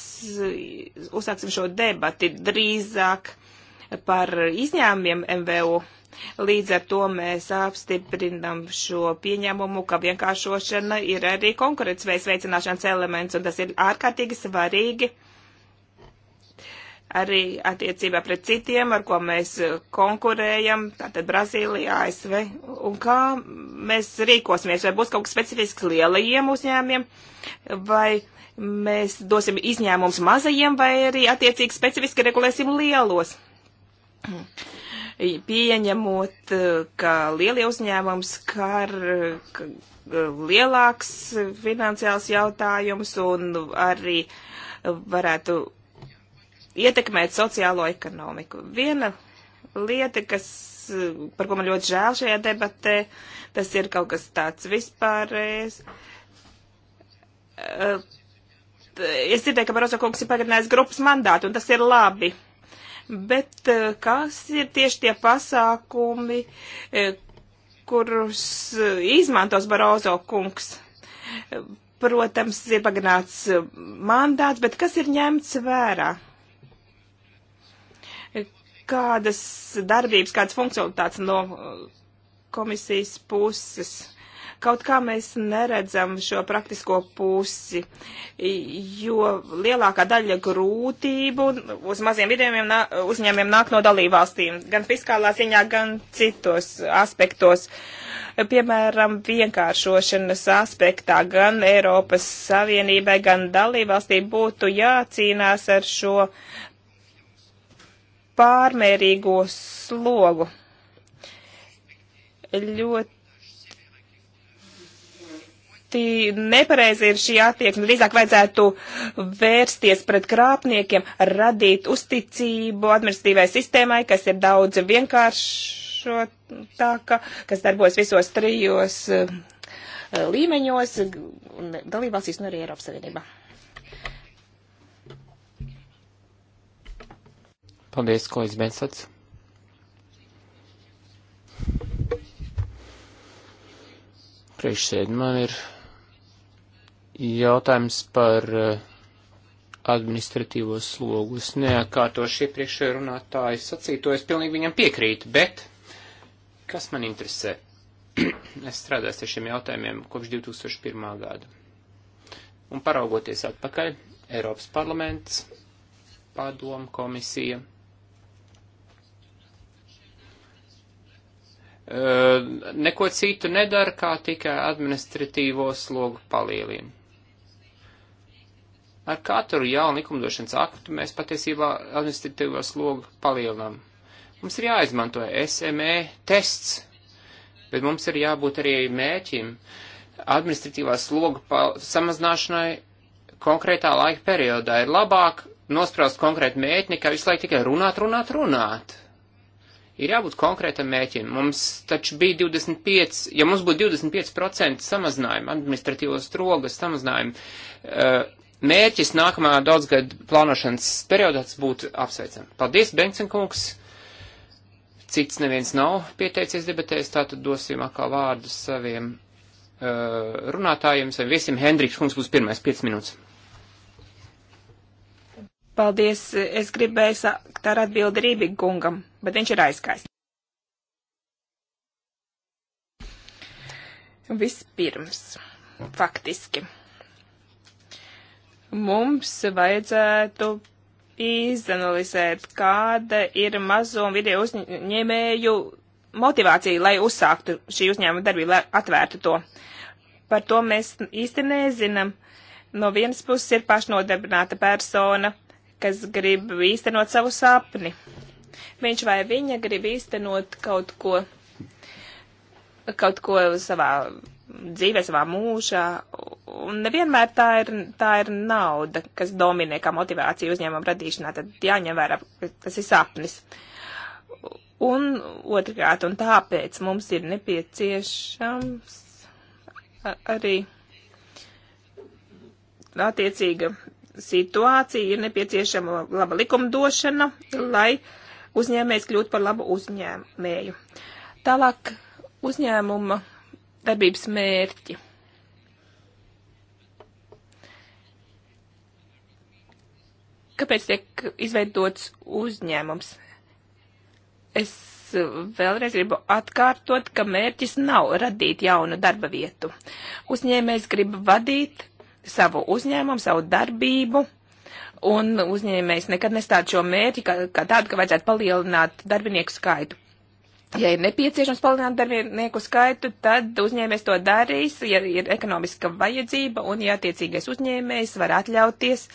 uzsāksim šo debati drīzāk par izņēmumiem MVU? Līdz ar to mēs apstiprinam šo pieņēmumu, ka vienkāršošana ir arī konkurences veicināšanas elements, un tas ir ārkārtīgi svarīgi arī attiecībā pret citiem, ar ko mēs eh, konkurējam, tātad Brazīlija, ASV, un kā mēs rīkosimies, vai būs kaut kas specifisks lielajiem uzņēmiem, vai mēs dosim izņēmums mazajiem, vai arī attiecīgi specifiski regulēsim lielos. Pieņemot, eh, ka lielie uzņēmumi skar eh, lielāks finansiāls jautājums un arī varētu ietekmēt sociālo ekonomiku. Viena lieta, kas, eh, par ko man ļoti žēl šajā debatē, tas ir kaut kas tāds vispārējais. Eh, es dzirdēju, ka Barozo kungs ir pagarinājis grupas mandātu, un tas ir labi. Bet eh, kas ir tieši tie pasākumi, kurus izmantos Barozo kungs? Protams, ir pagarināts mandāts, bet kas ir ņemts vērā? kādas darbības, kādas funkcionalitātes no uh, komisijas puses. Kaut kā mēs neredzam šo praktisko pusi, jo lielākā daļa grūtību uz maziem vidējumiem uzņēmiem nāk no dalībvalstīm, gan fiskālā ziņā, gan citos aspektos. Piemēram, vienkāršošanas aspektā gan Eiropas Savienībai, gan dalībvalstīm būtu jācīnās ar šo pārmērīgo slogu. Ļoti nepareizi ir šī attieksme. Drīzāk vajadzētu vērsties pret krāpniekiem, radīt uzticību administratīvai sistēmai, kas ir daudz vienkāršotāka, kas darbojas visos trijos eh, līmeņos, dalībvalstīs un arī Eiropas Savienībā. Paldies, kolēģis Bensats. Priekšsēdi, man ir jautājums par eh, administratīvo slogu. Es neatkārtošu iepriekšēju runātāju sacīto, es pilnīgi viņam piekrītu, bet kas man interesē? es strādāju ar šiem jautājumiem kopš 2001. gada. Un paraugoties atpakaļ, Eiropas parlaments, padomu komisija neko citu nedara, kā tikai administratīvo slogu palielina. Ar katru jaunu likumdošanas aktu mēs patiesībā administratīvo slogu palielinām. Mums ir jāizmanto SME tests, bet mums ir jābūt arī mēķim administratīvā sloga samazināšanai konkrētā laika periodā. Ir labāk nospraust konkrētu mēķi, nekā visu laiku tikai runāt, runāt, runāt Ir jābūt konkrētam mēķim. Mums taču bija 25, ja mums būtu 25% samazinājuma, administratīvos strogas samazinājuma, eh, mērķis nākamā daudzgad plānošanas periodā būtu apsveicam. Paldies, Bengtsenkungs! Cits neviens nav pieteicies debatēs, tātad dosim atkal vārdu saviem eh, runātājiem, saviem viesiem. Hendriks kungs būs pirmais 5 minūtes. Paldies, es gribēju sākt ar atbildi Rībigungam, bet viņš ir aizskājis. Vispirms, faktiski, mums vajadzētu izanalizēt, kāda ir mazo un video uzņēmēju motivācija, lai uzsāktu šī uzņēmuma darbību, lai atvērtu to. Par to mēs īsti nezinām. No vienas puses ir pašnodarbināta persona, kas grib īstenot savu sapni. Viņš vai viņa grib īstenot kaut ko, kaut ko savā dzīvē, savā mūžā, un nevienmēr tā ir, tā ir nauda, kas dominē kā motivācija uzņēmuma radīšanā, tad jāņem vērā, tas ir sapnis. Un otrkārt, un tāpēc mums ir nepieciešams arī attiecīga situācija, ir nepieciešama laba likumdošana, lai uzņēmējs kļūtu par labu uzņēmēju. Tālāk uzņēmuma darbības mērķi. Kāpēc tiek izveidots uzņēmums? Es vēlreiz gribu atkārtot, ka mērķis nav radīt jaunu darba vietu. Uzņēmējs grib vadīt savu uzņēmumu, savu darbību. Un uzņēmējs nekad nestāda šo mērķi kā, kā tādu, ka vajadzētu palielināt darbinieku skaitu. Ja ir nepieciešams palielināt darbinieku skaitu, tad uzņēmējs to darīs, ja ir ekonomiska vajadzība un ja attiecīgais uzņēmējs var atļauties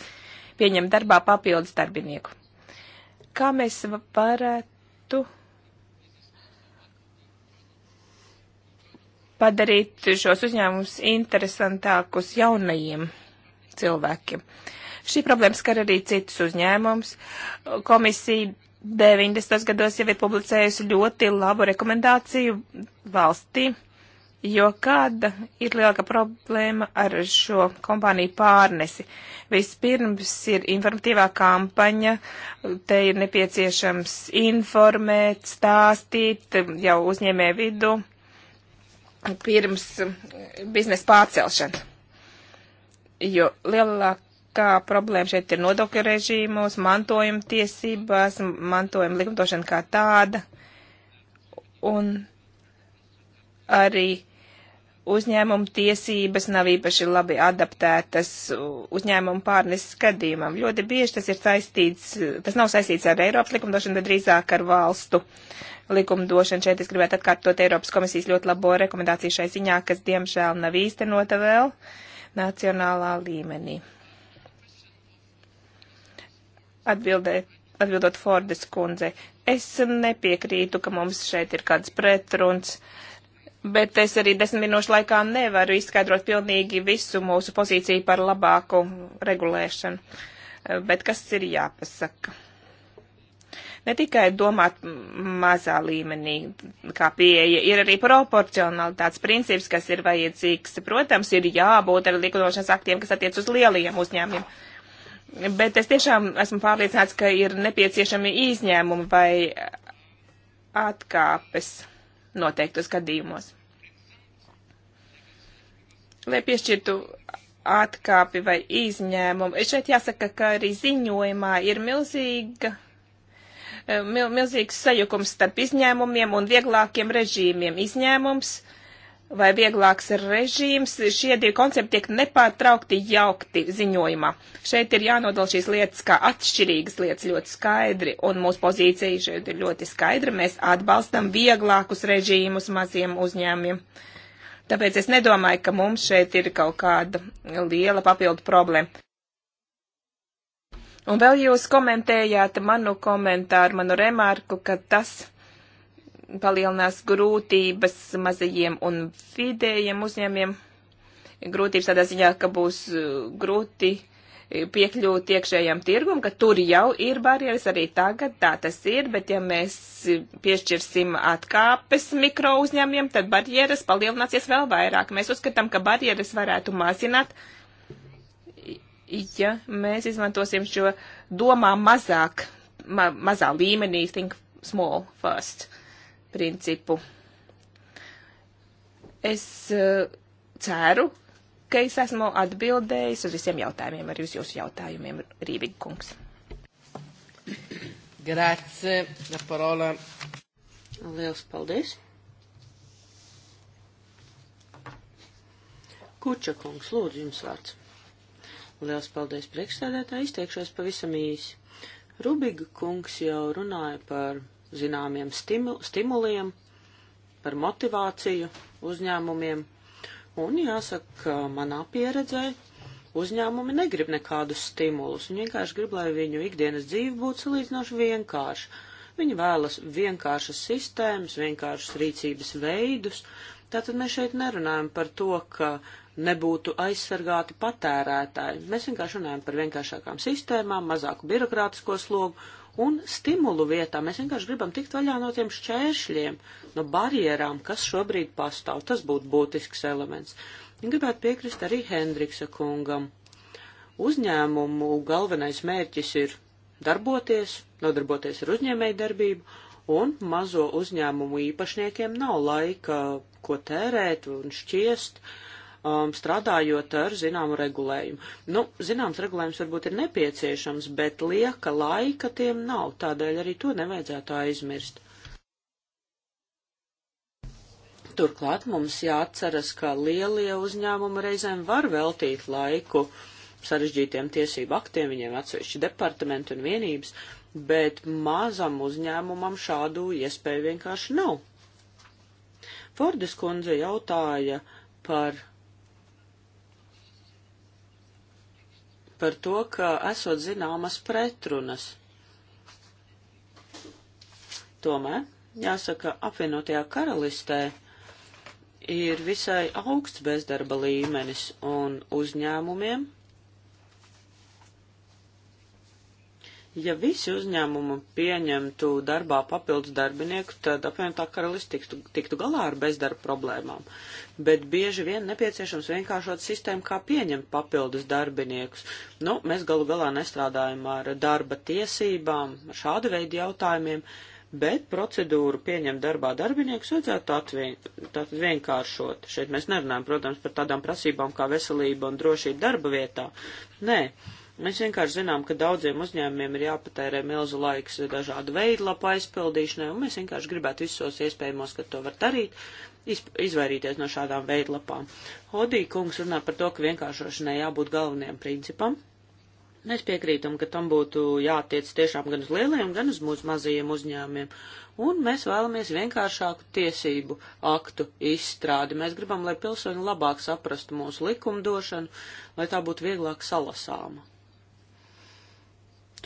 pieņemt darbā papildus darbinieku. Kā mēs varētu padarīt šos uzņēmumus interesantākus jaunajiem cilvēkiem. Šī problēma skar arī citus uzņēmumus. Komisija 90. gados jau ir publicējusi ļoti labu rekomendāciju valstī, jo kāda ir lielāka problēma ar šo kompāniju pārnesi. Vispirms ir informatīvā kampaņa, te ir nepieciešams informēt, stāstīt jau uzņēmē vidu pirms eh, biznesa pārcelšanas. Jo lielākā problēma šeit ir nodokļu režīmos, mantojuma tiesībās, mantojuma likumdošana kā tāda, un arī uzņēmumu tiesības nav īpaši labi adaptētas uzņēmumu pārneses gadījumam. Ļoti bieži tas ir saistīts, tas nav saistīts ar Eiropas likumdošanu, bet drīzāk ar valstu uh, likumdošana. Šeit es gribētu atkārtot Eiropas komisijas ļoti labo rekomendāciju šai ziņā, kas diemžēl nav īstenota vēl nacionālā līmenī. Atbildē, atbildot Fordes kundze, es nepiekrītu, ka mums šeit ir kāds pretruns. Bet es arī desmit minūšu laikā nevaru izskaidrot pilnīgi visu mūsu pozīciju par labāku regulēšanu. Bet kas ir jāpasaka? ne tikai domāt mazā līmenī, kā pieeja, ir arī proporcionalitātes princips, kas ir vajadzīgs. Protams, ir jābūt arī likumdošanas aktiem, kas attiec uz lielajiem uzņēmumiem. Bet es tiešām esmu pārliecināts, ka ir nepieciešami izņēmumi vai atkāpes noteiktos gadījumos. Lai piešķirtu atkāpi vai izņēmumu, šeit jāsaka, ka arī ziņojumā ir milzīga Eh, mil, milzīgs sajukums starp izņēmumiem un vieglākiem režīmiem. Izņēmums vai vieglāks režīms, šie divi koncepti tiek nepārtraukti jaukti ziņojumā. Šeit ir jānodala šīs lietas kā atšķirīgas lietas ļoti skaidri, un mūsu pozīcija šeit ir ļoti skaidra. Mēs atbalstam vieglākus režīmus maziem uzņēmumiem. Tāpēc es nedomāju, ka mums šeit ir kaut kāda liela papildu problēma. Un vēl jūs komentējāt manu komentāru, manu remarku, ka tas palielinās grūtības mazajiem un vidējiem uzņēmiem. Grūtības tādā ziņā, ka būs uh, grūti uh, piekļūt iekšējam tirgum, ka tur jau ir barjeras arī tagad, tā tas ir, bet ja mēs uh, piešķirsim atkāpes mikro uzņēmiem, tad barjeras palielināsies vēl vairāk. Mēs uzskatām, ka barjeras varētu mazināt. Uh, ja mēs izmantosim šo domā mazāk, ma mazā līmenī, think small first principu. Es uh, ceru, ka es esmu atbildējis uz visiem jautājumiem, arī uz jūsu jautājumiem, Rībīgi kungs. Grāce, la parola. Liels paldies. Kuča kungs, lūdzu jums vārds. Liels paldies priekšsēdētā, izteikšos pavisam īsi. Rubiga kungs jau runāja par zināmiem stimu, stimuliem, par motivāciju uzņēmumiem, un jāsaka, ka manā pieredzē uzņēmumi negrib nekādus stimulus, viņi vienkārši grib, lai viņu ikdienas dzīve būtu salīdzinoši vienkārša. Viņi vēlas vienkāršas sistēmas, vienkāršas rīcības veidus, tātad mēs šeit nerunājam par to, ka nebūtu aizsargāti patērētāji. Mēs vienkārši runājam par vienkāršākām sistēmām, mazāku birokrātisko slogu un stimulu vietā. Mēs vienkārši gribam tikt vaļā no tiem šķēršļiem, no barjerām, kas šobrīd pastāv. Tas būtu būtisks elements. Un gribētu piekrist arī Hendriksa kungam. Uzņēmumu galvenais mērķis ir darboties, nodarboties ar uzņēmēju darbību, un mazo uzņēmumu īpašniekiem nav laika, ko tērēt un šķiest. Uh, um, strādājot ar zināmu regulējumu. Nu, zināms regulējums varbūt ir nepieciešams, bet lieka laika tiem nav, tādēļ arī to nevajadzētu aizmirst. Turklāt mums jāatceras, ka lielie uzņēmumi reizēm var veltīt laiku sarežģītiem tiesību aktiem, viņiem atsevišķi departamenti un vienības, bet mazam uzņēmumam šādu iespēju vienkārši nav. Fordas kundze jautāja par par to, ka esot zināmas pretrunas. Tomēr, jāsaka, apvienotajā karalistē ir visai augsts bezdarba līmenis un uzņēmumiem Ja visi uzņēmumi pieņemtu darbā papildus darbinieku, tad apvienotā karalists tiktu, tiktu galā ar bezdarba problēmām. Bet bieži vien nepieciešams vienkāršot sistēmu, kā pieņemt papildus darbiniekus. Nu, mēs galu galā nestrādājam ar darba tiesībām, ar šādu veidu jautājumiem, bet procedūru pieņemt darbā darbiniekus vajadzētu atvien, tātad vienkāršot. Šeit mēs nerunājam, protams, par tādām prasībām kā veselība un drošība darba vietā. Nē. Mēs vienkārši zinām, ka daudziem uzņēmumiem ir jāpatērē milzu laiks dažādu veidu lapu aizpildīšanai, un mēs vienkārši gribētu visos iespējamos, ka to var darīt, izvairīties no šādām veidlapām. Hodī kungs runā par to, ka vienkāršošanai jābūt galvenajam principam. Mēs piekrītam, ka tam būtu jātiec tiešām gan uz lielajiem, gan uz mūsu mazajiem uzņēmumiem. Un mēs vēlamies vienkāršāku tiesību aktu izstrādi. Mēs gribam, lai pilsoņi labāk saprastu mūsu likumdošanu, lai tā būtu vieglāk salasāma.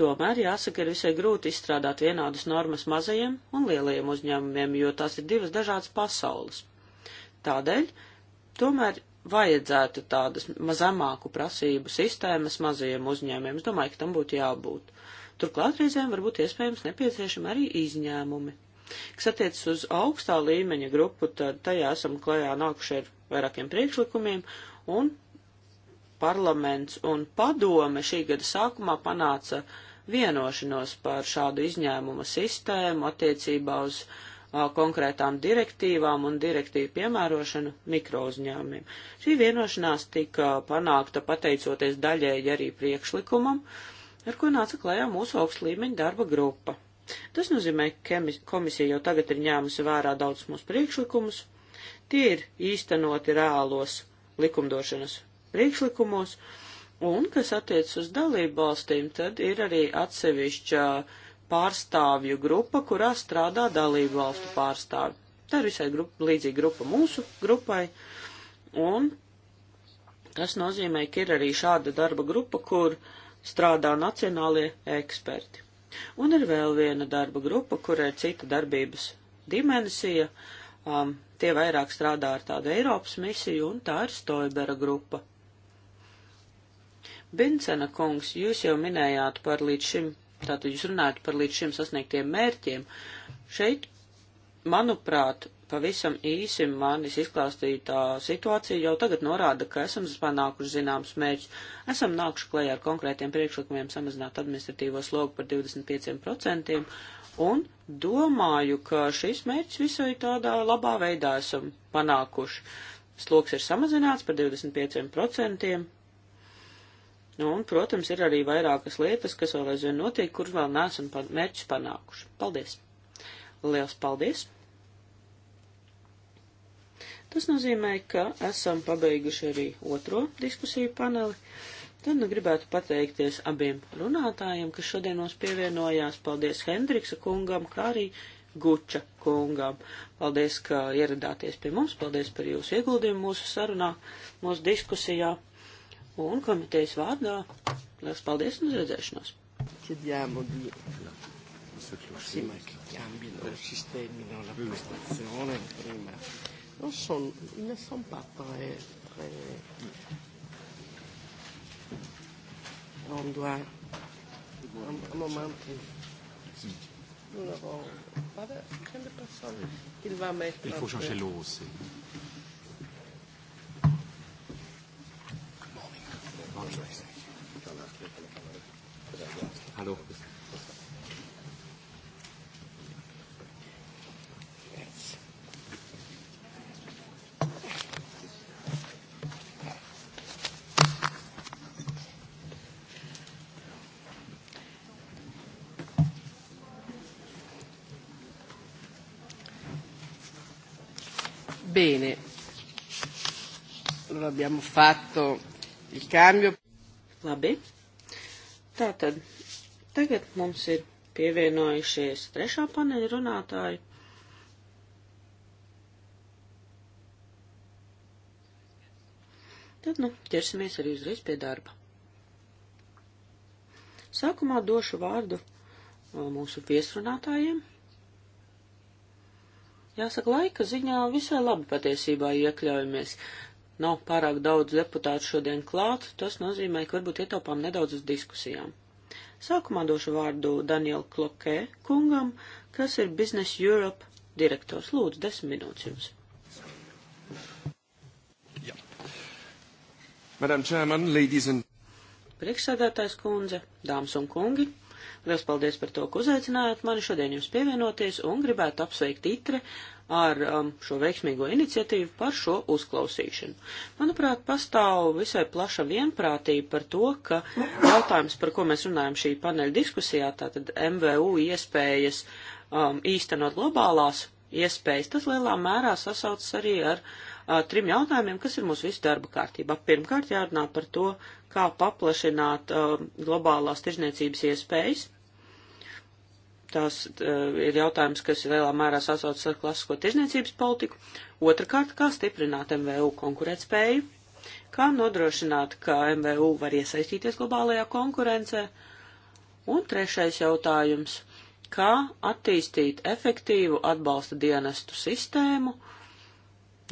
Tomēr jāsaka, ir visai grūti izstrādāt vienādas normas mazajiem un lielajiem uzņēmumiem, jo tās ir divas dažādas pasaules. Tādēļ tomēr vajadzētu tādas zemāku prasību sistēmas mazajiem uzņēmiem. Es domāju, ka tam būtu jābūt. Turklāt reizēm var būt iespējams nepieciešami arī izņēmumi. Kas attiecas uz augstā līmeņa grupu, tad tajā esam klajā nākuši ar vairākiem priekšlikumiem, un parlaments un padome šī gada sākumā panāca uh, vienošanos par šādu izņēmumu sistēmu attiecībā uz a, konkrētām direktīvām un direktīvu piemērošanu mikrouzņēmumiem. Šī vienošanās tika panākta pateicoties daļēji arī priekšlikumam, ar ko nāca klajā mūsu augst līmeņa darba grupa. Tas nozīmē, ka komisija jau tagad ir ņēmusi vērā daudz mūsu priekšlikumus, tie ir īstenoti reālos likumdošanas priekšlikumos, uh, Un, kas attiec uz dalību valstīm, tad ir arī atsevišķa pārstāvju grupa, kurā strādā dalību valstu pārstāvju. Tā ir visai grupa, līdzīga grupa mūsu grupai. Un tas nozīmē, ka ir arī šāda darba grupa, kur strādā nacionālie eksperti. Un ir vēl viena darba grupa, kurai ir cita darbības dimensija. Um, tie vairāk strādā ar tādu Eiropas misiju, un tā ir Stoibera grupa. Bincena kungs, jūs jau minējāt par līdz šim, tātad jūs runājat par līdz šim sasniegtiem mērķiem. Šeit, manuprāt, pavisam īsi manis izklāstītā situācija jau tagad norāda, ka esam panākuši zināms mērķus. Esam nākuši klajā ar konkrētiem priekšlikumiem samazināt administratīvo slogu par 25% un domāju, ka šis mērķis visai tādā labā veidā esam panākuši. Sloks ir samazināts par 25%, Nu, un, protams, ir arī vairākas lietas, kas vēl aizvien notiek, kuras vēl nesam pan mērķus panākuši. Paldies! Liels paldies! Tas nozīmē, ka esam pabeiguši arī otro diskusiju paneli. Tad nu gribētu pateikties abiem runātājiem, kas šodien mums pievienojās. Paldies Hendriksa kungam, kā arī Guča kungam. Paldies, ka ieradāties pie mums, paldies par jūsu ieguldījumu mūsu sarunā, mūsu diskusijā. Un komitejas vārdā liels paldies un uz redzēšanos. Chiediamo di sì, ma che cambino i sistemi, no? la prestazione prima. Non sono, ne sono pas très, très... On doit un, un moment nous n'avons pas de, de personne. Il va mettre. Il faut changer l'eau aussi. Hallo. Bene, allora abbiamo fatto Ich cambio. Labi. Tātad, tagad mums ir pievienojušies trešā paneļa runātāji. Tad, nu, ķersimies arī uzreiz pie darba. Sākumā došu vārdu uh, mūsu viesrunātājiem. Jāsaka, laika ziņā visai labi patiesībā iekļaujamies nav pārāk daudz deputātu šodien klāt, tas nozīmē, ka varbūt ietaupām nedaudz uz diskusijām. Sākumā došu vārdu Danielu Klokē kungam, kas ir Business Europe direktors. Lūdzu, desmit minūtes jums. Ja. Madam Chairman, ladies and... Priekšsādātājs kundze, dāmas un kungi. Lielas paldies par to, ka uzaicinājāt mani šodien jums pievienoties un gribētu apsveikt itre ar um, šo veiksmīgo iniciatīvu par šo uzklausīšanu. Manuprāt, pastāv visai plaša vienprātība par to, ka jautājums, par ko mēs runājam šī paneļa diskusijā, tātad MVU iespējas um, īstenot globālās iespējas, tas lielā mērā sasaucas arī ar uh, trim jautājumiem, kas ir mūsu visu darba kārtībā. Pirmkārt, jārunā par to, kā paplašināt uh, globālās tirzniecības iespējas. Tas uh, ir jautājums, kas lielā mērā sasaucas ar klasisko tirzniecības politiku. Otrakārt, kā stiprināt MVU konkurētspēju, kā nodrošināt, ka MVU var iesaistīties globālajā konkurencē. Un trešais jautājums, kā attīstīt efektīvu atbalsta dienestu sistēmu, uh,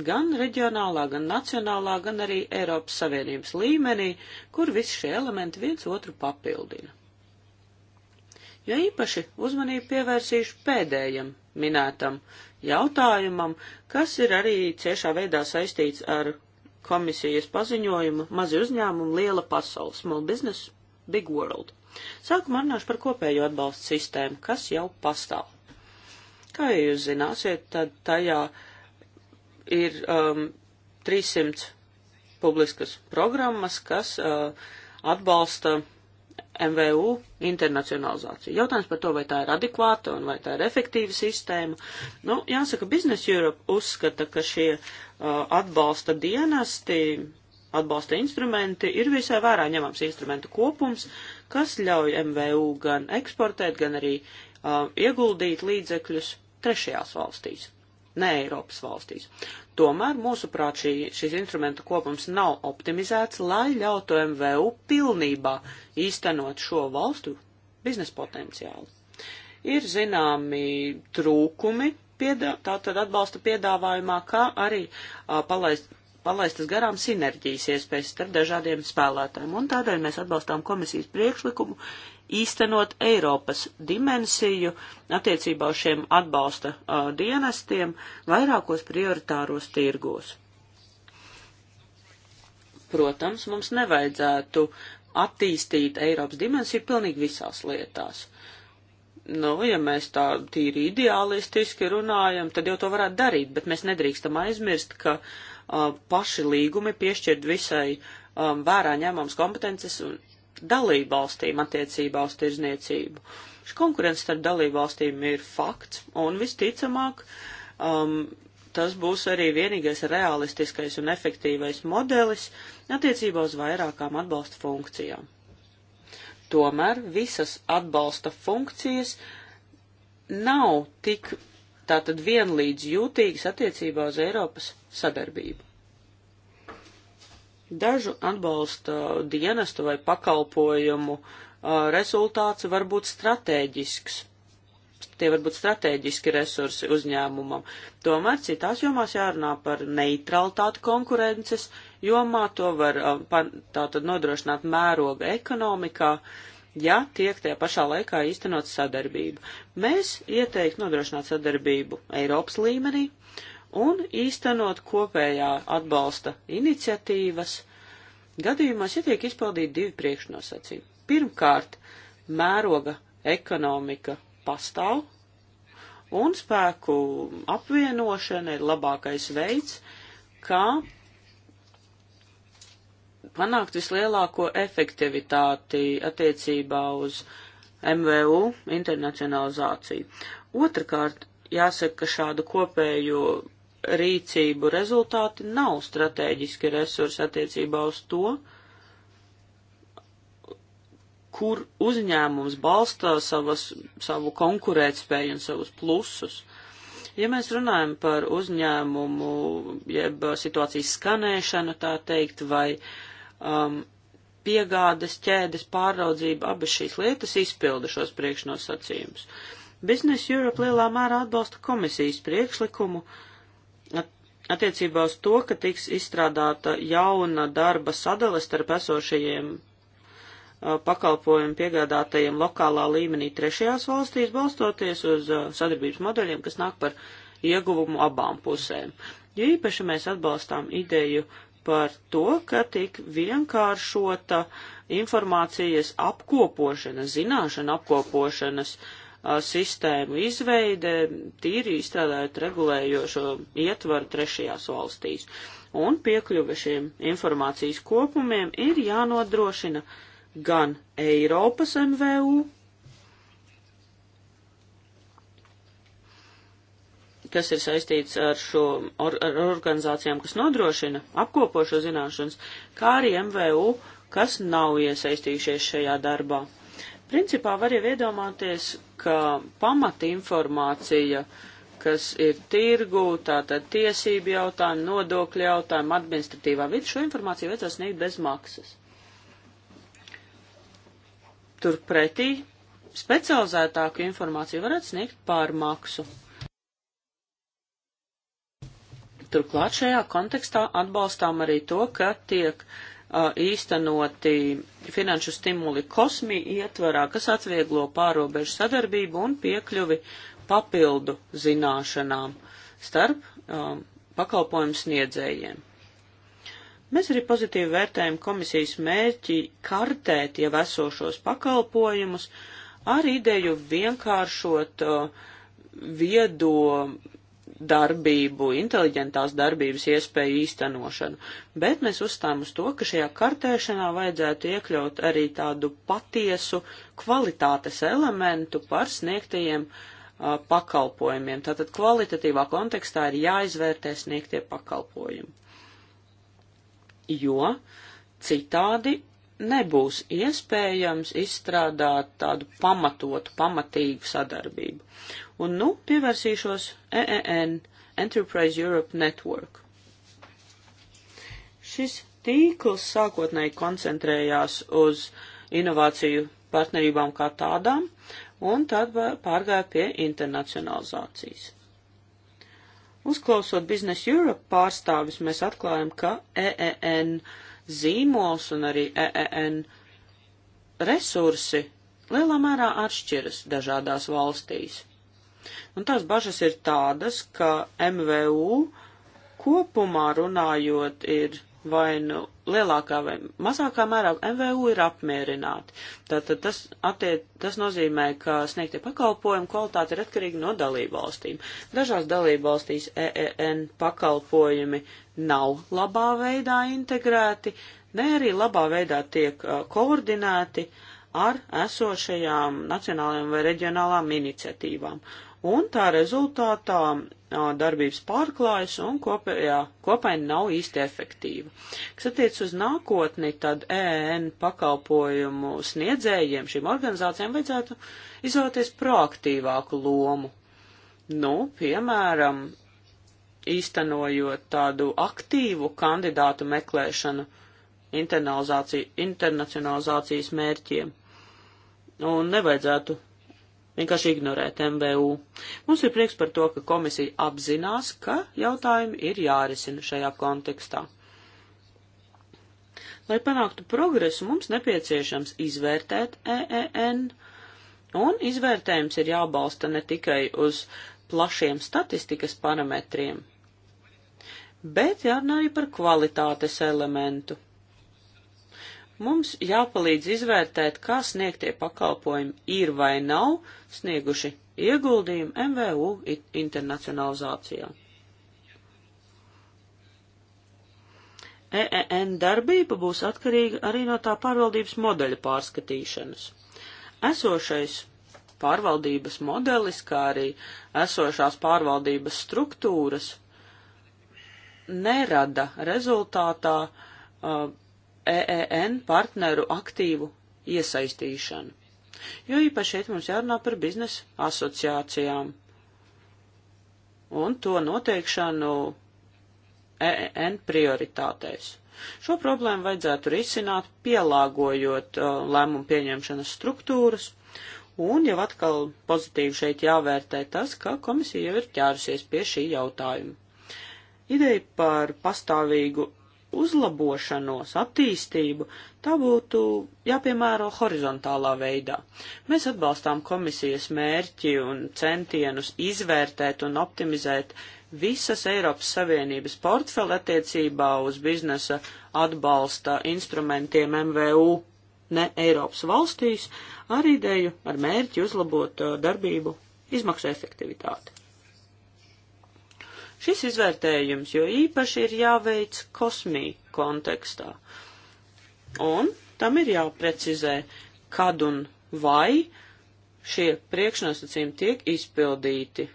gan reģionālā, gan nacionālā, gan arī Eiropas Savienības līmenī, kur visi šie elementi viens otru papildina. Jo īpaši uzmanību pievērsīšu pēdējam minētam jautājumam, kas ir arī ciešā veidā saistīts ar komisijas paziņojumu mazi uzņēmumi liela pasaule, small business, big world. Sākumā runāšu par kopējo atbalstu sistēmu, kas jau pastāv. Kā jūs zināsiet, tad tajā uh, ir um, 300 publiskas programmas, kas uh, atbalsta MVU internacionalizāciju. Jautājums par to, vai tā ir adekvāta un vai tā ir efektīva sistēma. Nu, jāsaka, Business Europe uzskata, ka šie uh, atbalsta dienesti, atbalsta instrumenti ir visai vērā ņemams instrumentu kopums, kas ļauj MVU gan eksportēt, gan arī uh, ieguldīt līdzekļus trešajās valstīs ne Eiropas valstīs. Tomēr, mūsuprāt, šī, šis instrumenta kopums nav optimizēts, lai ļautu MVU pilnībā īstenot šo valstu biznesa potenciālu. Ir zināmi trūkumi piedā, tātad atbalsta piedāvājumā, kā arī a, palaist, palaistas garām sinerģijas iespējas starp dažādiem spēlētājiem, un tādēļ mēs atbalstām komisijas priekšlikumu īstenot Eiropas dimensiju attiecībā uz šiem atbalsta uh, dienestiem vairākos prioritāros tirgos. Protams, mums nevajadzētu attīstīt Eiropas dimensiju pilnīgi visās lietās. Nu, ja mēs tā tīri ideālistiski runājam, tad jau to varētu darīt, bet mēs nedrīkstam aizmirst, ka uh, paši līgumi piešķirt visai um, vērā ņemams kompetences un starp dalību valstīm attiecībā uz tirzniecību. Šis konkurence starp dalību valstīm ir fakts, un visticamāk, um, tas būs arī vienīgais realistiskais un efektīvais modelis attiecībā uz vairākām atbalsta funkcijām. Tomēr visas atbalsta funkcijas nav tik tātad vienlīdz jūtīgas attiecībā uz Eiropas sadarbību. Dažu atbalsta dienestu vai pakalpojumu rezultāts var būt stratēģisks. Tie var būt stratēģiski resursi uzņēmumam. Tomēr citās jomās jārunā par neutralitāti konkurences jomā, to var tātad nodrošināt mēroga ekonomikā, ja tiek tajā pašā laikā īstenot sadarbība. Mēs ieteikt nodrošināt sadarbību Eiropas līmenī, uh, un īstenot kopējā atbalsta iniciatīvas gadījumos, ja tiek izpildīti divi priekšnosacījumi. Pirmkārt, mēroga ekonomika pastāv, un spēku apvienošana ir labākais veids, kā panākt vislielāko efektivitāti attiecībā uz MVU internacionalizāciju. Otrakārt, jāsaka, ka šādu kopējo rīcību rezultāti nav strateģiski resursi attiecībā uz to, kur uzņēmums balstā savas, savu konkurētspēju un savus plusus. Ja mēs runājam par uzņēmumu, jeb situācijas skanēšanu, tā teikt, vai um, piegādes ķēdes pārraudzību, abas šīs lietas izpilda šos priekšnosacījumus. Biznes Europe lielā mērā atbalsta komisijas priekšlikumu uh, attiecībā uz to, ka tiks izstrādāta jauna darba sadale starp esošajiem uh, pakalpojumu piegādātajiem lokālā līmenī trešajās valstīs, balstoties uz uh, sadarbības modeļiem, kas nāk par ieguvumu abām pusēm. Jo īpaši mēs atbalstām ideju par to, ka tik vienkāršota informācijas apkopošana, zināšana apkopošanas uh, sistēmu izveide, tīri izstrādājot regulējošo ietvaru trešajās valstīs. Un piekļuve šiem informācijas kopumiem ir jānodrošina gan Eiropas MVU, kas ir saistīts ar šo or, ar organizācijām, kas nodrošina apkopošo zināšanas, kā arī MVU, kas nav iesaistījušies šajā darbā. Principā var jau iedomāties, ka pamata informācija, kas ir tirgu, tātad tiesību jautājumi, nodokļu jautājumi, administratīvā vidi, šo informāciju vajadzēs sniegt bez maksas. Turpretī specializētāku informāciju varētu sniegt pār maksu. Turklāt šajā kontekstā atbalstām arī to, ka tiek uh, īstenoti finanšu stimuli kosmi ietvarā, kas atvieglo pārobežu sadarbību un piekļuvi papildu zināšanām starp um, pakalpojumu sniedzējiem. Mēs arī pozitīvi vērtējam komisijas mērķi kartēt jau esošos pakalpojumus ar ideju vienkāršot uh, viedo darbību, inteliģentās darbības iespēju īstenošanu, bet mēs uzstājam uz to, ka šajā kartēšanā vajadzētu iekļaut arī tādu patiesu kvalitātes elementu par sniegtajiem uh, pakalpojumiem. Tātad kvalitatīvā kontekstā ir jāizvērtē sniegtie pakalpojumi, jo citādi nebūs iespējams izstrādāt tādu pamatotu, pamatīgu sadarbību. Un nu pievērsīšos EEN, Enterprise Europe Network. Šis tīkls sākotnēji koncentrējās uz inovāciju partnerībām kā tādām, un tad pārgāja pie internacionalizācijas. Uzklausot Business Europe pārstāvis, mēs atklājam, ka EEN zīmols un arī EEN resursi lielā mērā atšķiras dažādās valstīs. Un tās bažas ir tādas, ka MVU kopumā runājot ir vai nu lielākā vai mazākā mērā MVU ir apmierināti. Tātad tas, attiec, tas nozīmē, ka sniegtie pakalpojumi kvalitāte ir atkarīga no dalībvalstīm. Dažās dalībvalstīs EEN pakalpojumi nav labā veidā integrēti, ne arī labā veidā tiek uh, koordinēti ar esošajām nacionālajām vai reģionālām iniciatīvām. Uh, un tā rezultātā darbības pārklājas un kopējā, kopaini nav īsti efektīva. Kas attiec uz nākotni, tad EN pakalpojumu sniedzējiem, šīm organizācijām vajadzētu izvēlēties proaktīvāku lomu. Nu, piemēram, īstenojot tādu aktīvu kandidātu meklēšanu internacionalizācijas mērķiem. Un nevajadzētu vienkārši ignorēt MBU. Mums ir prieks par to, ka komisija apzinās, ka jautājumi ir jārisina šajā kontekstā. Lai panāktu progresu, mums nepieciešams izvērtēt EEN, un izvērtējums ir jābalsta ne tikai uz plašiem statistikas parametriem, bet jārunā arī par kvalitātes elementu Mums jāpalīdz izvērtēt, kā sniegtie pakalpojumi ir vai nav snieguši ieguldījumu MVU internacionalizācijā. EEN darbība būs atkarīga arī no tā pārvaldības modeļa pārskatīšanas. Esošais pārvaldības modelis, kā arī esošās pārvaldības struktūras, nerada rezultātā uh, EEN partneru aktīvu iesaistīšanu. Jo īpaši šeit mums jārunā par biznesa asociācijām un to noteikšanu EEN prioritātēs. Šo problēmu vajadzētu risināt, pielāgojot uh, lēmumu pieņemšanas struktūras, un jau atkal pozitīvi šeit jāvērtē tas, ka komisija jau ir ķērusies pie šī jautājuma. Ideja par pastāvīgu uzlabošanos, attīstību, tā būtu jāpiemēro horizontālā veidā. Mēs atbalstām komisijas mērķi un centienus izvērtēt un optimizēt visas Eiropas Savienības portfeli attiecībā uz biznesa atbalsta instrumentiem MVU ne Eiropas valstīs ar ideju, ar mērķi uzlabot uh, darbību izmaksu efektivitāti. Šis izvērtējums jo īpaši ir jāveic kosmī kontekstā. Un tam ir jāprecizē, kad un vai šie priekšnosacījumi tiek izpildīti.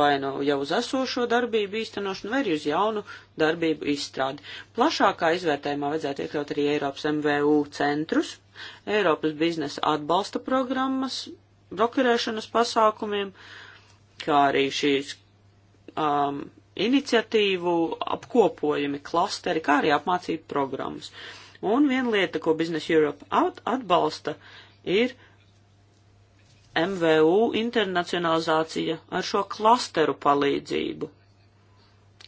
Vai nu no jau uz esošo darbību īstenošanu, vai arī uz jaunu darbību izstrādi. Plašākā izvērtējumā vajadzētu iekļaut arī Eiropas MVU centrus, Eiropas biznesa atbalsta programmas, brokerēšanas pasākumiem, kā arī šīs um, iniciatīvu apkopojumi, klasteri, kā arī apmācību programmas. Un viena lieta, ko Business Europe atbalsta, ir MVU internacionalizācija ar šo klasteru palīdzību,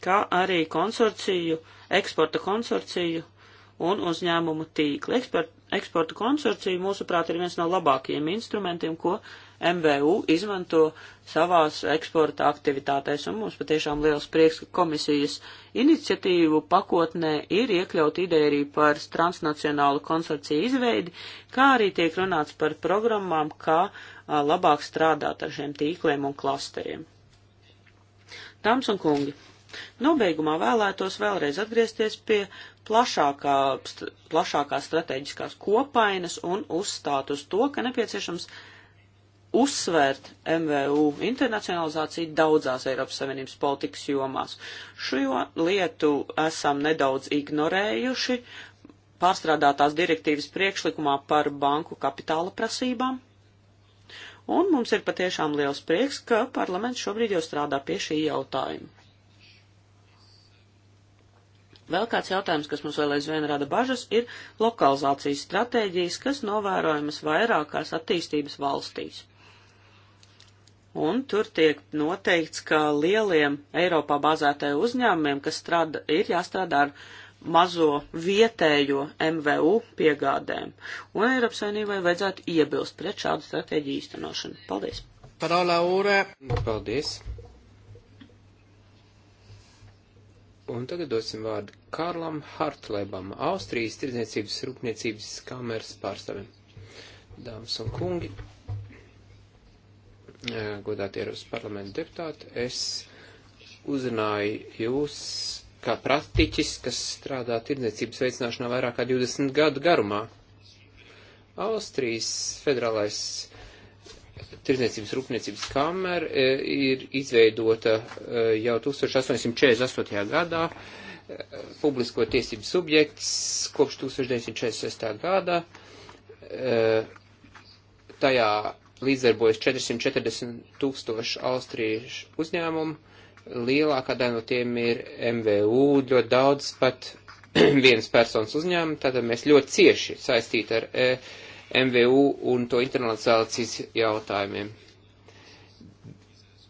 kā arī konsorciju, eksporta konsorciju un uzņēmumu tīkli. Ekspert, eksporta konsorcija, mūsuprāt, ir viens no labākajiem instrumentiem, ko MVU izmanto savās eksporta aktivitātēs, un mums patiešām liels prieks, ka komisijas iniciatīvu pakotnē ir iekļaut ideja arī par transnacionālu konsorciju izveidi, kā arī tiek runāts par programmām, kā a, labāk strādāt ar šiem tīkliem un klasteriem. Dāmas un kungi, nobeigumā vēlētos vēlreiz atgriezties pie plašākā, plašākās strateģiskās kopainas un uzstāt uz to, ka nepieciešams uzsvērt MVU internacionalizāciju daudzās Eiropas Savienības politikas jomās. Šo lietu esam nedaudz ignorējuši pārstrādātās direktīvas priekšlikumā par banku kapitāla prasībām. Un mums ir patiešām liels prieks, ka parlaments šobrīd jau strādā pie šī jautājuma. Vēl kāds jautājums, kas mums vēl aizvien rada bažas, ir lokalizācijas stratēģijas, kas novērojamas vairākās attīstības valstīs un tur tiek noteikts, ka lieliem Eiropā bāzētajiem uzņēmumiem, kas strādā, ir jāstrādā ar mazo vietējo MVU piegādēm, un Eiropas Savienībai vajadzētu iebilst pret šādu stratēģiju īstenošanu. Paldies! Parola ūrē! Paldies! Un tagad dosim vārdu Karlam Hartlebam, Austrijas tirdzniecības rūpniecības kameras pārstāvim. Dāmas un kungi! godātie Eiropas parlamenta deputāti, es uzrunāju jūs kā praktiķis, kas strādā tirdzniecības veicināšanā vairāk kā 20 gadu garumā. Austrijas federālais tirdzniecības rūpniecības kamera e, ir izveidota e, jau 1848. gadā, e, publisko tiesību subjekts kopš 1946. gadā. Tajā līdzdarbojas 440 tūkstoši austriešu uzņēmumu, lielākā daļa no tiem ir MVU, ļoti daudz pat vienas personas uzņēmumu, tātad mēs ļoti cieši saistīti ar e, MVU un to internacionalizācijas jautājumiem.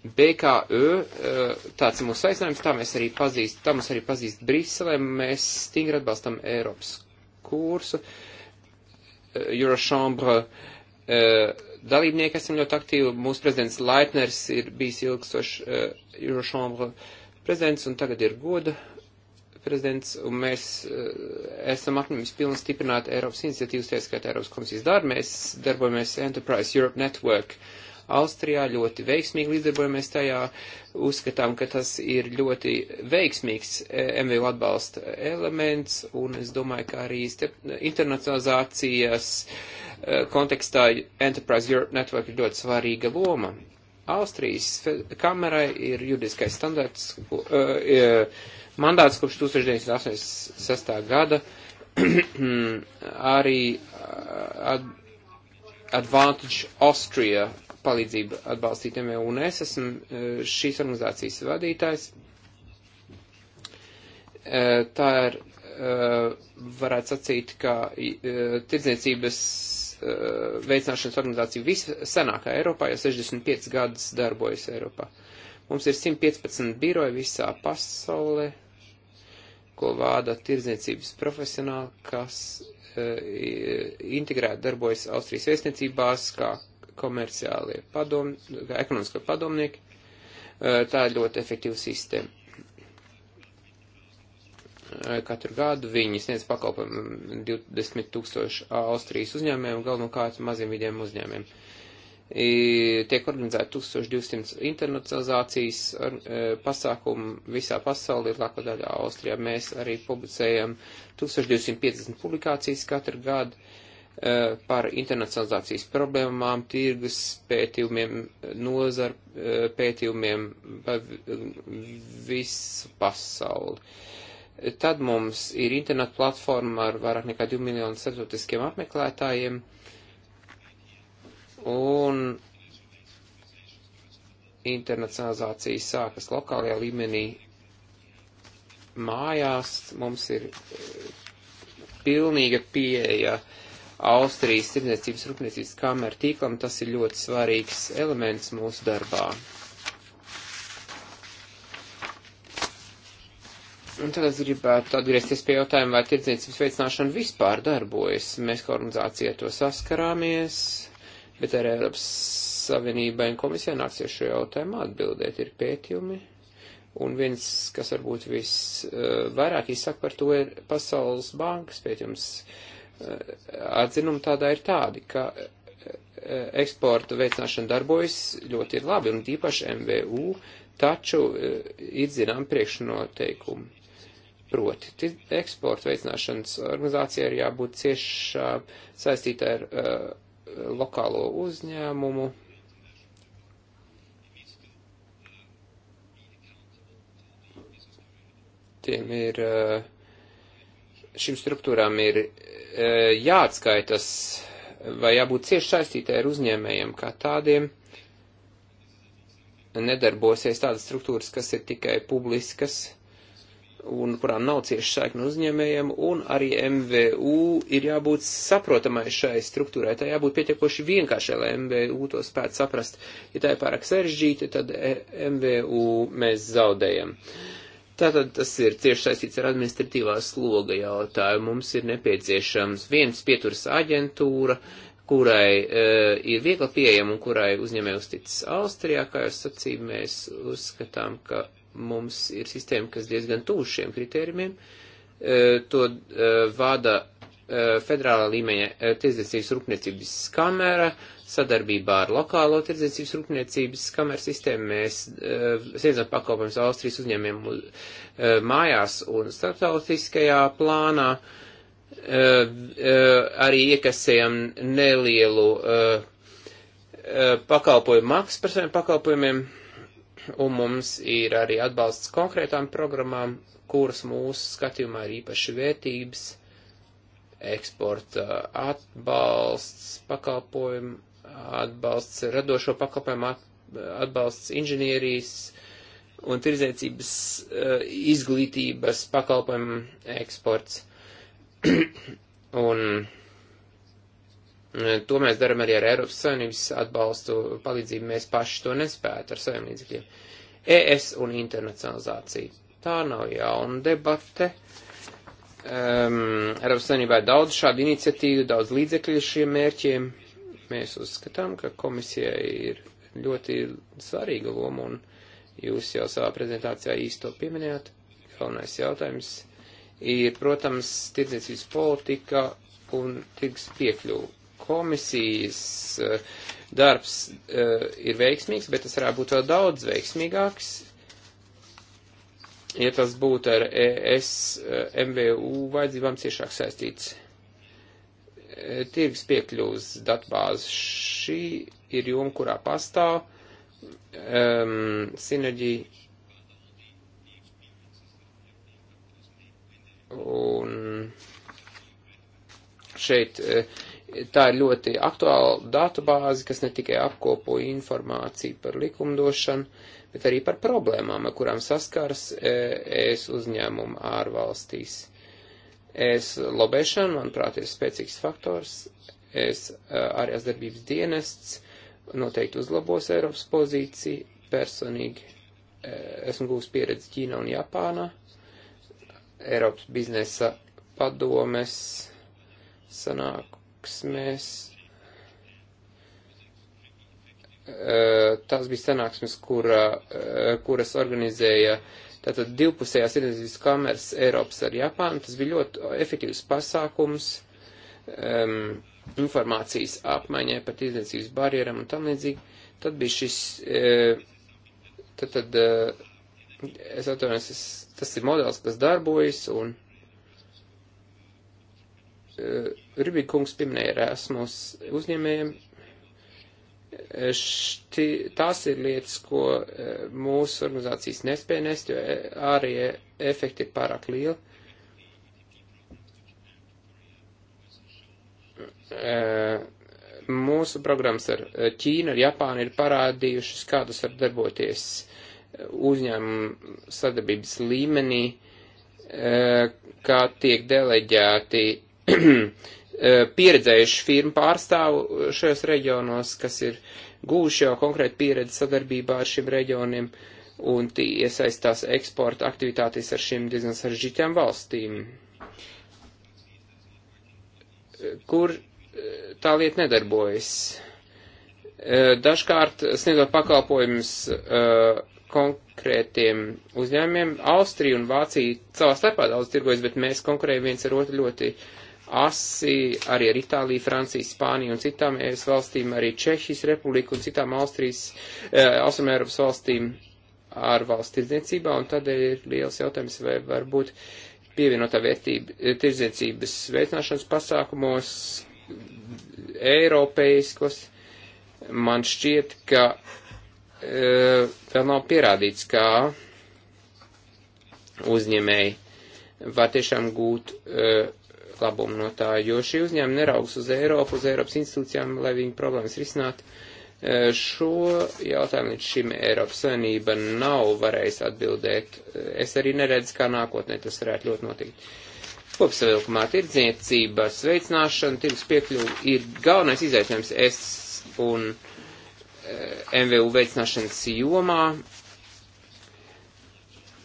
BKÖ, e, e, tāds ir mūsu aicinājums, tā mēs arī pazīst, tā mums arī pazīst Briselē, mēs stingri atbalstam Eiropas kursu, e, Eurochambre, uh, dalībnieki esam ļoti aktīvi. Mūsu prezidents Laitners ir bijis ilgstoši uh, eh, Eurošombra prezidents un tagad ir goda prezidents, un mēs uh, esam apņēmis pilni stiprināt Eiropas iniciatīvas, tieskaitā Eiropas komisijas darbu. Mēs darbojamies Enterprise Europe Network uh, Austrijā ļoti veiksmīgi līdzdarbojamies tajā, uzskatām, ka tas ir ļoti veiksmīgs eh, MVU atbalsta elements, un es domāju, ka arī internacionalizācijas eh, kontekstā Enterprise Europe Network ir ļoti svarīga loma. Austrijas kamerai ir juridiskais standarts, ko, uh, mandāts kopš 1986. gada, arī ad, Advantage Austria palīdzību atbalstīt MVU, un es esmu eh, šīs organizācijas vadītājs. Eh, tā ir, eh, varētu sacīt, ka tirdzniecības veicināšanas organizācija vissenākā Eiropā, jau 65 gadus darbojas Eiropā. Mums ir 115 biroji visā pasaulē, ko vāda tirdzniecības profesionāli, kas integrēti darbojas Austrijas vēstniecībās, kā komerciālie padomnieki, ekonomiskie padomnieki. Tā ir ļoti efektīva sistēma. Katru gadu viņi sniedz pakalpojumu 20 tūkstoši Austrijas uzņēmējiem, galvenokārt maziem vidiem uzņēmējiem. Tiek organizēta 1200 internacionalizācijas pasākumu visā pasaulē, lielāko daļu Austrijā. Mēs arī publicējam 1250 publikācijas katru gadu Eh, par internacionalizācijas problēmām, tirgus pētījumiem, nozar eh, pētījumiem par visu pasauli. Tad mums ir internet platforma ar vairāk nekā 2 miljonu starptautiskiem apmeklētājiem. Un internacionalizācija sākas lokālajā līmenī mājās. Mums ir eh, pilnīga pieeja uh, Austrijas tirdzniecības rūpniecības kameru tīklam, tas ir ļoti svarīgs elements mūsu darbā. Un tad es gribētu atgriezties pie jautājuma, vai tirdzniecības veicināšana vispār darbojas. Mēs kā organizācija to saskarāmies, bet arī Eiropas Savienībai un komisijai nāksies šo jautājumu atbildēt. Ir pētījumi, Un viens, kas varbūt visvairāk uh, izsaka par to, ir Pasaules bankas pētījums atzinumi tādā ir tādi, ka e, eksporta veicināšana darbojas ļoti ir labi, un tīpaši MVU, taču e, ir zinām priekšnoteikumi. Proti, eksporta veicināšanas organizācija ir jābūt ciešā saistīta ar uh, lokālo uzņēmumu. Tiem ir uh, šīm struktūrām ir e, jāatskaitas vai jābūt cieši saistītai ar uzņēmējiem kā tādiem. Nedarbosies tādas struktūras, kas ir tikai publiskas un kurām nav cieši saikni uzņēmējiem, un arī MVU ir jābūt saprotamai šai struktūrai. Tā jābūt pietiekoši vienkāršai, lai MVU to spētu saprast. Ja tā ir pārāk sarežģīta, tad e- MVU mēs zaudējam. Uh, Tātad tas ir cieši saistīts ar administratīvā sloga jautājumu. Mums ir nepieciešams viens pieturas aģentūra, kurai e, ir viegli pieejama un kurai uzņēmēji uzticis Austrijā, kā jau sacīju, mēs uzskatām, ka mums ir sistēma, kas diezgan tuvu šiem kritērijiem. E, to e, vada e, federālā līmeņa e, tiesnesības rūpniecības kamera, sadarbībā ar lokālo tirdzniecības rūpniecības kameras sistēmu mēs uh, eh, sniedzam pakalpojumus Austrijas uzņēmiem uh, mājās un starptautiskajā plānā. Uh, uh, arī iekasējam nelielu uh, uh, pakalpojumu maksu par saviem pakalpojumiem, un mums ir arī atbalsts konkrētām programmām, kuras mūsu skatījumā ir īpaši vērtības eksporta atbalsts pakalpojumu atbalsts radošo pakalpojumu, atbalsts inženierijas un tirzniecības eh, izglītības pakalpojumu eksports. un eh, to mēs darām arī ar Eiropas Savienības atbalstu palīdzību. Mēs paši to nespētu ar saviem līdzekļiem. ES un internacionalizācija. Tā nav jauna debate. Um, Eiropas Savienībā ir daudz šādu iniciatīvu, daudz līdzekļu šiem mērķiem. Mēs uzskatām, ka komisijai ir ļoti svarīga loma, un jūs jau savā prezentācijā īsto pieminējāt. Galvenais jautājums ir, protams, tirdzniecības politika un tirgus piekļuva. Komisijas eh, darbs eh, ir veiksmīgs, bet tas varētu būt vēl daudz veiksmīgāks, ja tas būtu ar ES eh, MVU vajadzībām ciešāk saistīts tirgs piekļūs datbāzi. Šī ir joma, kurā pastāv um, sinerģija. Un šeit eh, tā ir ļoti aktuāla datubāze, kas ne tikai apkopo informāciju par likumdošanu, bet arī par problēmām, ar kurām saskars eh, es uzņēmumu ārvalstīs Es lobēšanu, manuprāt, ir spēcīgs faktors. Es eh, arī asdarbības dienests noteikti uzlabos Eiropas pozīciju. Personīgi eh, esmu gūst pieredzi Ķīnā un Japānā. Eiropas biznesa padomes sanāksmēs. Eh, Tās bija sanāksmes, kura, kuras organizēja uh, Tātad divpusējās tirdzniecības kameras Eiropas ar Japānu, tas bija ļoti efektīvs pasākums um, informācijas apmaiņai par tirdzniecības barjeram un tam līdzīgi. Tad bija šis, e, tad, tad e, es atvainojos, es, tas ir modelis, kas darbojas un e, eh, Rubīkungs pieminēja Erasmus uzņēmējiem Eh, šti, tās ir lietas, ko eh, mūsu organizācijas nespēja nest, jo eh, arī efekti ir pārāk lieli. Mūsu programmas ar Ķīnu, ar Japānu ir parādījušas, kādus var darboties uzņēmumu sadarbības līmenī, kā tiek deleģēti E, pieredzējuši firmu pārstāvu šajos reģionos, kas ir gūši jau konkrēti pieredzi sadarbībā ar šiem reģioniem un iesaistās eksporta aktivitātīs ar šīm diezgan sarežģītām valstīm, e, kur e, tā lieta nedarbojas. Dažkārt sniedzot pakalpojumus konkrētiem uzņēmiem, Austrija un Vācija savā starpā daudz tirgojas, bet mēs konkurējam viens ar otru ļoti uh, asi arī ar Itāliju, Franciju, Spāniju un citām ES valstīm, arī Čehijas republiku un citām Austrijas, eh, Austrumēropas valstīm ārvalstu tirdzniecībā, un tādēļ ir liels jautājums, vai varbūt pievienotā vērtība eh, tirdzniecības veicināšanas pasākumos eiropeiskos, man šķiet, ka eh, vēl nav pierādīts, kā uzņēmēji var tiešām gūt eh, labumu no tā, jo šie uzņēmumi neraugs uz Eiropu, uz Eiropas institūcijām, lai viņu problēmas risinātu. E, šo jautājumu līdz šim Eiropas Savienība nav varējusi atbildēt. E, es arī neredzu, kā nākotnē tas varētu ļoti notikt. Kopsavilkumā tirdzniecības veicināšana, tirgus piekļuva ir galvenais izaicinājums es un e, MVU veicināšanas jomā.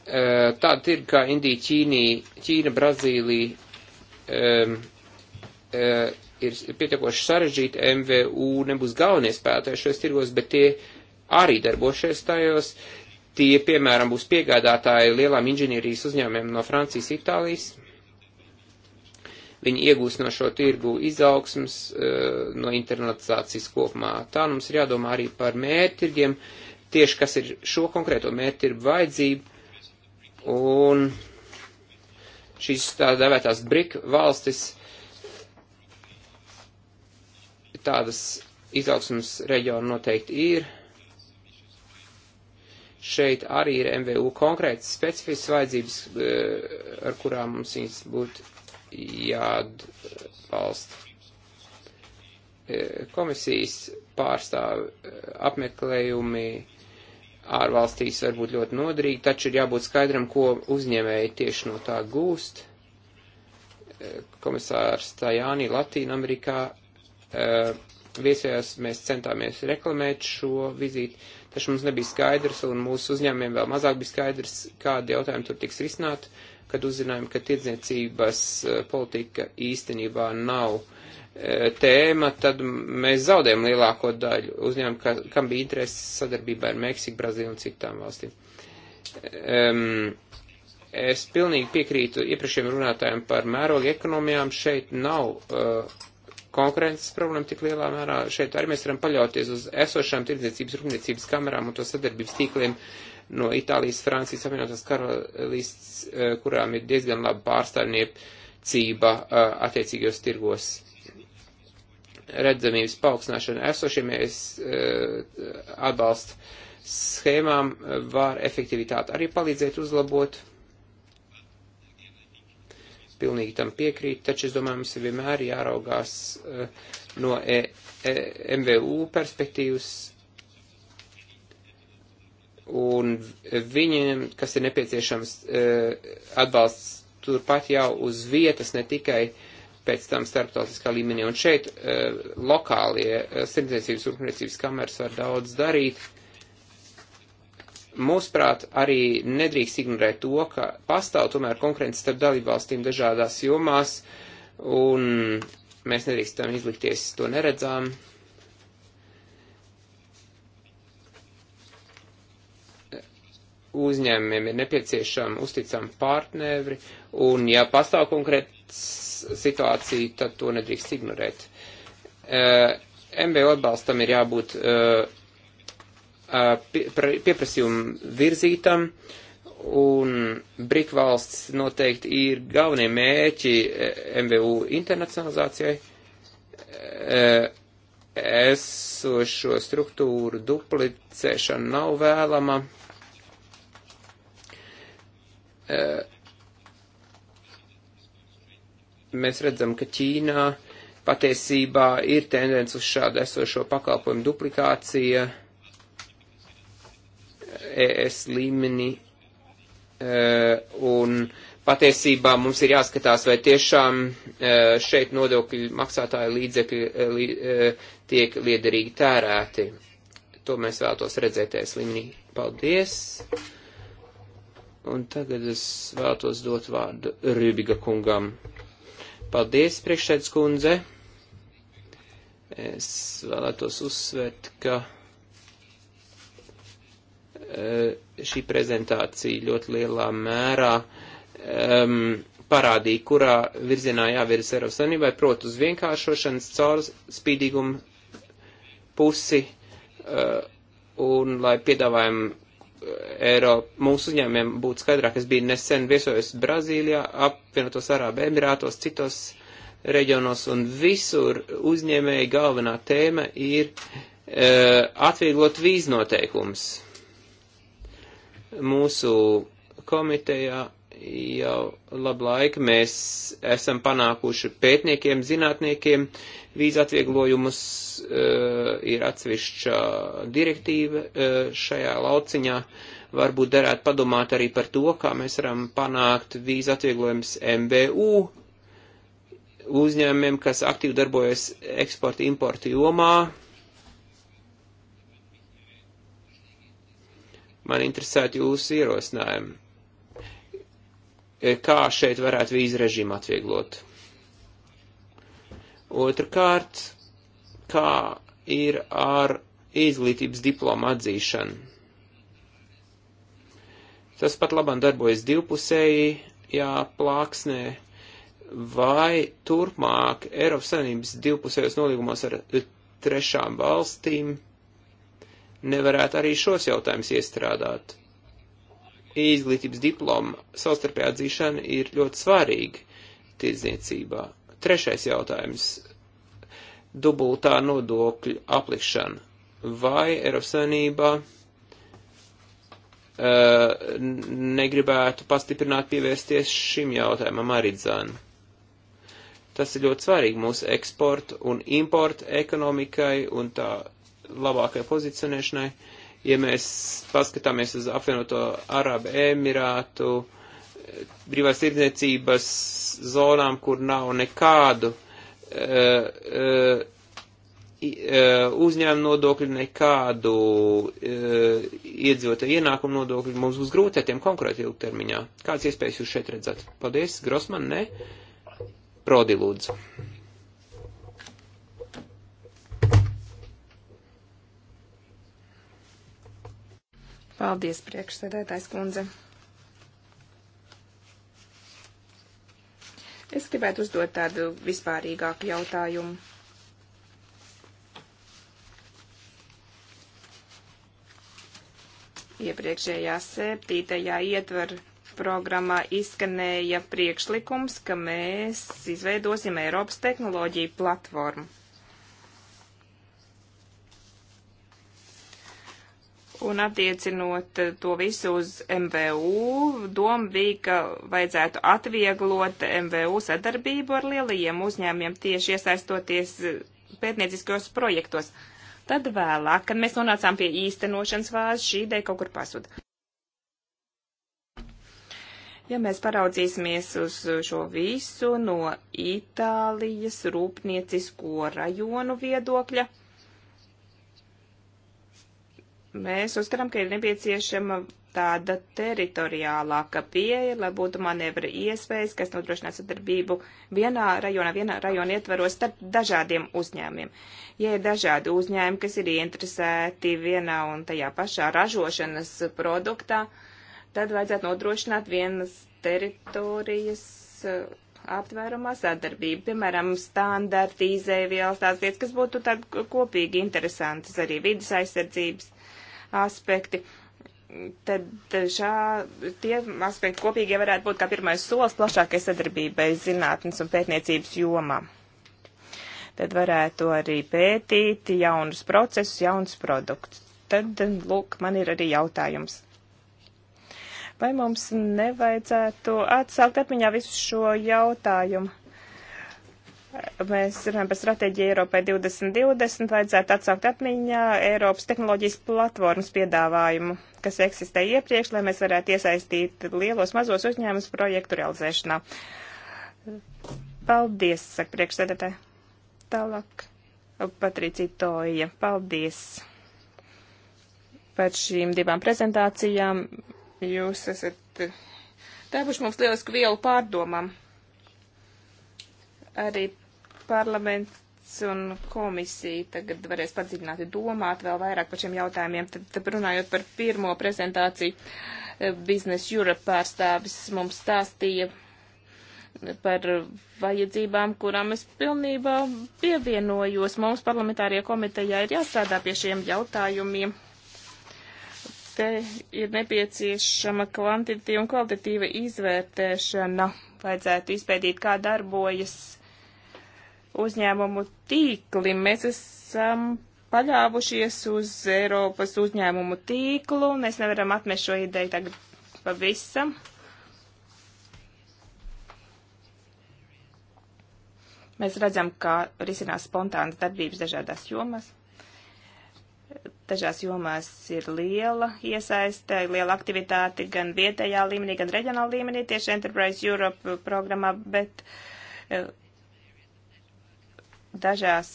Tāda tirga kā Indija, Ķīnī, Ķīna, Brazīlija, um, uh, ir pietiekoši sarežģīti, MVU nebūs galvenie spēlētāji šajos tirgos, bet tie arī darbošies tajos. Tie, piemēram, būs piegādātāji lielām inženierijas uzņēmumiem no Francijas, Itālijas. Viņi iegūs no šo tirgu izaugsmas, uh, no internalizācijas kopumā. Tā mums ir jādomā arī par mērķirgiem, tieši kas ir šo konkrēto mērķirgu vajadzību. Un šīs tā devētās brika valstis tādas izaugsmas reģionu noteikti ir. Šeit arī ir MVU konkrētas specifiskas vajadzības, eh, ar kurām mums viņas būtu jāatbalsta. Eh, komisijas pārstāvi eh, apmeklējumi ārvalstīs var būt ļoti noderīgi, taču ir jābūt skaidram, ko uzņēmēji tieši no tā gūst. Eh, komisārs Tajāni Latīna Amerikā eh, viesojās, mēs centāmies reklamēt šo vizīti, taču mums nebija skaidrs un mūsu uzņēmumiem vēl mazāk bija skaidrs, kādi jautājumi tur tiks risināt, kad uzzinājām, ka tirdzniecības eh, politika īstenībā nav uh, tēma, tad mēs zaudējam lielāko daļu uzņēmumu, ka, kam bija interesi sadarbībā ar Meksiku, Brazīliju un citām valstīm. Um, es pilnīgi piekrītu iepriekšējiem runātājiem par mērogu ekonomijām. Šeit nav uh, konkurences problēma tik lielā mērā. Šeit arī mēs varam paļauties uz esošām tirdzniecības rūpniecības kamerām un to sadarbības tīkliem no Itālijas, Francijas, apvienotās karalists, uh, kurām ir diezgan laba pārstāvniecība uh, eh, attiecīgos tirgos redzamības paaugstināšana esošiem es eh, atbalstu schēmām var efektivitāti arī palīdzēt uzlabot. Pilnīgi tam piekrīt, taču es domāju, mums vienmēr jāraugās eh, no e, e, MVU perspektīvas un viņiem, kas ir nepieciešams, eh, atbalsts turpat jau uz vietas, ne tikai uh, pēc tam starptautiskā līmenī. Un šeit eh, lokālie eh, sirdzniecības rūpniecības kameras var daudz darīt. Mūsuprāt, arī nedrīkst ignorēt to, ka pastāv tomēr konkurence starp dalībvalstīm dažādās jomās, un mēs nedrīkstam izlikties to neredzām. uzņēmumiem ir nepieciešama uzticama partneri, un ja pastāv konkrēti situāciju, tad to nedrīkst ignorēt. Eh, MBO atbalstam ir jābūt eh, eh, pieprasījumu virzītam, un BRIK valsts noteikti ir galvenie mērķi MBU internacionalizācijai esošo struktūru duplicēšana nav vēlama. E, mēs redzam, ka Ķīnā patiesībā ir tendence uz šādu esošo pakalpojumu duplikācija ES līmenī. E, un patiesībā mums ir jāskatās, vai tiešām e, šeit nodokļu maksātāju līdzekļi e, tiek liederīgi tērēti. To mēs vēlētos redzēt ES līmenī. Paldies! Un tagad es vēlētos dot vārdu Rībiga kungam. Paldies, priekšsēdus kundze. Es vēlētos uzsvērt, ka eh, šī prezentācija ļoti lielā mērā um, parādīja, kurā virzienā jāvirs Eiropas Savienībai, proti uz vienkāršošanas caurspīdīgumu pusi, uh, un lai piedāvājumu Eiropa, mūsu uzņēmumiem būtu skaidrāk. Es biju nesen viesojos Brazīlijā, apvienotos Arābu Emirātos, citos reģionos, un visur uzņēmēji galvenā tēma ir uh, atvieglot vīznoteikums. Mūsu komitejā jau labu laiku mēs esam panākuši pētniekiem, zinātniekiem vīzu atvieglojumus, eh, ir atsevišķa direktīva eh, šajā lauciņā. Varbūt derētu padomāt arī par to, kā mēs varam panākt vīzu atvieglojumus MBU uzņēmumiem, kas aktīvi darbojas eksporta importa jomā. Man interesētu jūsu ierosinājumu E, kā šeit varētu vīzu režīmu atvieglot. Otrakārt, kā ir ar izglītības diplomu atzīšanu. Tas pat labam darbojas divpusēji, jā, plāksnē, vai turpmāk Eiropas Savienības divpusējos nolīgumos ar e, trešām valstīm nevarētu arī šos jautājumus iestrādāt izglītības diploma savstarpējā atzīšana ir ļoti svarīga tirdzniecībā. Trešais jautājums - dubultā nodokļu aplikšana. Vai Eiropas Savienībā uh, negribētu pastiprināt pievērsties šim jautājumam arī dzēnu? Tas ir ļoti svarīgi mūsu eksporta un importa ekonomikai un tā labākai pozicionēšanai. Uh, Ja mēs paskatāmies uz apvienoto Arabu Emirātu, brīvās tirdzniecības zonām, kur nav nekādu uh, eh, uh, eh, eh, uzņēmuma nodokļu, nekādu uh, iedzīvotāju ienākumu nodokļu, mums būs grūti ar tiem konkurēt ilgtermiņā. Kādas iespējas jūs šeit redzat? Paldies, Grosman, ne? Prodi lūdzu. Paldies, priekšsēdētājs kundze. Es gribētu uzdot tādu vispārīgāku jautājumu. Iepriekšējā septītajā ietver programmā izskanēja priekšlikums, ka mēs izveidosim Eiropas tehnoloģiju platformu. Un attiecinot to visu uz MVU, doma bija, ka vajadzētu atvieglot MVU sadarbību ar lielajiem uzņēmiem tieši iesaistoties pētnieciskajos projektos. Tad vēlāk, kad mēs nonācām pie īstenošanas fāzes, šī ideja kaut kur pazuda. Ja mēs paraudzīsimies uz šo visu no Itālijas rūpniecisko rajonu viedokļa, mēs uzskatām, ka ir nepieciešama tāda teritoriālāka pieeja, lai būtu manevra iespējas, kas nodrošinās sadarbību vienā rajonā, vienā rajona ietvaros starp dažādiem uzņēmiem. Ja ir dažādi uzņēmumi, kas ir ieinteresēti vienā un tajā pašā ražošanas produktā, tad vajadzētu nodrošināt vienas teritorijas uh, aptvērumā sadarbību, piemēram, standartizēja vielas, tās lietas, kas būtu tad kopīgi interesantas, arī vidas aizsardzības aspekti. Tad šā, tie aspekti kopīgie varētu būt kā pirmais solis plašākai sadarbībai zinātnes un pētniecības jomā. Tad varētu arī pētīt jaunus procesus, jaunus produktus. Tad, lūk, man ir arī jautājums vai mums nevajadzētu atsaukt atmiņā visu šo jautājumu. Mēs runājam par stratēģiju Eiropai 2020, vajadzētu atsaukt atmiņā Eiropas tehnoloģijas platformas piedāvājumu, kas eksistē iepriekš, lai mēs varētu iesaistīt lielos mazos uzņēmumus projektu realizēšanā. Paldies, saka priekšsēdētāji. Tālāk. Patricija Toja, paldies pēc šīm divām prezentācijām. Jūs esat devuši mums lielisku vielu pārdomām. Arī parlaments un komisija tagad varēs padziļināti domāt vēl vairāk par šiem jautājumiem. Tad, tad runājot par pirmo prezentāciju, eh, Business Europe pārstāvis mums stāstīja par vajadzībām, kurām es pilnībā pievienojos. Mums parlamentārie komitejā ir jāstrādā pie šiem jautājumiem. Te ir nepieciešama kvantitīva un kvalitatīva izvērtēšana. Vajadzētu izpētīt, kā darbojas uzņēmumu tīkli. Mēs esam paļāvušies uz Eiropas uzņēmumu tīklu. Mēs nevaram atmest šo ideju tagad pavisam. Mēs redzam, kā risinās spontānas darbības dažādās jomās. Dažās jomās ir liela iesaiste, liela aktivitāte gan vietējā līmenī, gan reģionāla līmenī, tieši Enterprise Europe programmā, bet eh, dažās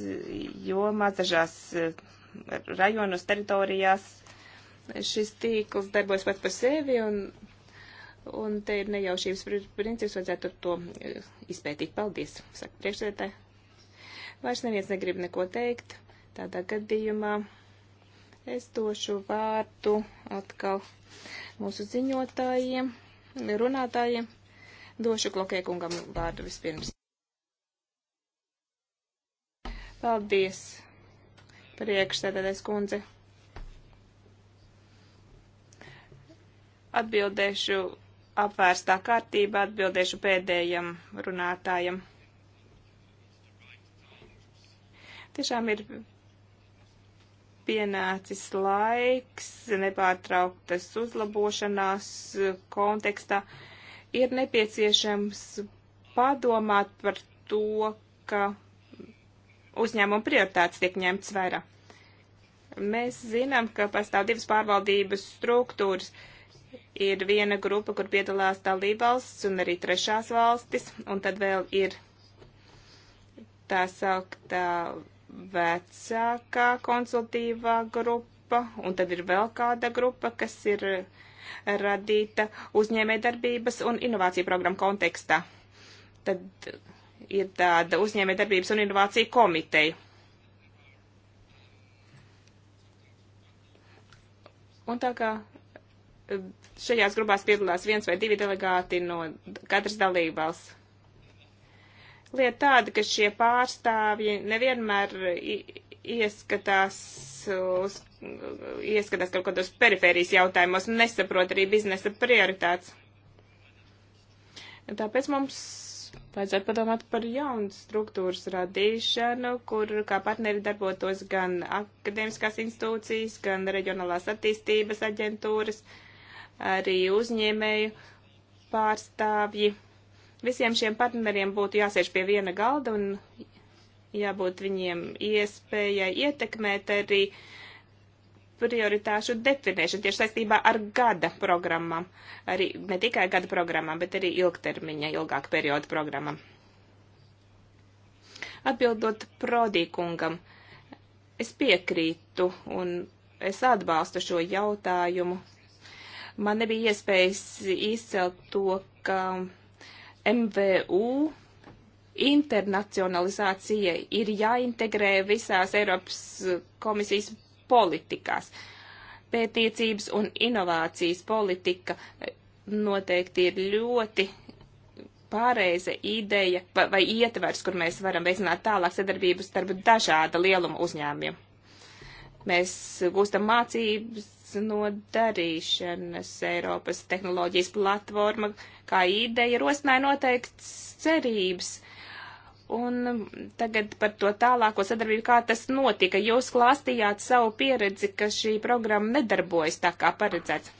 eh, jomās, dažās eh, rajonos, teritorijās šis tīkls darbojas pats par sevi, un, un te ir nejaušības princips, vajadzētu to eh, izpētīt. Paldies, saka priekšsēdētāji. Vairs neviens negrib neko teikt. Tādā gadījumā es došu vārdu atkal mūsu ziņotājiem, runātājiem. Došu Klokē kungam vārdu vispirms. Paldies, priekšsēdētājs kundze. Atbildēšu apvērstā kārtībā, atbildēšu pēdējam runātājam. Tiešām ir pienācis laiks nepārtrauktas uzlabošanās kontekstā. Ir nepieciešams padomāt par to, ka uzņēmumu prioritātes tiek ņemts vērā. Mēs zinām, ka pastāv divas pārvaldības struktūras. Ir viena grupa, kur piedalās dalībvalsts un arī trešās valstis, un tad vēl ir tā sauktā vecākā konsultīvā grupa, un tad ir vēl kāda grupa, kas ir radīta uzņēmē darbības un inovāciju programmu kontekstā. Tad ir tāda uzņēmē darbības un inovācija komiteja. Un tā kā e, šajās grupās piedalās viens vai divi delegāti no katras dalībvalsts. Lieta tāda, ka šie pārstāvji nevienmēr ieskatās, uz, ieskatās kaut kādos periferijas jautājumos un nesaprot arī biznesa prioritātes. Tāpēc mums Vajadzētu padomāt par jaunu struktūras radīšanu, kur kā partneri darbotos gan akadēmiskās institūcijas, gan reģionālās attīstības aģentūras, arī uzņēmēju pārstāvji. Visiem šiem partneriem būtu jāsēž pie viena galda un jābūt viņiem iespējai ietekmēt arī uh, prioritāšu definēšanu tieši saistībā ar gada programmām. Arī ne tikai gada programmām, bet arī ilgtermiņa, ilgāka perioda programmām. Atbildot Prodīkungam, es piekrītu un es atbalstu šo jautājumu. Man nebija iespējas izcelt to, ka MVU internacionalizācija ir jāintegrē visās Eiropas komisijas politikās. Pētniecības un inovācijas politika e, noteikti ir ļoti pareiza ideja vai ietvers, kur mēs varam veicināt tālāk sadarbības starp dažāda lieluma uzņēmumiem. Mēs gūstam mācības no darīšanas Eiropas tehnoloģijas platforma, kā ideja rosināja noteikts cerības Un tagad par to tālāko sadarbību, kā tas notika. Jūs klāstījāt savu pieredzi, ka šī programma nedarbojas tā kā paredzēts.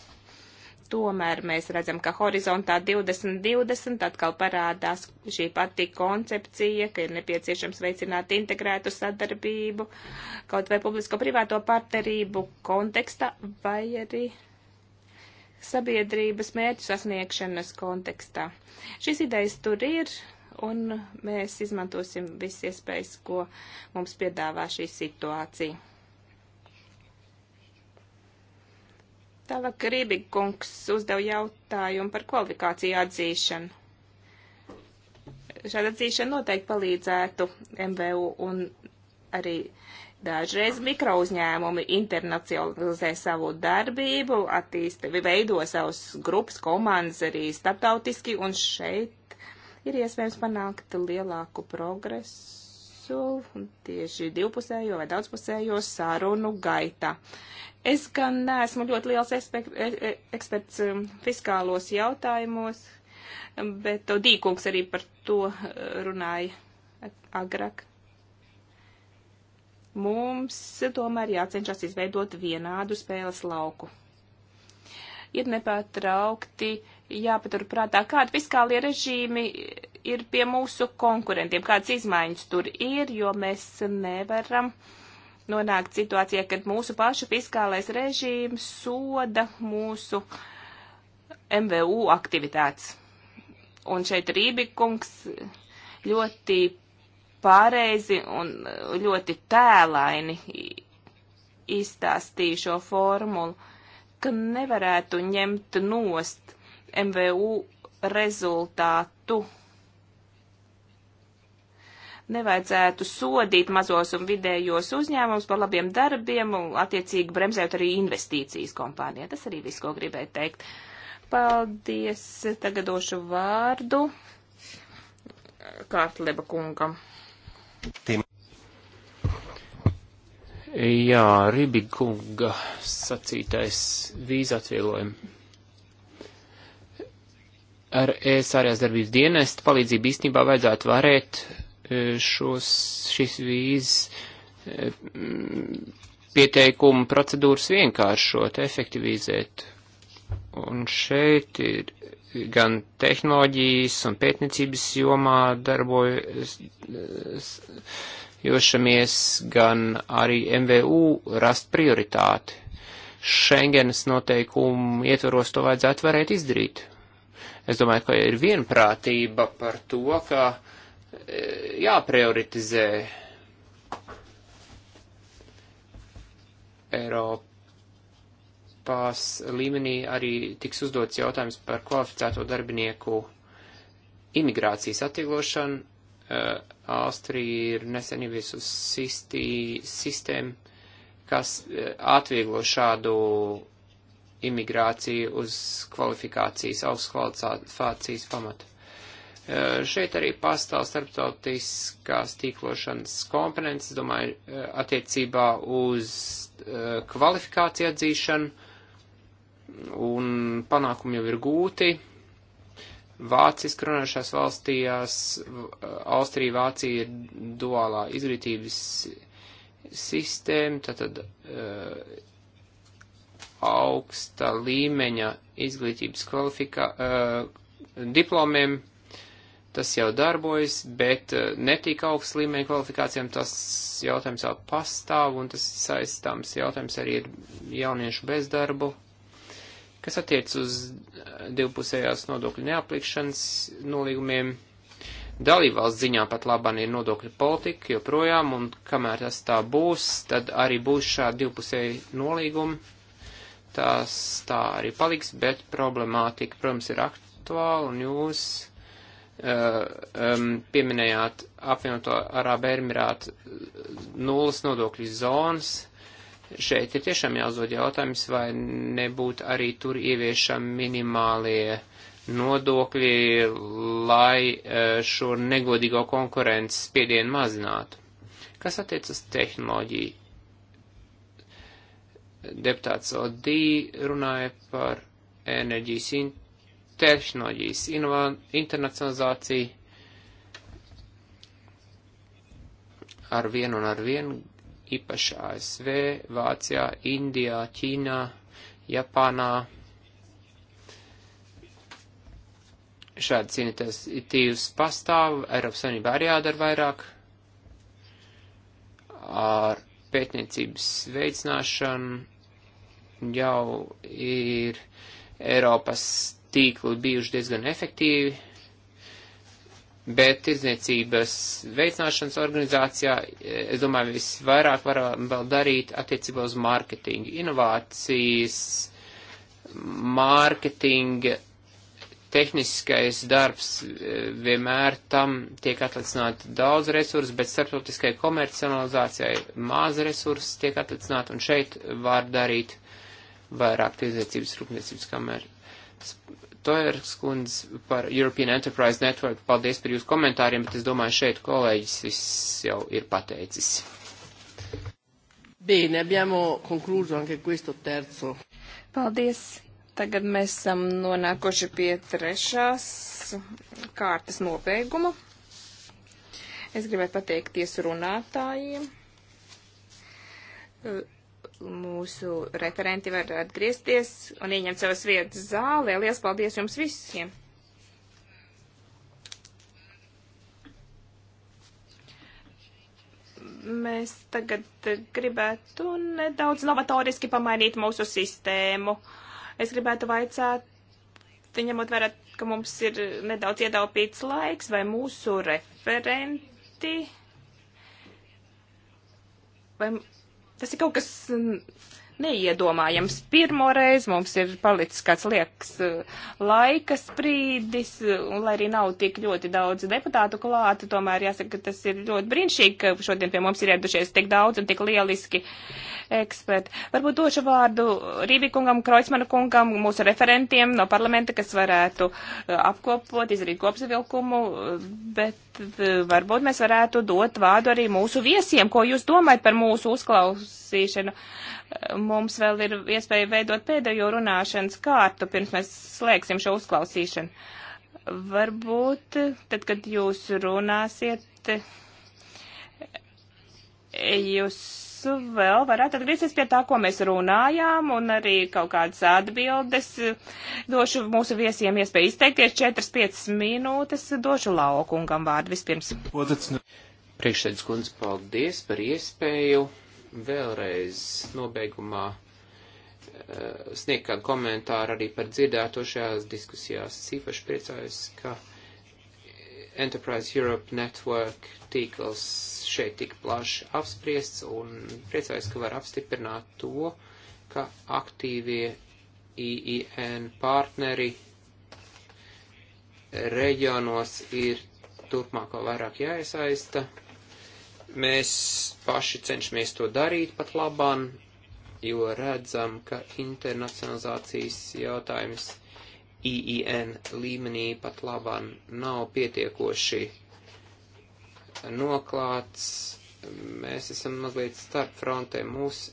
Tomēr mēs redzam, ka horizontā 2020 atkal parādās šī pati koncepcija, ka ir nepieciešams veicināt integrētu sadarbību, kaut vai publisko-privāto partnerību kontekstā, vai arī sabiedrības mērķu sasniegšanas kontekstā. Šīs idejas tur ir, un mēs izmantosim visas iespējas, ko mums piedāvā šī situācija. Tālāk Rībīgkungs uzdev jautājumu par kvalifikāciju atzīšanu. Šāda atzīšana noteikti palīdzētu MVU un arī Dažreiz mikrouzņēmumi internacionalizē savu darbību, attīsta, veido savus grupas, komandas arī starptautiski, un šeit ir iespējams panākt lielāku progresu tieši divpusējo vai daudzpusējo sarunu gaitā. Es gan neesmu ļoti liels e- e- eksperts um, fiskālos jautājumos, bet Dīkungs arī par to uh, runāja agrāk. Mums tomēr jācenšas izveidot vienādu spēles lauku. Ir nepārtraukti uh, jāpaturprātā, kādi fiskālie režīmi ir pie mūsu konkurentiem, kādas izmaiņas tur ir, jo mēs nevaram nonākt situācijā, kad mūsu pašu fiskālais režīms soda mūsu MVU aktivitātes. Un šeit Rībikungs ļoti pareizi un ļoti tēlaini izstāstīja šo formulu, ka nevarētu ņemt nost MVU rezultātu. Nevajadzētu sodīt mazos un vidējos uzņēmumus par labiem darbiem un attiecīgi bremzēt arī investīcijas kompānijā. Tas arī viss, ko gribēju teikt. Paldies. Tagad došu vārdu Kārtleba kungam. Tim. Jā, Ribikunga sacītais vīza atvieglojumu ar ES ārējās darbības dienestu palīdzību īstenībā vajadzētu varēt e, šos, šīs vīzes e, pieteikumu procedūras vienkāršot, efektivizēt. Un šeit ir gan tehnoloģijas un pētniecības jomā darbojas e, jošamies, gan arī MVU rast prioritāti. Schengenas noteikumu ietvaros to vajadzētu varēt izdarīt. Es domāju, ka ir vienprātība par to, ka e, jāprioritizē Eiropās līmenī arī tiks uzdots jautājums par kvalificēto darbinieku imigrācijas atvieglošanu. E, Austrija ir nesen ieviesusi sistēmu, kas e, atvieglo šādu imigrāciju uz kvalifikācijas, augstkvalifikācijas pamatu. Šeit arī pastāv starptautiskās tīklošanas komponents, domāju, attiecībā uz kvalifikāciju atzīšanu, un panākumi jau ir gūti. Vāciski runājušās valstījās, Austrija, Vācija ir duālā izglītības sistēma, tātad uh, augsta līmeņa izglītības kvalifikā, uh, diplomiem tas jau darbojas, bet uh, eh, netika augsts līmeņa kvalifikācijām tas jautājums jau pastāv, un tas saistāms jautājums arī ir jauniešu bezdarbu, kas attiec uz eh, divpusējās nodokļu neaplikšanas nolīgumiem. Dalībvalsts ziņā pat labāk ir nodokļu politika joprojām, un kamēr tas tā būs, tad arī būs šādi divpusēji nolīgumi tās tā arī paliks, bet problemātika, protams, ir aktuāla, un jūs uh, um, pieminējāt apvienoto Arābu Emirātu uh, nulles nodokļu zonas. Šeit ir tiešām jāuzdod jautājums, vai nebūtu arī tur ieviešam minimālie nodokļi, lai uh, šo negodīgo konkurences spiedienu mazinātu. Kas attiecas tehnoloģiju deputāts Odī runāja par enerģijas in tehnoloģijas internacionalizāciju ar vienu un ar vienu, īpaši ASV, Vācijā, Indijā, Ķīnā, Japānā. Šādas iniciatīvas pastāv, Eiropas Savienībā arī jādara vairāk ar pētniecības veicināšana jau ir Eiropas tīkli bijuši diezgan efektīvi, bet tirdzniecības veicināšanas organizācijā, es domāju, visvairāk varam vēl darīt attiecībā uz mārketingu, inovācijas, mārketinga tehniskais darbs e, vienmēr tam tiek atlicināti daudz resursu, bet starptautiskai komercionalizācijai maz resursu tiek atlicināti, un šeit var darīt vairāk tirdzniecības rūpniecības kameras. Toers kundz par European Enterprise Network, paldies par jūsu komentāriem, bet es domāju, šeit kolēģis viss jau ir pateicis. Bene, abbiamo concluso anche questo terzo. Paldies. Tagad mēs esam nonākuši pie trešās kārtas nobeiguma. Es gribētu pateikties runātājiem. Mūsu referenti var atgriezties un ieņemt savas vietas zālē. Lielas paldies jums visiem! Mēs tagad gribētu nedaudz laboratoriski pamainīt mūsu sistēmu. Uh, Es gribētu vaicāt, ņemot vērā, ka mums ir nedaudz iedaupīts laiks, vai mūsu referenti, vai tas ir kaut kas neiedomājams. Pirmo reizi mums ir palicis kāds liekas eh, laika sprīdis, un lai arī nav tik ļoti daudz deputātu klāta, tomēr jāsaka, ka tas ir ļoti brīnišķīgi, ka šodien pie mums ir ieradušies tik daudz un tik lieliski eksperti. Varbūt došu vārdu Rībikungam, Kroicmanu kungam, mūsu referentiem no parlamenta, kas varētu eh, apkopot, izrīt kopsavilkumu, bet eh, varbūt mēs varētu dot vārdu arī mūsu viesiem, ko jūs domājat par mūsu uzklausīšanu. Uh, mums vēl ir iespēja veidot pēdējo runāšanas kārtu, pirms mēs slēgsim šo uzklausīšanu. Varbūt, tad, kad jūs runāsiet, jūs vēl varētu atgriezties pie tā, ko mēs runājām, un arī kaut kādas atbildes. Došu mūsu viesiem iespēju izteikties 4-5 minūtes, došu laukungam vārdu vispirms. Priekšsēdus kundze, paldies par iespēju vēlreiz nobeigumā eh, sniegt kādu komentāru arī par dzirdēto šajās diskusijās. Es īpaši priecājos, ka Enterprise Europe Network tīkls šeit tik plaši apspriests un priecājos, ka var apstiprināt to, ka aktīvie IIN partneri reģionos ir turpmāko vairāk jāiesaista. Mēs paši cenšamies to darīt pat labam, jo redzam, ka internacionalizācijas jautājums IIN līmenī pat labam nav pietiekoši noklāts. Mēs esam mazliet starp frontēm. Mūsu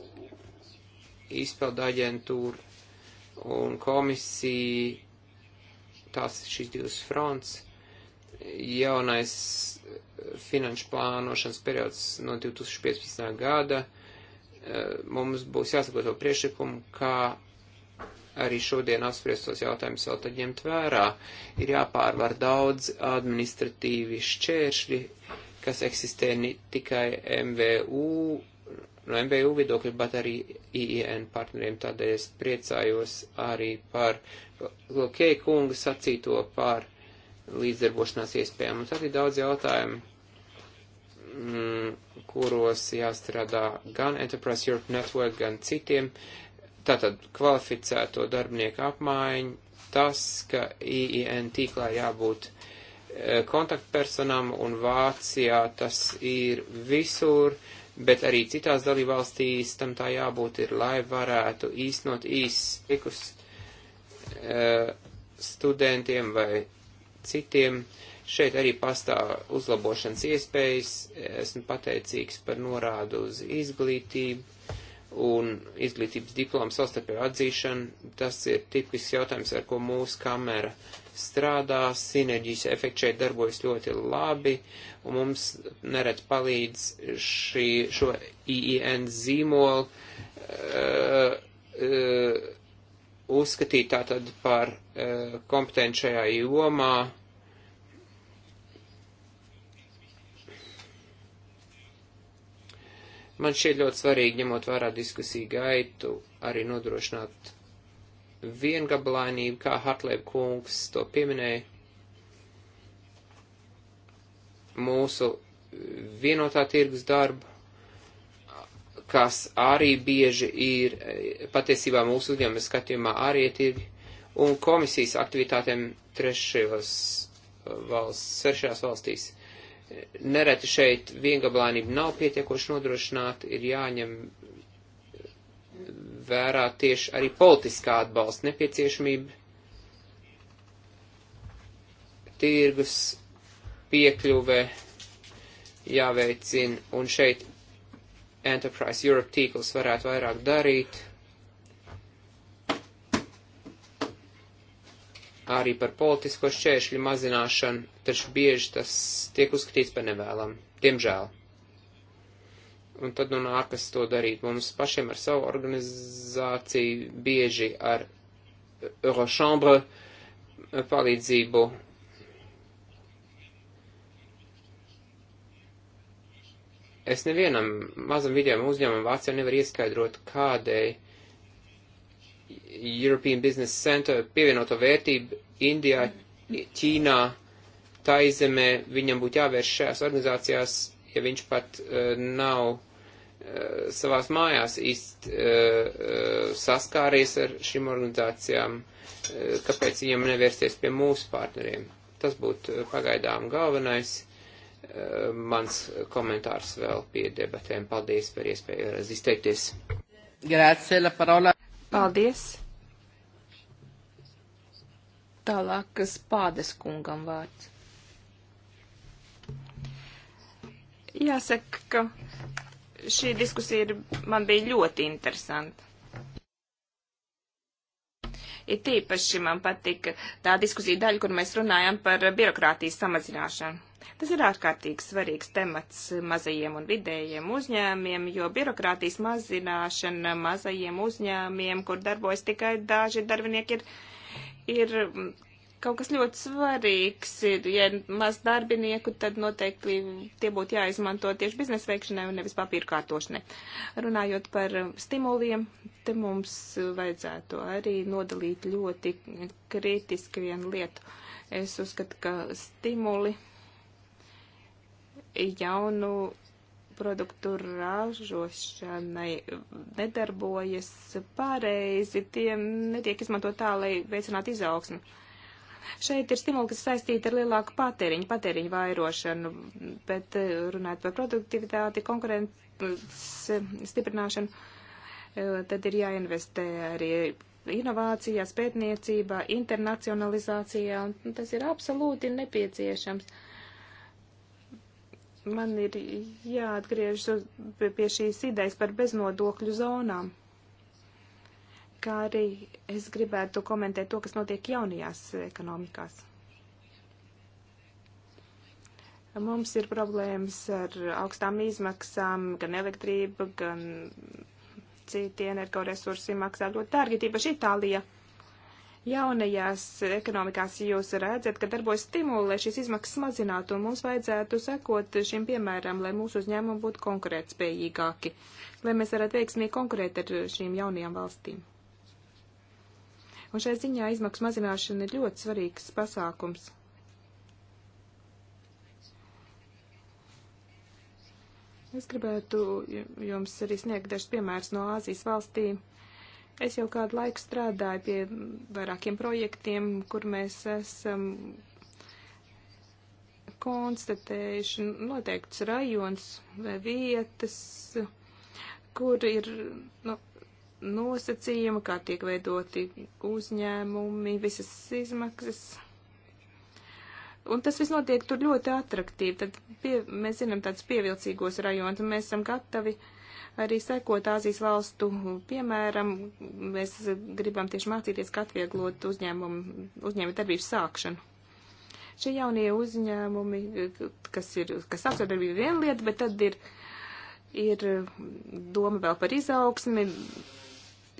izpilda aģentūra un komisija, tās šīs divas fronts jaunais finanšu plānošanas periods no 2015. gada. Eh, mums būs jāsagatavo priešlikumu, kā arī šodien apspriestos jautājumus vēl tad ņemt vērā. Ir jāpārvar daudz administratīvi šķēršļi, kas eksistē ne tikai MVU, no MVU viedokļa, bet arī IEN partneriem. Tādēļ es priecājos arī par Lokēja kunga sacīto par līdzdarbošanās iespējām. Un tad ir daudz jautājumu, mm, kuros jāstrādā gan Enterprise Europe Network, gan citiem. Tātad kvalificēto darbinieku apmaiņu, tas, ka IIN tīklā jābūt e, kontaktpersonam un Vācijā tas ir visur, bet arī citās dalībvalstīs tam tā jābūt ir, lai varētu īsnot īsts tikus e, studentiem vai citiem. Šeit arī pastāv uzlabošanas iespējas. Esmu pateicīgs par norādu uz izglītību un izglītības diplomu savstarpēju atzīšanu. Tas ir tipisks jautājums, ar ko mūsu kamera strādā. Sinerģijas efekts šeit darbojas ļoti labi, un mums neredz palīdz šī, šo IIN zīmolu uh, uh, uzskatīt tātad par uh, kompetenci šajā jomā Man šķiet ļoti svarīgi, ņemot vērā diskusiju gaitu, arī nodrošināt viengabalainību, kā Hartlēb kungs to pieminēja. Mūsu vienotā tirgus darbu, kas arī bieži ir patiesībā mūsu uzņēmuma skatījumā ārietirgi, un komisijas aktivitātēm trešajos valsts, trešajās valstīs nereti šeit viengablānība nav pietiekoši nodrošināta, ir jāņem vērā tieši arī politiskā atbalsta nepieciešamība, tirgus piekļuve jāveicina, un šeit Enterprise Europe tīkls varētu vairāk darīt. Arī par politisko šķēršļu mazināšanu taču bieži tas tiek uzskatīts par nevēlam, diemžēl. Un tad nu nākas to darīt mums pašiem ar savu organizāciju, bieži ar Eurochambre palīdzību. Es nevienam mazam vidējam uzņēmumam Vācijā nevar ieskaidrot, kādēļ European Business Center pievienoto vērtību Indijā, Ķīnā, tā izemē viņam būtu jāvērš šajās organizācijās, ja viņš pat uh, nav uh, savās mājās īsti uh, uh, saskāries ar šīm organizācijām, uh, kāpēc viņam nevērsties pie mūsu partneriem. Tas būtu pagaidām galvenais uh, mans komentārs vēl pie debatēm. Paldies par iespēju vēlreiz izteikties. Grācie, la parola. Paldies. Tālāk, kas pādes kungam vārds. Jāsaka, ka šī diskusija ir, man bija ļoti interesanta. Ir tīpaši man patika tā diskusija daļa, kur mēs runājam par birokrātijas samazināšanu. Tas ir ārkārtīgi svarīgs temats mazajiem un vidējiem uzņēmiem, jo birokrātijas mazināšana mazajiem uzņēmiem, kur darbojas tikai daži darbinieki, ir, ir kaut kas ļoti svarīgs ir, ja ir maz darbinieku, tad noteikti tie būtu jāizmanto tieši biznesa veikšanai un nevis papīru kārtošanai. Runājot par stimuliem, te mums vajadzētu arī nodalīt ļoti kritiski vienu lietu. Es uzskatu, ka stimuli jaunu produktu ražošanai nedarbojas pareizi, tie netiek izmantot tā, lai veicinātu izaugsmu. Šeit ir stimuli, kas saistīti ar lielāku patēriņu, patēriņu vairošanu, bet eh, runājot par produktivitāti, konkurences eh, stiprināšanu, eh, tad ir jāinvestē arī inovācijās, pētniecībā, internacionalizācijā, un tas ir absolūti nepieciešams man ir jāatgriežas pie šīs idejas par beznodokļu zonām kā arī es gribētu komentēt to, kas notiek jaunajās ekonomikās. Mums ir problēmas ar augstām izmaksām, gan elektrība, gan citi energoresursi maksā ļoti dārgi, tīpaši Itālija. Jaunajās ekonomikās jūs redzat, ka darbojas stimuli, lai šīs izmaksas mazinātu, un mums vajadzētu sekot šim piemēram, lai mūsu uzņēmumi būtu konkurētspējīgāki, lai mēs varētu veiksmīgi konkurēt ar šīm jaunajām valstīm. Un šai ziņā izmaksu mazināšana ir ļoti svarīgs pasākums. Es gribētu jums arī sniegt dažus piemērus no Āzijas valstīm. Es jau kādu laiku strādāju pie vairākiem projektiem, kur mēs esam konstatējuši noteikts rajons vai vietas, kur ir nu, nosacījumi, kā tiek veidoti uzņēmumi, visas izmaksas. Un tas viss notiek tur ļoti attraktīvi. Tad pie, mēs zinām tādus pievilcīgos rajonus, un mēs esam gatavi arī sekot Āzijas valstu piemēram. Mēs gribam tieši mācīties, kā atvieglot uzņēmumu, uzņēmumu darbības sākšanu šie jaunie uzņēmumi, kas ir, kas apsverdarbība viena lieta, bet tad ir, ir doma vēl par izaugsmi,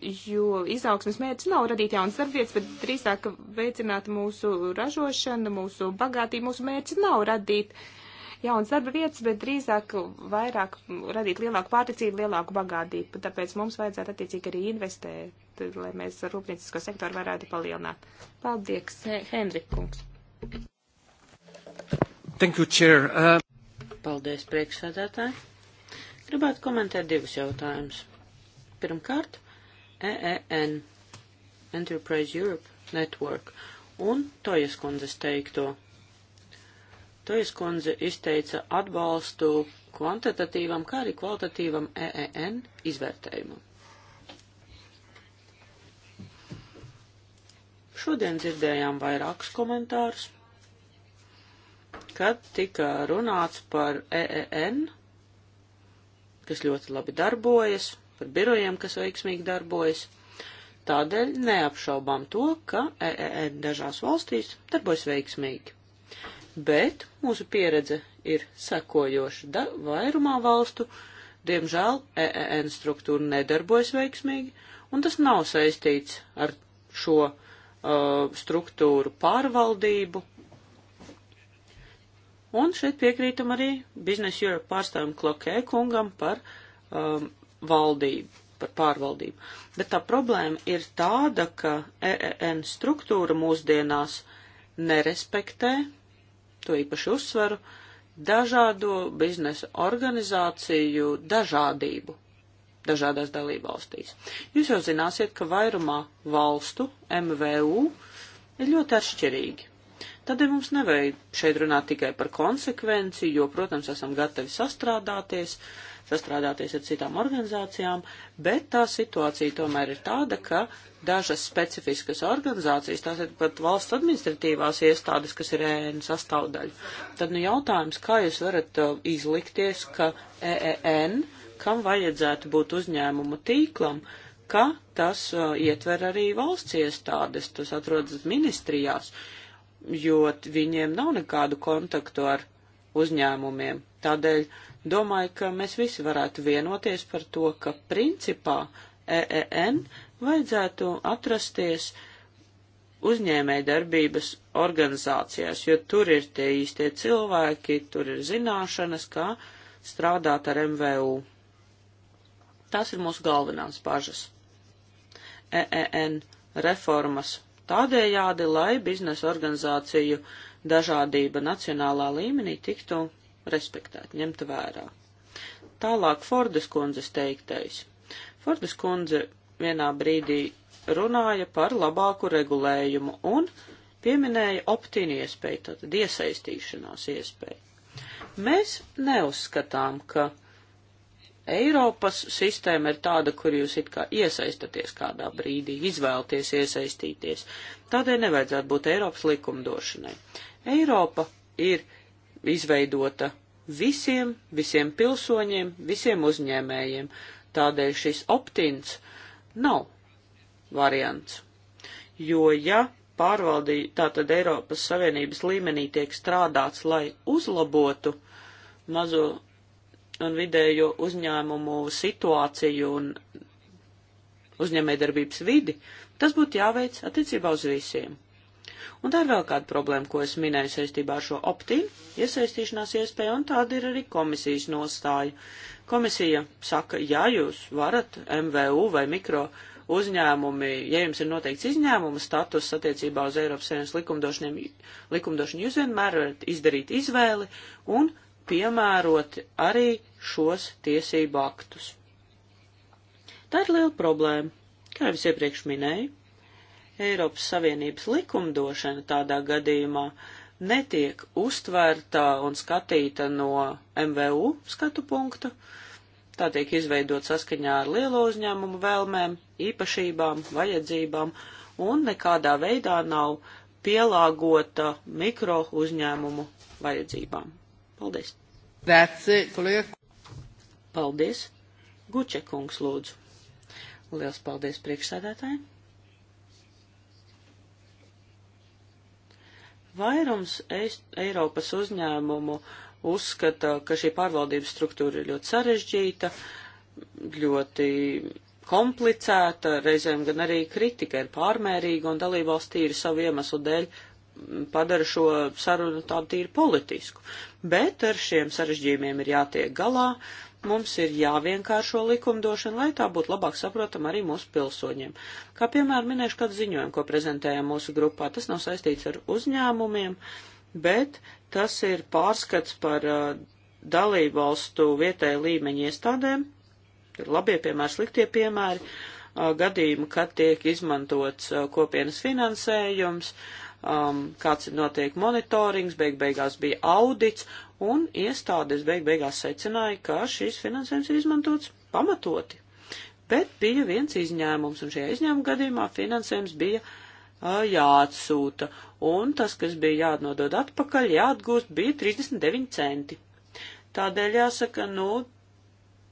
jo izaugsmes mērķis nav radīt jaunas darbvietas, bet drīzāk veicināt mūsu ražošanu, mūsu bagātību. Mūsu mērķis nav radīt jaunas darba vietas, bet drīzāk vairāk radīt lielāku pārticību, lielāku bagātību. Tāpēc mums vajadzētu attiecīgi arī investēt, lai mēs rūpniecisko sektoru varētu palielināt. Paldies, Henrikungs. Thank you, Chair. Uh... Paldies, priekšsēdētāji. Gribētu komentēt divus jautājumus. Pirmkārt, EEN Enterprise Europe Network un Tojas kundzes teikto. Tojas kundze izteica atbalstu kvantitatīvam, kā arī kvalitatīvam EEN izvērtējumam. Šodien dzirdējām vairākus komentārus, kad tika runāts par EEN, kas ļoti labi darbojas, par birojiem, kas veiksmīgi darbojas. Tādēļ neapšaubām to, ka EEE e e dažās valstīs darbojas veiksmīgi. Bet mūsu pieredze ir sekojoša. Da vairumā valstu, diemžēl, EEN e struktūra nedarbojas veiksmīgi, un tas nav saistīts ar šo uh, struktūru pārvaldību. Un šeit piekrītam arī Business Europe pārstāvim Klokē kungam par um, valdību, par pārvaldību. Bet tā problēma ir tāda, ka EEN struktūra mūsdienās nerespektē, to īpaši uzsveru, dažādo biznesa organizāciju dažādību dažādās dalībvalstīs. Jūs jau zināsiet, ka vairumā valstu MVU ir ļoti atšķirīgi. Tad ja mums nevajag šeit runāt tikai par konsekvenci, jo, protams, esam gatavi sastrādāties, uh, sastrādāties ar citām organizācijām, bet tā situācija tomēr ir tāda, ka dažas specifiskas organizācijas, tās ir pat valsts administratīvās iestādes, kas ir EN sastāvdaļa. Tad nu jautājums, kā jūs varat uh, izlikties, ka EEN, kam vajadzētu būt uzņēmumu tīklam, ka tas uh, ietver arī valsts iestādes, tas atrodas ministrijās, jo viņiem nav nekādu kontaktu ar uzņēmumiem. Tādēļ domāju, ka mēs visi varētu vienoties par to, ka principā EEN vajadzētu atrasties uzņēmēja darbības organizācijās, jo tur ir tie īstie cilvēki, tur ir zināšanas, kā strādāt ar MVU. Tās ir mūsu galvenās bažas. EEN reformas tādējādi, lai biznesa organizāciju uh, dažādība nacionālā līmenī tiktu respektēta, ņemta vērā. Tālāk Fordas kundzes teiktais. Fordas kundze vienā brīdī runāja par labāku regulējumu un pieminēja optīnu iespēju, tātad iesaistīšanās iespēju. Mēs neuzskatām, ka Eiropas sistēma ir tāda, kur jūs it kā iesaistaties kādā brīdī, izvēlties iesaistīties. Tādēļ nevajadzētu būt Eiropas likumdošanai. Eiropa ir izveidota visiem, visiem pilsoņiem, visiem uzņēmējiem. Tādēļ šis optins nav variants. Jo, ja pārvaldī, tātad Eiropas Savienības līmenī tiek strādāts, lai uzlabotu mazo un vidējo uzņēmumu situāciju un uzņēmējdarbības vidi, tas būtu jāveic attiecībā uz visiem. Un tā ir vēl kāda problēma, ko es minēju saistībā ar šo optīnu, iesaistīšanās iespēju, un tāda ir arī komisijas nostāja. Komisija saka, ja jūs varat MVU vai mikro uzņēmumi, ja jums ir noteikts izņēmuma status attiecībā uz Eiropas Savienības likumdošanu, jūs vienmēr varat izdarīt izvēli un piemērot arī šos tiesību aktus. Tā ir liela problēma, kā jau es iepriekš minēju. Eiropas Savienības likumdošana tādā gadījumā netiek uztvērta un skatīta no MVU skatu punkta. Tā tiek izveidot saskaņā ar lielo uzņēmumu vēlmēm, īpašībām, vajadzībām un nekādā veidā nav pielāgota mikro uzņēmumu vajadzībām. Paldies! Grazie, kolēģi! Paldies! Guče kungs lūdzu. Liels paldies priekšsēdētājiem! Vairums Eiropas uzņēmumu uzskata, ka šī pārvaldības struktūra ir ļoti sarežģīta, ļoti komplicēta, reizēm gan arī kritika ir pārmērīga un dalībvalstī ir savu iemeslu dēļ padara šo sarunu tādu tīri politisku. Bet ar šiem sarežģījumiem ir jātiek galā, Mums ir jāvienkāršo likumdošana, lai tā būtu labāk saprotama arī mūsu pilsoņiem. Kā piemēram minēšu kādu ziņojumu, ko prezentējām mūsu grupā, tas nav saistīts ar uzņēmumiem, bet tas ir pārskats par uh, dalību valstu vietēju līmeņu iestādēm, ir labie piemēri, sliktie piemēri, uh, gadījumi, kad tiek izmantots uh, kopienas finansējums, uh, um, kāds ir notiek monitorings, beig beigās bija audits, un iestādes beig beigās secināja, ka šis finansējums ir izmantots pamatoti. Bet bija viens izņēmums, un šajā izņēmuma gadījumā finansējums bija uh, jāatsūta, un tas, kas bija jāatnodod atpakaļ, jāatgūst, bija 39 centi. Tādēļ jāsaka, nu,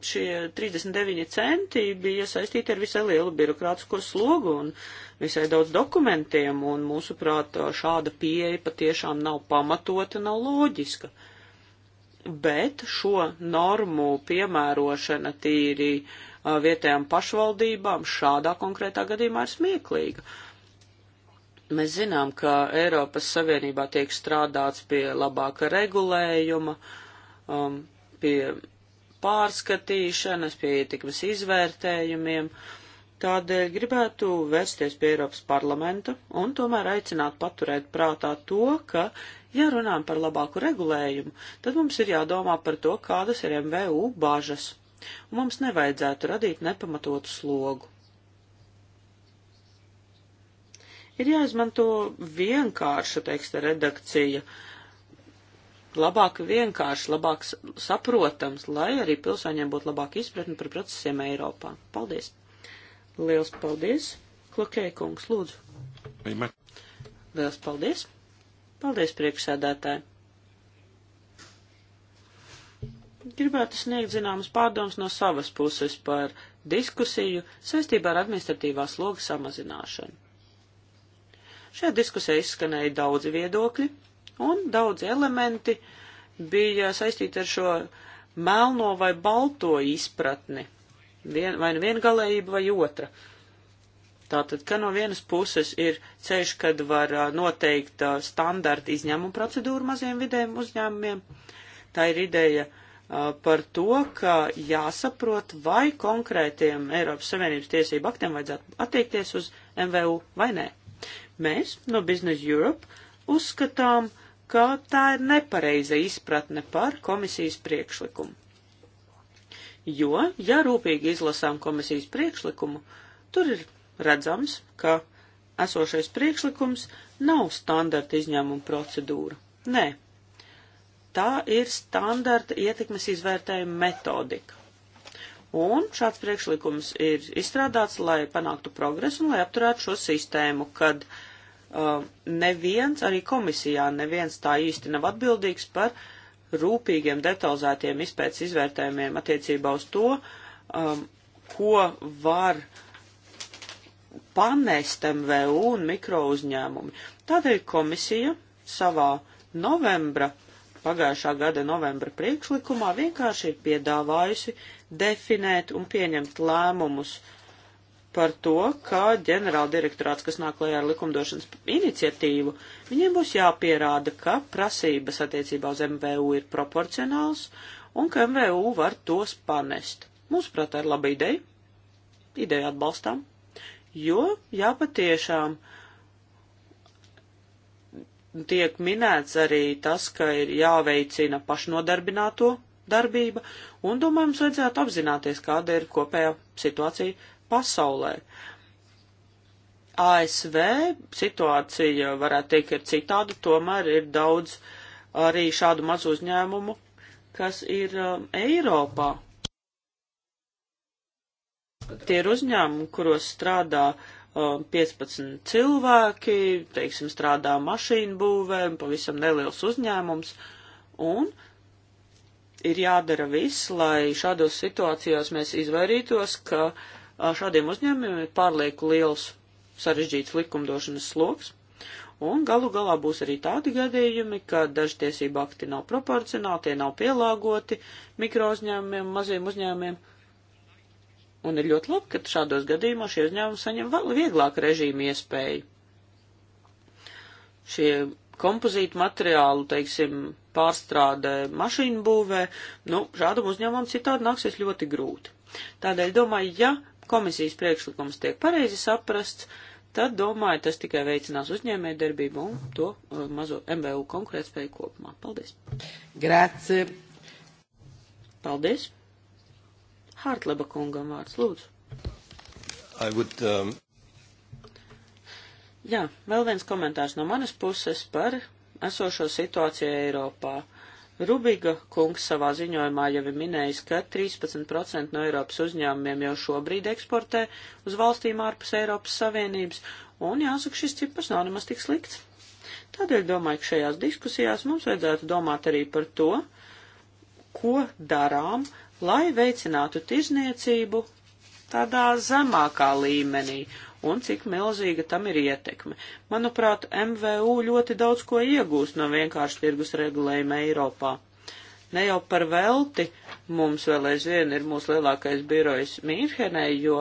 šie 39 centi bija saistīti ar visai lielu birokrātisko slogu un visai daudz dokumentiem, un mūsuprāt šāda pieeja patiešām nav pamatota, nav loģiska. Bet šo normu piemērošana tīri vietējām pašvaldībām šādā konkrētā gadījumā ir smieklīga. Mēs zinām, ka Eiropas Savienībā tiek strādāts pie labāka regulējuma, um, pie pārskatīšanas, pie ietekmes izvērtējumiem. Tādēļ gribētu vērsties pie Eiropas parlamenta un tomēr aicināt paturēt prātā to, ka, ja runājam par labāku regulējumu, tad mums ir jādomā par to, kādas ir MVU bažas, un mums nevajadzētu radīt nepamatotu slogu. Ir jāizmanto vienkārša teksta redakcija, uh, labāk vienkāršs, labāk saprotams, lai arī pilsoņiem būtu labāka izpratne par procesiem Eiropā. Paldies! Liels paldies! Klokēja kungs, lūdzu! Liels paldies! Paldies, priekšsēdētāji! Gribētu sniegt zināmas pārdomas no savas puses par diskusiju saistībā ar administratīvās slogas samazināšanu. Šajā diskusijā izskanēja daudzi viedokļi, Un daudzi elementi bija saistīti ar šo melno vai balto izpratni, vien, vai nu viengalējība vai otra. Tātad, ka no vienas puses ir ceļš, kad var noteikt standarta izņēmumu procedūru maziem vidējiem uzņēmumiem, tā ir ideja par to, ka jāsaprot, vai konkrētiem Eiropas Savienības tiesību aktiem vajadzētu attiekties uz MVU vai nē. Mēs no Business Europe uzskatām, uh, ka tā ir nepareiza izpratne par komisijas priekšlikumu. Jo, ja rūpīgi izlasām komisijas priekšlikumu, tur ir redzams, ka esošais priekšlikums nav standarta izņēmuma procedūra. Nē, tā ir standarta ietekmes izvērtējuma metodika. Un šāds priekšlikums ir izstrādāts, lai panāktu progresu un lai apturētu šo sistēmu, kad uh, Uh, neviens, arī komisijā neviens tā īsti nav atbildīgs par rūpīgiem, detalizētiem izpētes izvērtējumiem attiecībā uz to, um, ko var panest MVU un mikrouzņēmumi. Tādēļ komisija savā novembra, pagājušā gada novembra priekšlikumā vienkārši ir piedāvājusi definēt un pieņemt lēmumus uh, par to, ka ģenerāldirektorāts, kas nāk klajā ar likumdošanas iniciatīvu, viņiem būs jāpierāda, ka prasības attiecībā uz MVU ir proporcionāls un ka MVU var tos panest. Mūsuprāt, tā ir laba ideja, ideja atbalstām, jo jāpatiešām tiek minēts arī tas, ka ir jāveicina pašnodarbināto darbība, un domāju, mums vajadzētu apzināties, kāda ir kopējā situācija pasaulē. ASV situācija, varētu teikt, ir citāda, tomēr ir daudz arī šādu mazu uzņēmumu, kas ir um, Eiropā. Tie ir uzņēmumi, kuros strādā um, 15 cilvēki, teiksim, strādā mašīnu būvē, pavisam neliels uzņēmums, un ir jādara viss, lai šādos situācijās mēs izvairītos, ka uh, šādiem uzņēmumiem ir pārlieku liels sarežģīts likumdošanas sloks, un galu galā būs arī tādi gadījumi, ka daži tiesība akti nav proporcionāli, tie nav pielāgoti mikrouzņēmumiem, maziem uzņēmumiem, un ir ļoti labi, ka šādos gadījumos šie uzņēmumi saņem vieglāku režīmu iespēju. Šie kompozītu materiālu, teiksim, pārstrādē mašīnu būvē, nu, šādam uzņēmumam citādi nāksies ļoti grūti. Tādēļ domāju, ja komisijas priekšlikums tiek pareizi saprasts, tad, domāju, tas tikai veicinās uzņēmē darbību un to uh, mazo MVU konkurētspēju kopumā. Paldies! Grāci! Paldies! Hārtleba kungam vārds, lūdzu! I would, um... Jā, vēl viens komentārs no manas puses par esošo situāciju Eiropā. Rubiga kungs savā ziņojumā jau ir minējis, ka 13% no Eiropas uzņēmumiem jau šobrīd eksportē uz valstīm ārpus Eiropas Savienības, un jāsaka, šis cipars nav nemaz tik slikts. Tādēļ domāju, ka šajās diskusijās mums vajadzētu domāt arī par to, ko darām, lai veicinātu tirzniecību tādā zemākā līmenī un cik milzīga tam ir ietekme. Manuprāt, MVU ļoti daudz ko iegūst no vienkārši tirgus regulējuma Eiropā. Ne jau par velti mums vēl aizvien ir mūsu lielākais birojs Mīnhenē, jo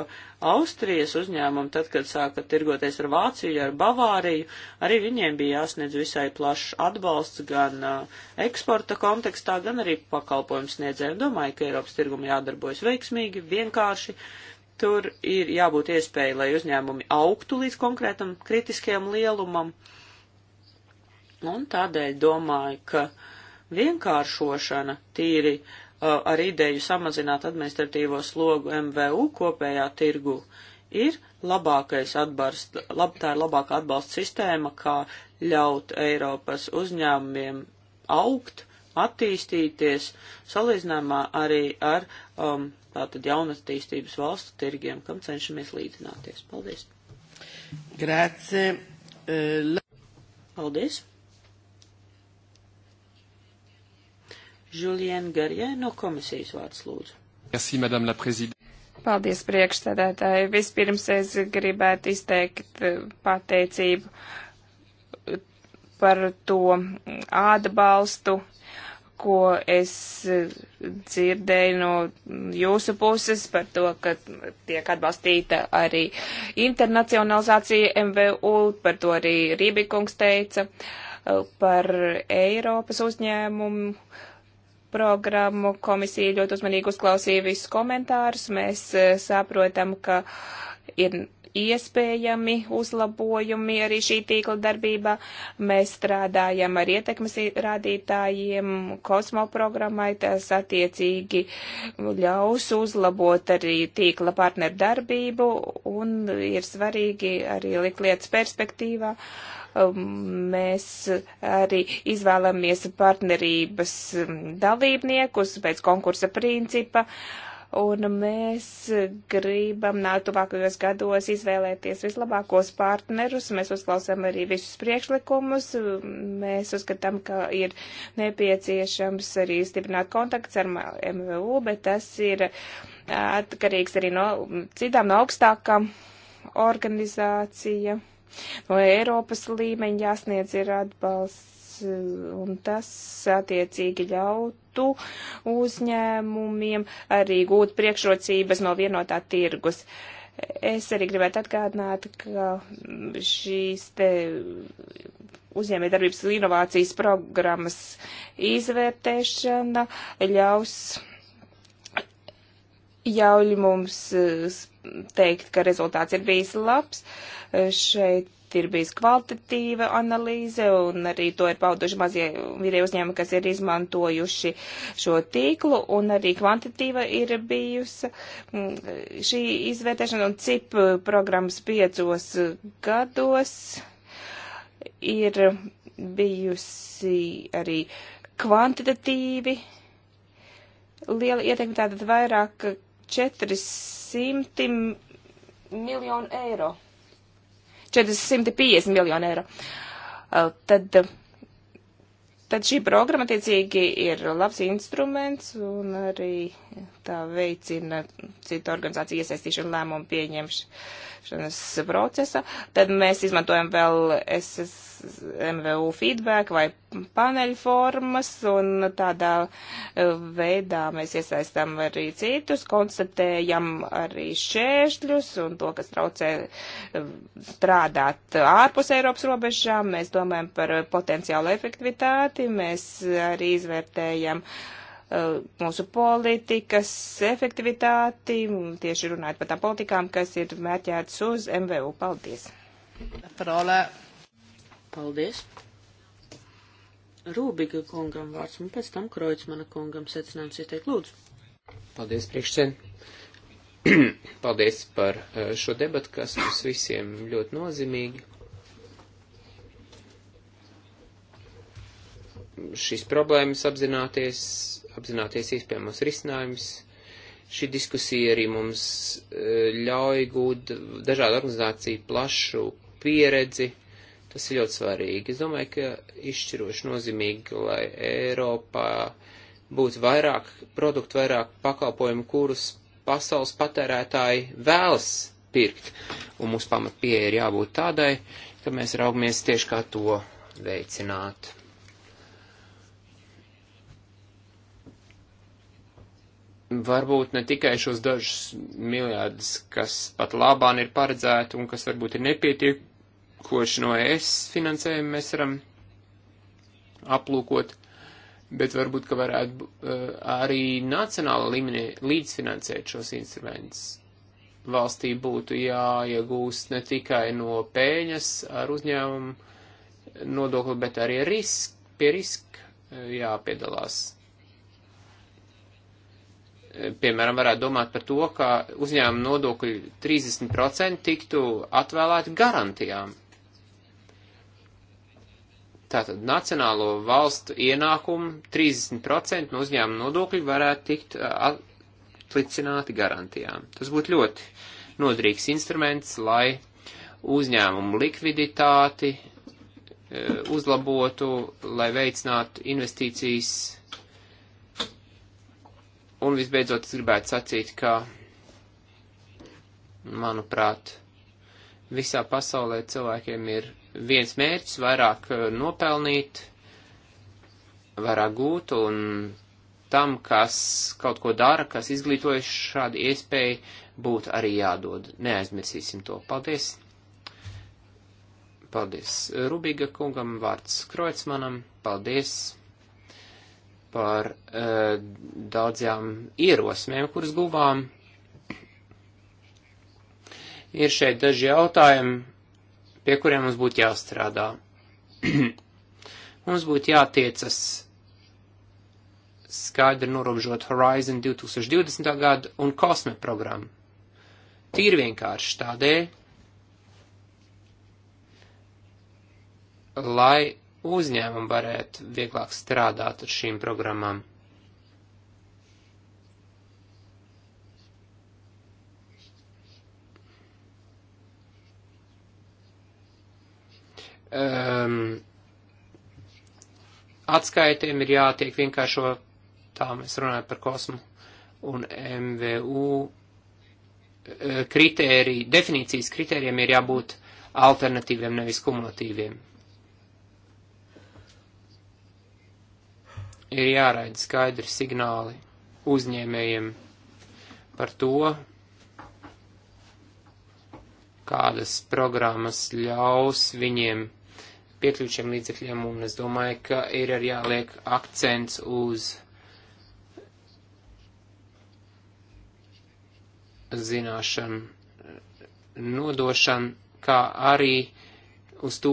Austrijas uzņēmumi, tad, kad sāka tirgoties ar Vāciju, ar Bavāriju, arī viņiem bija jāsniedz visai plašs atbalsts gan uh, eksporta kontekstā, gan arī pakalpojums sniedzējiem. Domāju, ka Eiropas tirgumi jādarbojas veiksmīgi, vienkārši, Tur ir jābūt iespēja, lai uzņēmumi augtu līdz konkrētam kritiskajam lielumam. Un tādēļ domāju, ka vienkāršošana tīri uh, ar ideju samazināt administratīvo slogu MVU kopējā tirgu ir labākais atbalsts, lab, tā ir labākā atbalsta sistēma, kā ļaut Eiropas uzņēmumiem augt, uh, attīstīties salīdzinājumā arī ar um, tātad jaunatīstības valstu tirgiem, kam cenšamies līdzināties. Paldies! Grāce! Eh, Paldies! Julien Garjē no komisijas vārds lūdzu. Merci, madame la présidente. Paldies, priekšsēdētāji. Vispirms es gribētu izteikt eh, pateicību uh, par to atbalstu, ko es dzirdēju no jūsu puses par to, ka tiek atbalstīta arī internacionalizācija MVU, par to arī Rībikungs teica, par Eiropas uzņēmumu programmu. Komisija ļoti uzmanīgi uzklausīja visus komentārus. Mēs eh, saprotam, ka ir iespējami uzlabojumi arī šī tīkla darbībā. Mēs strādājam ar ietekmes rādītājiem, kosmoprogrammai, tas attiecīgi ļaus uzlabot arī tīkla partneru darbību un ir svarīgi arī likt lietas perspektīvā. Um, mēs arī izvēlamies partnerības dalībniekus pēc konkursa principa. Uh, un mēs gribam nāk tuvākajos gados izvēlēties vislabākos partnerus. Mēs uzklausām arī visus priekšlikumus. Mēs uzskatām, ka ir nepieciešams arī stiprināt kontakts ar MVU, bet tas ir atkarīgs arī no citām, no augstākām organizācija. No Eiropas līmeņa jāsniedz ir atbalsts un tas attiecīgi ļautu uzņēmumiem arī gūt priekšrocības no vienotā tirgus. Es arī gribētu atgādināt, ka šīs te uzņēmējdarbības inovācijas programmas izvērtēšana ļaus ļauj mums eh, teikt, ka rezultāts ir bijis labs. Šeit ir bijis kvalitatīva analīze, un arī to ir pauduši mazie virie uzņēmumi, kas ir izmantojuši šo tīklu, un arī kvantitīva ir bijusi mm, šī izvērtēšana, un CIP programmas piecos gados ir bijusi arī kvantitatīvi liela ietekme, tātad vairāk 400 miljonu eiro. 450 miljonu eiro. Uh, tad, tad šī programma tiecīgi ir labs instruments un arī tā veicina citu organizāciju iesaistīšanu lēmumu pieņemšanas procesā. Tad mēs izmantojam vēl SS MVU feedback vai paneļformas, un tādā e, veidā mēs iesaistām arī citus, konstatējam arī šķēršļus un to, kas traucē e, strādāt ārpus Eiropas robežām. Mēs domājam par potenciālu efektivitāti, mēs arī izvērtējam e, mūsu politikas efektivitāti, tieši runājot par tām politikām, kas ir mērķētas uz MVU. Paldies! Parola Paldies! Rūbiga kungam vārds, un pēc tam Kroicmana kungam secinājums ieteikt lūdzu. Paldies, priekšsēd! Paldies par eh, šo debatu, kas mums visiem ļoti nozīmīgi. Šīs problēmas apzināties, apzināties iespējamos risinājumus šī diskusija arī mums eh, ļauj gūt dažādu organizāciju plašu pieredzi Tas ir ļoti svarīgi. Es domāju, ka izšķiroši nozīmīgi, lai Eiropā būtu vairāk produktu, vairāk pakalpojumu, kurus pasaules patērētāji vēlas pirkt. Un mūsu pamatpieeja ir jābūt tādai, ka mēs raugamies tieši kā to veicināt. varbūt ne tikai šos dažus miljārdus, kas pat labāk ir paredzēti un kas varbūt ir nepietiekami, koši no ES finansējumu mēs varam aplūkot, bet varbūt, ka varētu eh, arī nacionāla līmenī līdzfinansēt šos instrumentus. Valstī būtu jāiegūst ne tikai no pēļņas ar uzņēmumu nodokli, bet arī risk, pie riska eh, jāpiedalās eh, piemēram, varētu domāt par to, ka uzņēmuma nodokļi 30% tiktu atvēlēti garantijām. Tātad nacionālo valstu ienākumu 30% no uzņēmuma nodokļu varētu tikt atlicināti garantijām. Tas būtu ļoti nodrīgs instruments, lai uzņēmumu likviditāti e, uzlabotu, lai veicinātu investīcijas. Un visbeidzot, es gribētu sacīt, ka, manuprāt, visā pasaulē cilvēkiem ir viens mērķis - vairāk eh, nopelnīt, vairāk gūt, un tam, kas kaut ko dara, kas izglītojas, šāda iespēja būtu arī jādod. Neaizmirsīsim to. Paldies! Paldies Rubiga kungam, vārds Kroicmanam, paldies par uh, eh, daudzām ierosmēm, kuras guvām. Ir šeit daži jautājumi, pie kuriem mums būtu jāstrādā. mums būtu jātiecas skaidri norobžot Horizon 2020. gadu un kosme programmu. Tīri vienkārši tādēļ, lai uzņēmumi varētu vieglāk strādāt ar šīm programmām. um, ehm, atskaitēm ir jātiek vienkāršo, tā mēs runājam par kosmu un MVU e, kritēriju, definīcijas kritērijiem ir jābūt alternatīviem, nevis kumulatīviem. Ir jāraida skaidri signāli uzņēmējiem par to, kādas programmas ļaus viņiem piekļūt šiem līdzekļiem, un es domāju, ka ir arī jāliek akcents uz zināšanu nodošanu, kā arī uz to,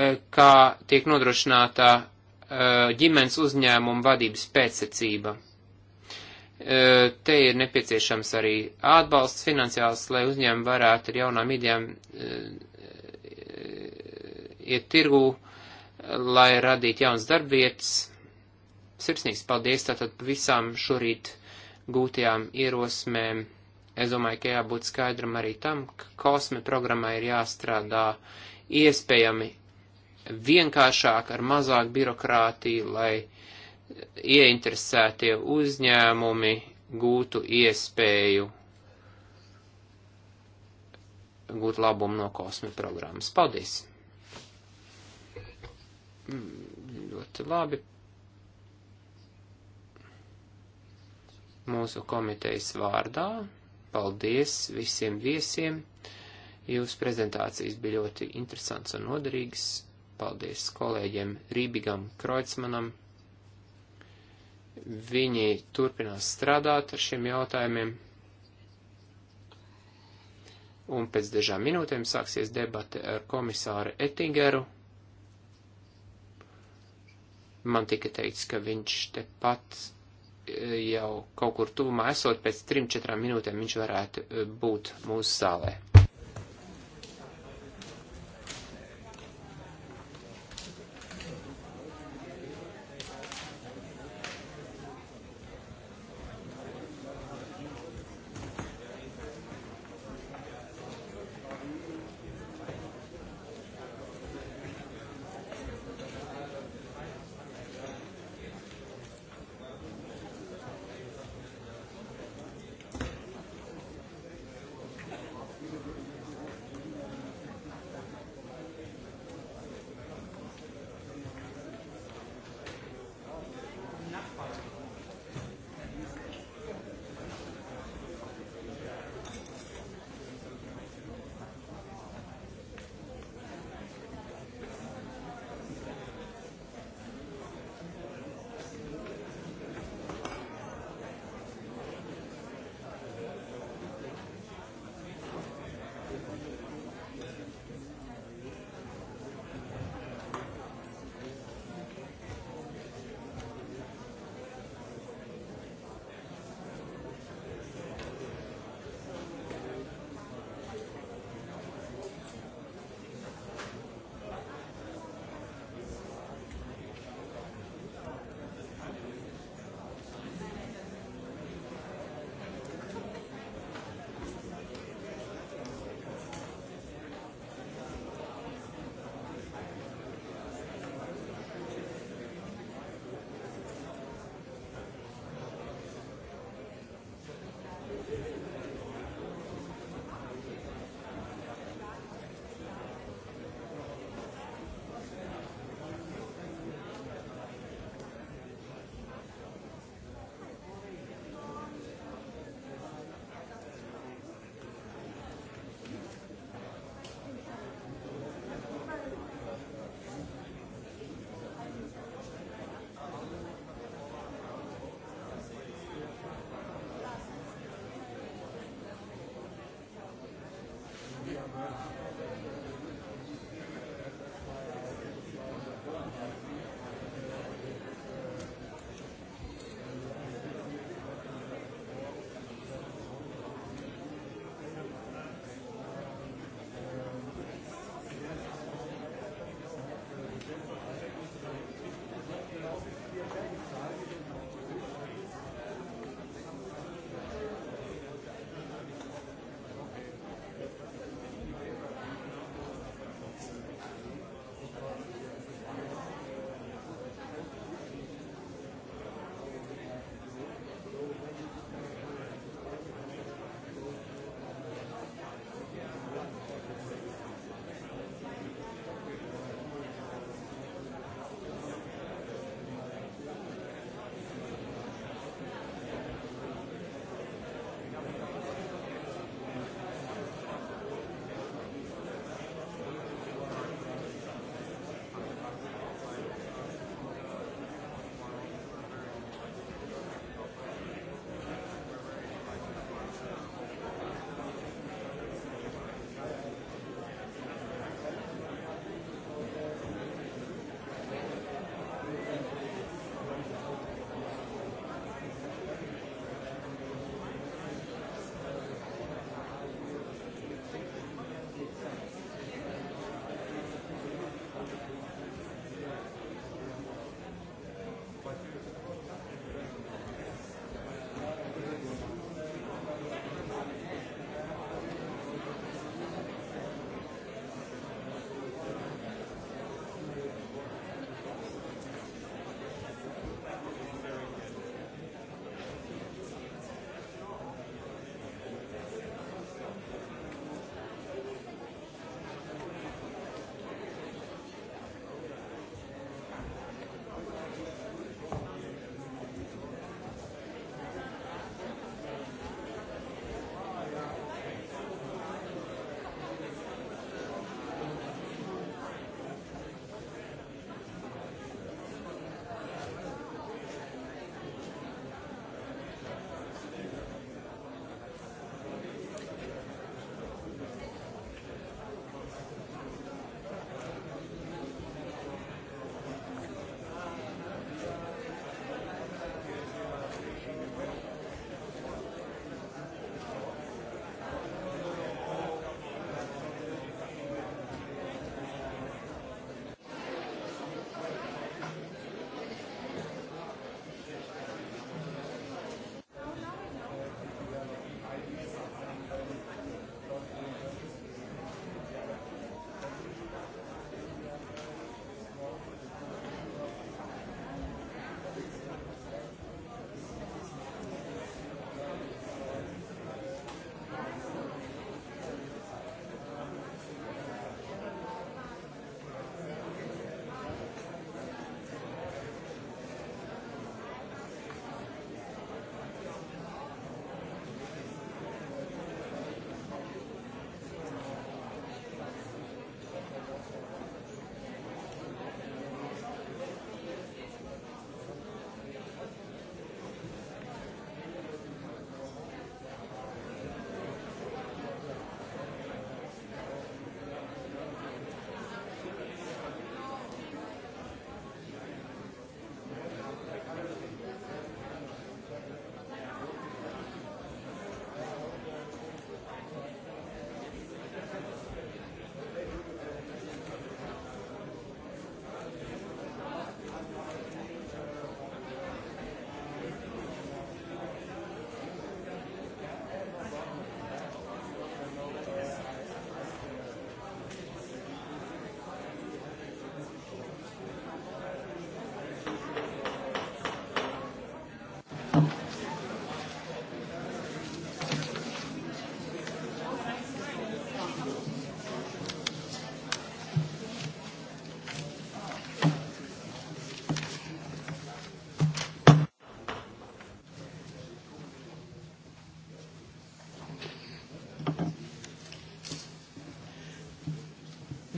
e, kā tiek nodrošinātā e, ģimenes uzņēmuma vadības pēcsecība. E, te ir nepieciešams arī atbalsts finansiāls, lai uzņēmumi varētu ar jaunām idejām iet tirgū, lai radītu jaunas darbvietas. Sirsnīgs paldies tātad visām šorīt gūtajām ierosmēm. Es domāju, ka jābūt skaidram arī tam, ka kosme programmai ir jāstrādā iespējami vienkāršāk, ar mazāk birokrātiju, lai ieinteresētie uzņēmumi gūtu iespēju gūt labumu no kosme programmas. Paldies! Ļoti labi. Mūsu komitejas vārdā paldies visiem viesiem. Jūsu prezentācijas bija ļoti interesants un noderīgs. Paldies kolēģiem Rībigam Kreutzmanam. Viņi turpinās strādāt ar šiem jautājumiem. Un pēc dažām minūtēm sāksies debate ar komisāru Ettingeru. Man tika teikts, ka viņš tepat e, jau kaut kur tuvumā esot, pēc trim, četrām minūtēm viņš varētu e, būt mūsu zālē.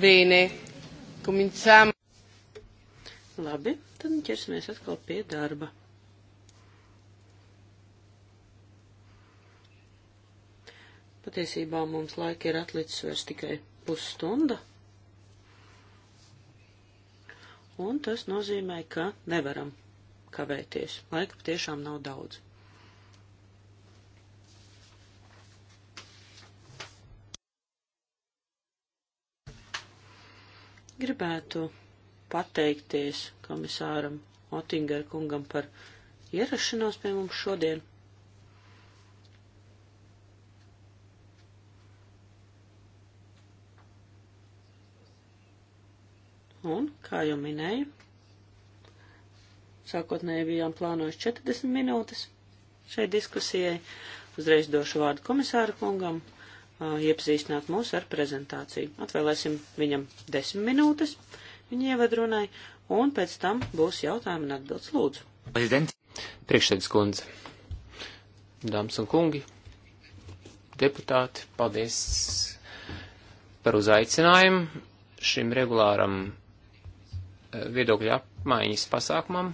Bīnē, komincām. Labi, tad ķersimies atkal pie darba. Patiesībā mums laika ir atlicis vairs tikai pusstunda. Un tas nozīmē, ka nevaram kavēties. Laika patiešām nav daudz. gribētu pateikties komisāram Otingeru kungam par ierašanos pie mums šodien. Un, kā jau minēju, sākotnēji bijām plānojuši 40 minūtes šai diskusijai. Uzreiz došu vārdu komisāru kungam, iepazīstināt mūs ar prezentāciju. Atvēlēsim viņam desmit minūtes viņa ievadrunai, un pēc tam būs jautājumi un atbildes lūdzu. Prezident, priekšsēdus kundze, dāmas un kungi, deputāti, paldies par uzaicinājumu šim regulāram viedokļu apmaiņas pasākumam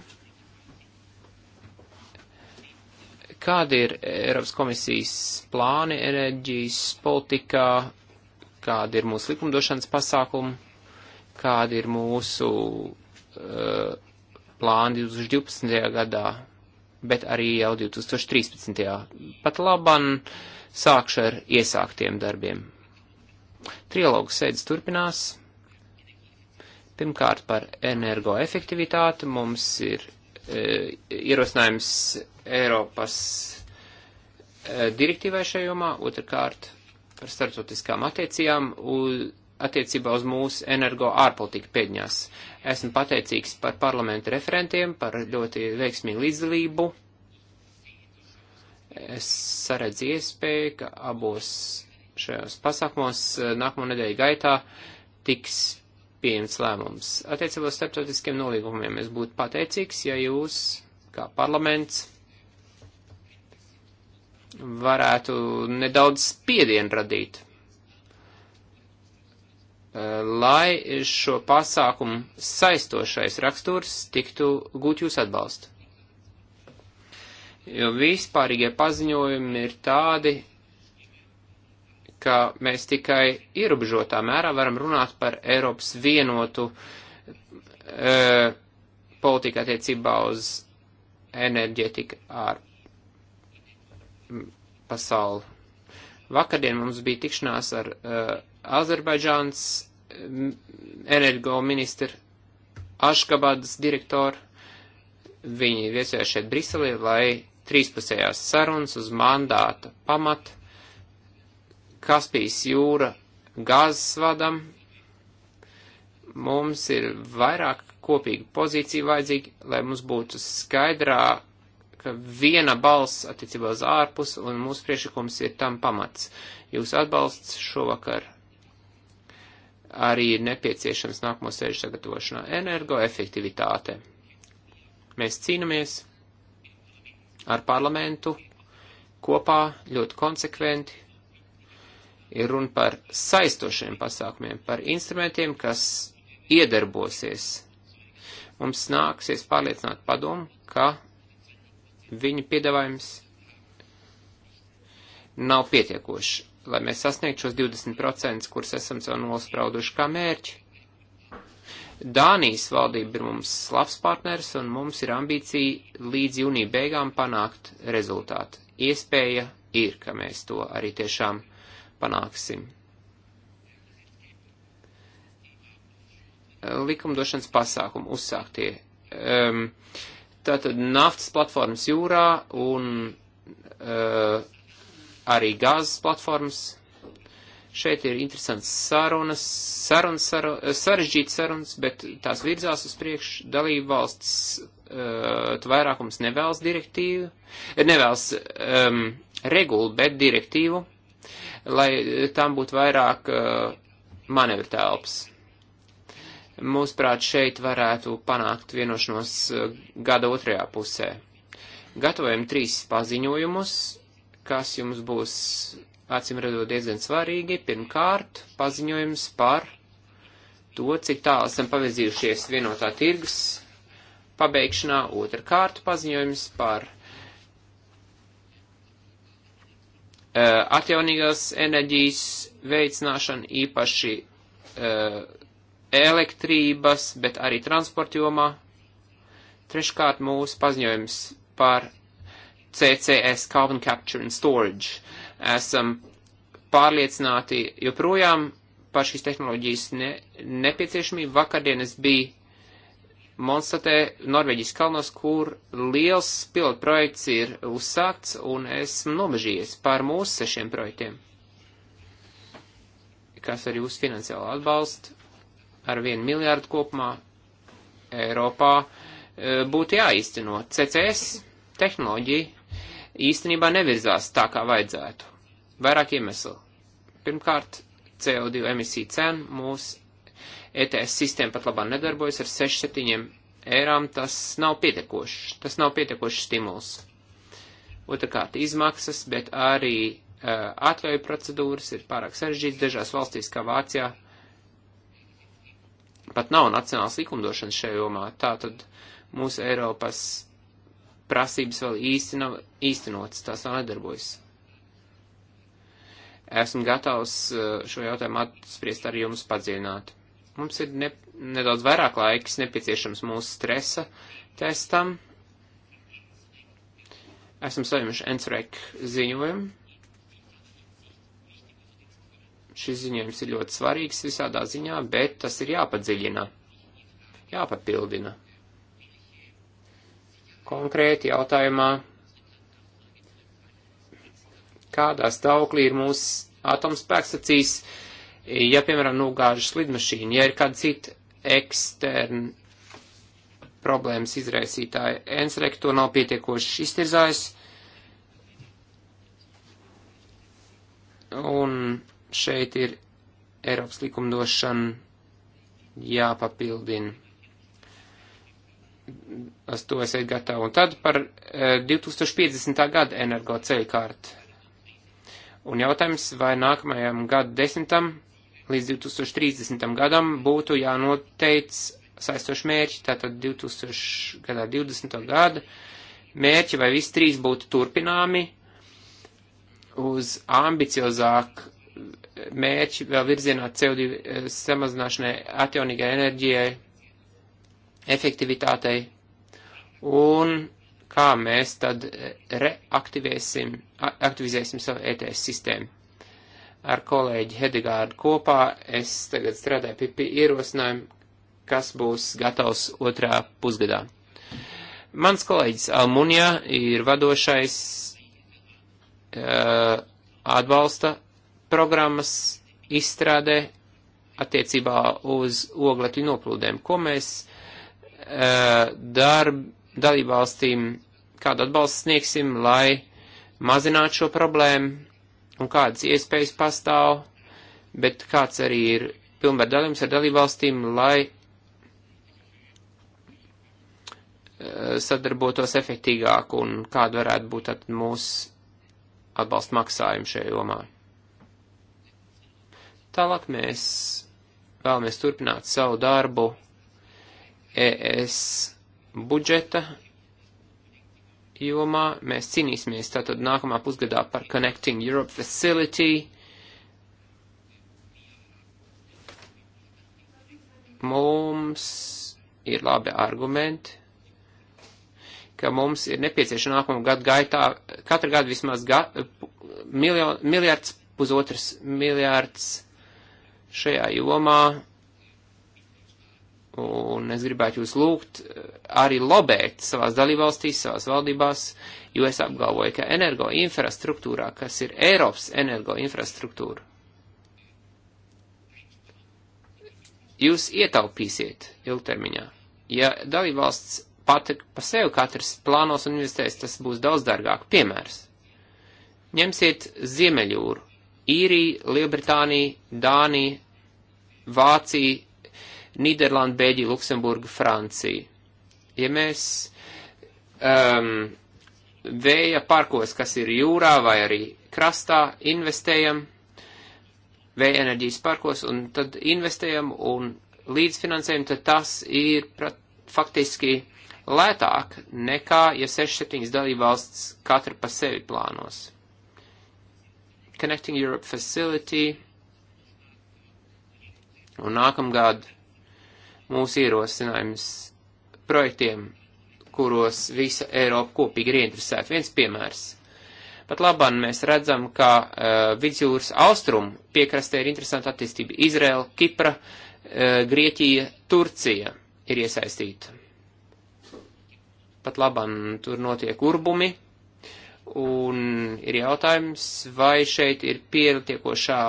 Kādi ir Eiropas komisijas plāni enerģijas politikā, kādi ir mūsu likumdošanas pasākumi, kādi ir mūsu uh, plāni 2012. gadā, bet arī jau 2013. Pat laban sākšu ar iesāktiem darbiem. Trialogu sēdes turpinās. Pirmkārt par energoefektivitāti mums ir Eh, ierosinājums Eiropas eh, direktīvai šajomā, otrkārt par starptautiskām attiecībām attiecībā uz mūsu energo ārpolitiku pēdņās. Esmu pateicīgs par parlamentu referentiem, par ļoti veiksmīgu līdzdalību. Es saredzu iespēju, ka abos šajos pasākumos eh, nākamo nedēļu gaitā tiks pieņemts lēmums. Attiecībā uz starptautiskiem nolīgumiem es būtu pateicīgs, ja jūs, kā parlaments, varētu nedaudz spiedienu radīt, eh, lai šo pasākumu saistošais raksturs tiktu gūt jūs atbalstu. Jo vispārīgie paziņojumi ir tādi, ka mēs tikai ierobežotā mērā varam runāt par Eiropas vienotu e, politiku attiecībā uz enerģētiku ar pasauli. Vakardien mums bija tikšanās ar e, Azerbaidžāns energo ministru Aškabadas direktoru. Viņi viesoja šeit Briselī, lai trīspusējās sarunas uz mandāta pamata Kaspijas jūra gāzes vadam. Mums ir vairāk kopīga pozīcija vajadzīga, lai mums būtu skaidrā, ka viena balss attiecībā uz ārpus un mūsu priešakums ir tam pamats. Jūs atbalsts šovakar arī ir nepieciešams nākamo sēžu sagatavošanā energoefektivitāte. Mēs cīnamies ar parlamentu kopā ļoti konsekventi ir runa par saistošiem pasākumiem, par instrumentiem, kas iedarbosies. Mums nāksies pārliecināt padomu, ka viņu piedāvājums nav pietiekošs, lai mēs sasniegtu šos 20%, kurus esam sev nosprauduši kā mērķi. Dānijas valdība ir mums labs partners un mums ir ambīcija līdz jūnija beigām panākt rezultātu. Iespēja ir, ka mēs to arī tiešām panāksim panāksim. Likumdošanas pasākumu uzsāktie. Um, tātad naftas platformas jūrā un uh, arī gāzes platformas. Šeit ir interesants sarunas, sarunas, sarunas sarežģīts sarunas, bet tās virzās uz priekšu. Dalību valsts uh, vairākums nevēlas direktīvu, nevēlas um, regulu, bet direktīvu lai tam būtu vairāk uh, manevru telpas. Mūsuprāt, šeit varētu panākt vienošanos uh, gada otrajā pusē. Gatavojam trīs paziņojumus, kas jums būs acīm redzot diezgan svarīgi. Pirmkārt, paziņojums par to, cik tālu esam pavirzījušies vienotā tirgus pabeigšanā. Otrakārt, paziņojums par Eh, atjaunīgās enerģijas veicināšana, īpaši eh, elektrības, bet arī transporta jomā. Treškārt mūsu paziņojums par CCS, Carbon Capture and Storage. Esam pārliecināti joprojām par šīs tehnoloģijas ne, nepieciešamību. Vakardien es biju Monstatē, Norvēģijas kalnos, kur liels pilotu projekts ir uzsākts, un esmu nobežījies par mūsu sešiem projektiem, kas ar jūsu finansiālo atbalstu ar vienu miljārdu kopumā Eiropā e, būtu jāīsteno. CCS tehnoloģija īstenībā nevirzās tā, kā vajadzētu. Vairāk iemeslu. Pirmkārt, CO2 emisiju cena mūs ETS sistēma pat labāk nedarbojas ar 6-7 eirām, tas nav pietiekošs, tas nav pietiekošs stimuls. Otrakārt, izmaksas, bet arī uh, atļauju procedūras ir pārāk sarežģītas dažās valstīs, kā Vācijā. Pat nav nacionāls likumdošanas šajā jomā, tā tad mūsu Eiropas prasības vēl īsti nav īstenotas, tās vēl nedarbojas. Esmu gatavs e, šo jautājumu atspriest ar jums padziļināt. Mums ir ne, nedaudz vairāk laiks nepieciešams mūsu stresa testam. Esam saņemuši NSREK ziņojumu. Šis ziņojums ir ļoti svarīgs visādā ziņā, bet tas ir jāpadziļina, jāpapildina. Konkrēti jautājumā, kādā stāvoklī ir mūsu atomspēkstacijas, uh, ja, piemēram, nogāžas nu, lidmašīna, ja ir kāda cita eksterna problēmas izraisītāja, Ensrek to nav pietiekoši iztirzājis. Un šeit ir Eiropas likumdošana jāpapildina. Es to esmu gatavs. Un tad par 2050. Eh, gada energo ceļkārtu. Un jautājums, vai nākamajam gadu desmitam līdz 2030. gadam būtu jānoteic saistoši mērķi, tātad 2020. gada mērķi, vai visi trīs būtu turpināmi uz ambiciozāk mērķi vēl virzienā CO2 samazināšanai, atjaunīgai enerģijai, efektivitātei un kā mēs tad reaktivizēsim savu ETS sistēmu ar kolēģi Hedegārdu kopā es tagad strādāju pie, pie ierosinājumu, kas būs gatavs otrā pusgadā. Mans kolēģis Almunija ir vadošais uh, atbalsta programmas izstrādē attiecībā uz oglekļu noplūdēm, ko mēs uh, darb, dalībvalstīm kādu atbalstu sniegsim, lai mazinātu šo problēmu, un kādas iespējas pastāv, bet kāds arī ir pilnvar dalījums ar dalībvalstīm, lai eh, sadarbotos efektīgāk un kāda varētu būt tad mūsu atbalsta maksājumi šajā jomā. Tālāk mēs vēlamies turpināt savu darbu ES budžeta jomā mēs cīnīsimies tātad nākamā pusgadā par Connecting Europe Facility. Mums ir labi argumenti, ka mums ir nepieciešama nākamā gada gaitā katru gadu vismaz ga, miljo, miljards, pusotrs miljards šajā jomā Un es gribētu jūs lūgt eh, arī lobēt savās dalībvalstīs, savās valdībās, jo es apgalvoju, ka energo infrastruktūrā, kas ir Eiropas energo infrastruktūra, jūs ietaupīsiet ilgtermiņā. Ja dalībvalsts pati pa sevi katrs plānos un investēs, tas būs daudz dārgāk. Piemērs. Ņemsiet Ziemeļūru, Īriju, Lielbritāniju, Dāniju, Vāciju, Nīderlanda, Bēģija, Luksemburga, Francija. Ja mēs um, vēja parkos, kas ir jūrā vai arī krastā, investējam vēja enerģijas parkos un tad investējam un līdzfinansējam, tad tas ir prat, faktiski lētāk nekā, ja 6-7 dalībvalsts katra pa sevi plānos. Connecting Europe Facility un nākamgad mūsu ierosinājumus projektiem, kuros visa Eiropa kopīgi ir ieinteresēta. Viens piemērs. Pat labāk mēs redzam, ka uh, vidusjūras austrumu piekrastē ir interesanta attīstība. Izraela, Kipra, uh, Grieķija, Turcija ir iesaistīta. Pat labāk tur notiek urbumi. Un ir jautājums, vai šeit ir pietiekošā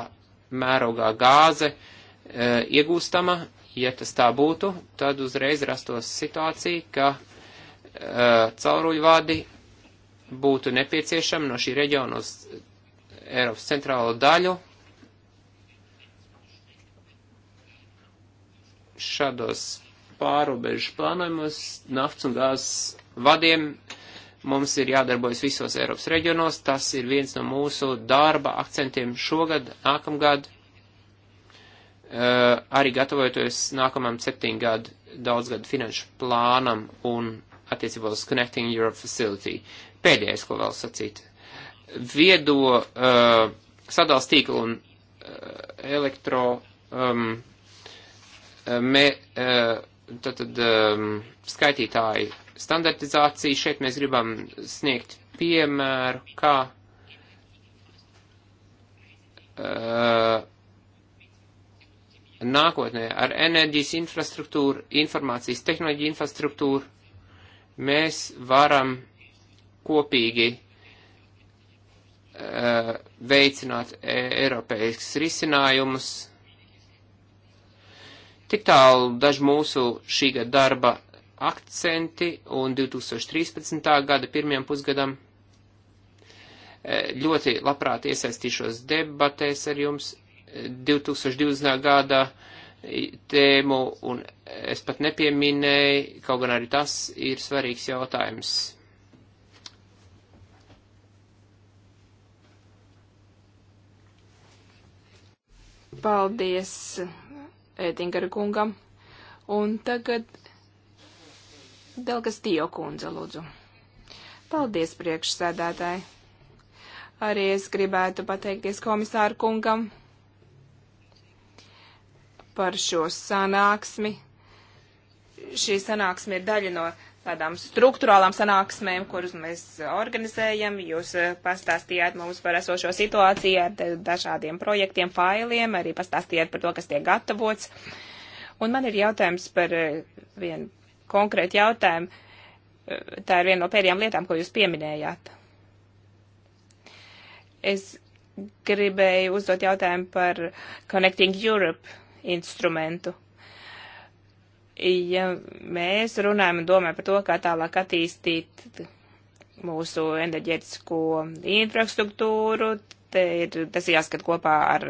mērogā gāze uh, iegūstama, ja tas tā būtu, tad uzreiz rastos situācija, ka uh, eh, cauruļvādi būtu nepieciešami no šī reģiona uz Eiropas centrālo daļu. Šādos pārobežu plānojumos nafts un gāzes vadiem mums ir jādarbojas visos Eiropas reģionos. Tas ir viens no mūsu darba akcentiem šogad, nākamgad Eh, arī gatavojoties nākamajam septiņu gadu daudzgadu finanšu plānam un attiecībā uz Connecting Europe Facility. Pēdējais, ko vēl sacīt. Viedo uh, sadals tīklu un uh, elektro um, me, uh, tātad, um, skaitītāju standartizāciju. Šeit mēs gribam sniegt piemēru, kā uh, nākotnē ar enerģijas infrastruktūru, informācijas tehnoloģiju infrastruktūru, mēs varam kopīgi uh, veicināt e, eiropeisks risinājumus. Tik tālu daži mūsu šī gada darba akcenti un 2013. gada pirmajam pusgadam e, ļoti labprāt iesaistīšos debatēs ar jums 2020. gada tēmu, un es pat nepieminēju, kaut gan arī tas ir svarīgs jautājums. Paldies Ēdingara kungam. Un tagad Delgas Dio kundze, lūdzu. Paldies priekšsēdētāji. Arī es gribētu pateikties komisāru kungam par šo sanāksmi. Šī sanāksme ir daļa no tādām struktūrālām sanāksmēm, kuras mēs organizējam. Jūs eh, pastāstījāt mums par esošo situāciju ar dažādiem projektiem, failiem, arī pastāstījāt par to, kas tiek gatavots. Un man ir jautājums par eh, vienu konkrētu jautājumu. Eh, tā ir viena no pēdējām lietām, ko jūs pieminējāt. Es gribēju uzdot jautājumu par Connecting Europe instrumentu. Ja mēs runājam un domājam par to, kā tālāk attīstīt mūsu enerģētisko infrastruktūru, te ir, tas ir jāskat kopā ar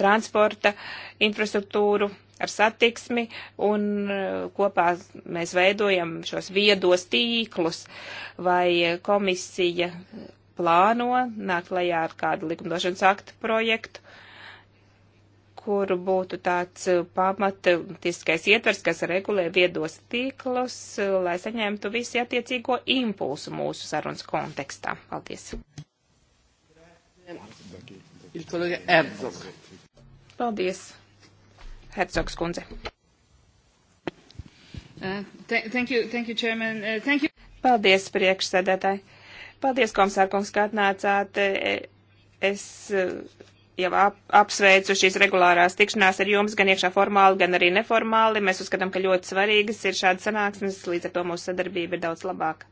transporta infrastruktūru, ar satiksmi, un eh, kopā mēs veidojam šos viedos tīklus, vai komisija plāno nākt klajā ar kādu likumdošanas aktu projektu, kur būtu tāds uh, pamatiskais ietvers, kas regulē viedos tīklus, uh, lai saņemtu visi attiecīgo impulsu mūsu sarunas kontekstā. Paldies. Paldies, Hercogs kundze. Uh, thank you, thank you, Chairman. Uh, thank you. Paldies, priekšsēdētāji. Paldies, komisārkungs, ka atnācāt. E, es jau ap, apsveicu šīs regulārās tikšanās ar jums, gan iekšā formāli, gan arī neformāli. Mēs uzskatām, ka ļoti svarīgas ir šādas sanāksmes, līdz ar to mūsu sadarbība ir daudz labāka.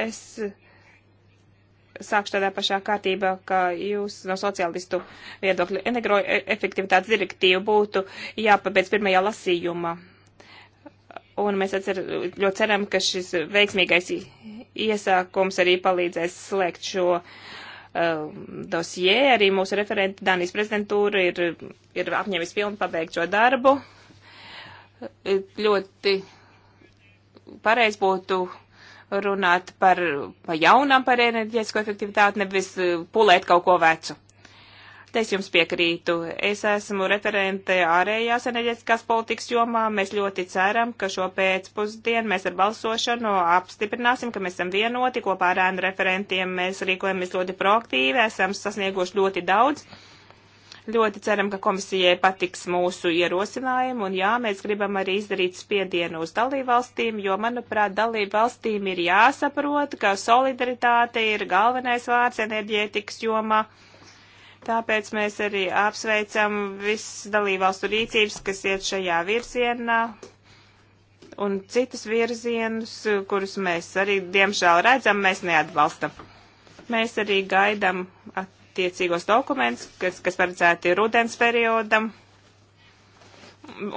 Es sākšu tādā pašā kārtībā, ka jūs no sociālistu viedokļa energoefektivitātes direktīvu būtu jāpabeidz pirmajā lasījumā. Un mēs atcer, ļoti ceram, ka šis veiksmīgais iesākums arī palīdzēs slēgt šo uh, dosie. Arī mūsu referenta Dānijas prezidentūra ir, ir apņēmis pilnu pabeigt šo darbu. Ļoti pareiz būtu runāt par, par jaunām, par enerģētisko efektivitāti, nevis uh, pulēt kaut ko vecu. Te es jums piekrītu. Es esmu referente ārējās enerģētiskās politikas jomā. Mēs ļoti ceram, ka šo pēcpusdienu mēs ar balsošanu apstiprināsim, ka mēs esam vienoti kopā ar ēnu referentiem. Mēs rīkojamies ļoti proaktīvi, esam sasnieguši ļoti daudz. Ļoti ceram, ka komisijai patiks mūsu ierosinājumu, un jā, mēs gribam arī izdarīt spiedienu uz dalībvalstīm, jo, manuprāt, dalībvalstīm ir jāsaprot, ka solidaritāte ir galvenais vārds enerģētikas jomā. Jo Tāpēc mēs arī apsveicam visas dalībvalstu rīcības, kas iet šajā virzienā un citus virzienus, kurus mēs arī, diemžēl, redzam, mēs neatbalstam. Mēs arī gaidam attiecīgos dokumentus, kas, kas paredzēti rudens periodam,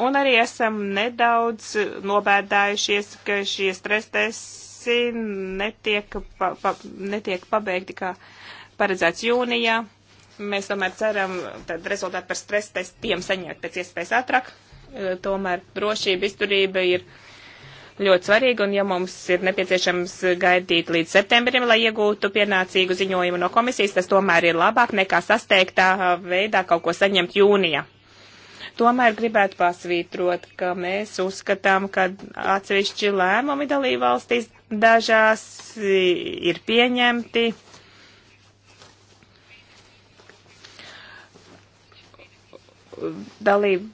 un arī esam nedaudz nobēdājušies, ka šie stresstesti netiek, pa, pa, netiek pabeigti kā paredzēts jūnijā. Mēs tomēr ceram tad rezultātu par stresa testiem saņemt pēc iespējas ātrāk. E, tomēr drošība, izturība ir ļoti svarīga, un ja mums ir nepieciešams gaidīt līdz septembrim, lai iegūtu pienācīgu ziņojumu no komisijas, tas tomēr ir labāk nekā sasteigtā e, veidā kaut ko saņemt jūnija. Tomēr gribētu pasvītrot, ka mēs uzskatām, ka atsevišķi lēmumi dalībvalstīs dažās ir pieņemti dalību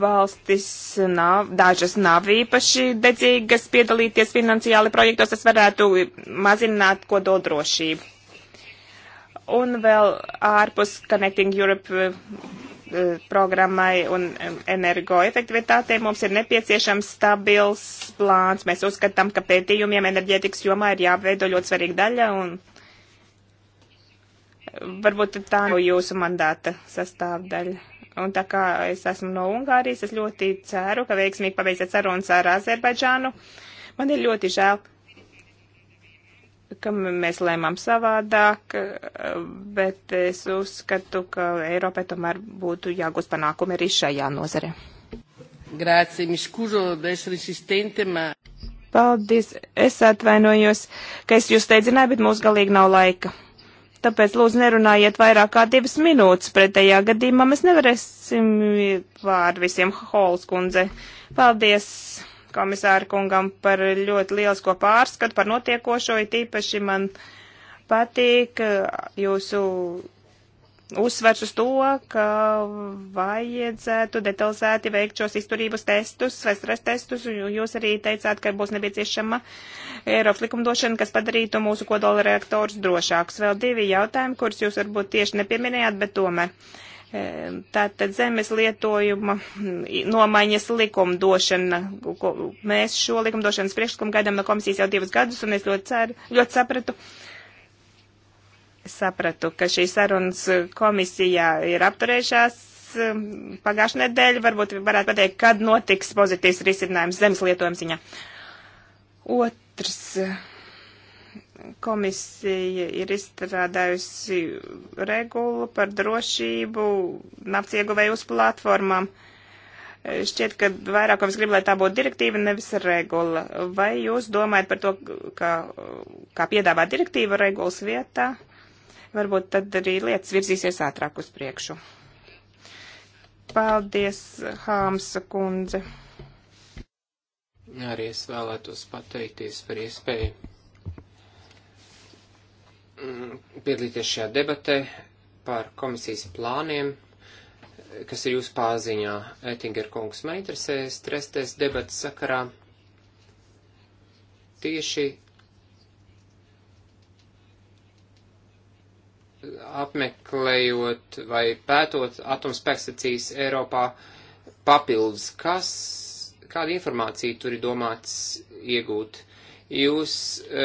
valstis nav, dažas nav īpaši dedzīgas piedalīties finansiāli projektos, tas varētu mazināt kodoldrošību. Un vēl ārpus Connecting Europe eh, programmai un energoefektivitātei mums ir nepieciešams stabils plāns. Mēs uzskatām, ka pētījumiem enerģētikas jomā ir jāveido ļoti svarīga daļa un eh, varbūt tā ir jūsu mandāta sastāvdaļa. Un tā kā es esmu no Ungārijas, es ļoti ceru, ka veiksmīgi pabeigsiet sarunas ar Azerbaidžānu. Man ir ļoti žēl, ka mēs lēmām savādāk, bet es uzskatu, ka Eiropai tomēr būtu jāgūst panākumi arī šajā nozare. Grāci, mi skužo, esmu insistente, ma... Paldies, es atvainojos, ka es jūs teidzināju, bet mums galīgi nav laika. Tāpēc lūdzu nerunājiet vairāk kā divas minūtes, pretējā gadījumā mēs nevarēsim vārdu visiem Hols kundze. Paldies komisāra kungam par ļoti lielisko pārskatu par notiekošo, it īpaši man patīk eh, jūsu uzsvers uz to, ka vajadzētu detalizēti veikt šos izturības testus vai stres testus. Jūs arī teicāt, ka būs nepieciešama Eiropas likumdošana, kas padarītu mūsu kodola reaktorus drošākus. Vēl divi jautājumi, kurus jūs varbūt tieši nepieminējāt, bet tomēr. Ehm, tātad zemes lietojuma nomaiņas likumdošana. Mēs šo likumdošanas priekšlikumu gaidām no komisijas jau divus gadus, un es ļoti ceru, ļoti sapratu, sapratu, ka šīs sarunas komisijā ir apturējušās um, pagājušā nedēļa. Varbūt varētu pateikt, kad notiks pozitīvs risinājums zemes lietojuma ziņā. Otrs. Uh, komisija ir izstrādājusi regulu par drošību nafts ieguvēju uz platformām. Šķiet, ka vairāk mums grib, lai tā būtu direktīva, nevis regula. Vai jūs domājat par to, kā, kā piedāvāt direktīvu regulas vietā? Uh, varbūt tad arī lietas virzīsies ātrāk uz priekšu. Paldies, Hāmsa kundze. Arī es vēlētos pateikties par iespēju mm, piedalīties šajā debatē par komisijas plāniem kas ir jūsu pāziņā, Ētinger kungs, man interesē stresstest debatas sakarā tieši apmeklējot vai pētot atomspēkstacijas Eiropā papildus. Kas, kāda informācija tur ir domāts iegūt? Jūs e,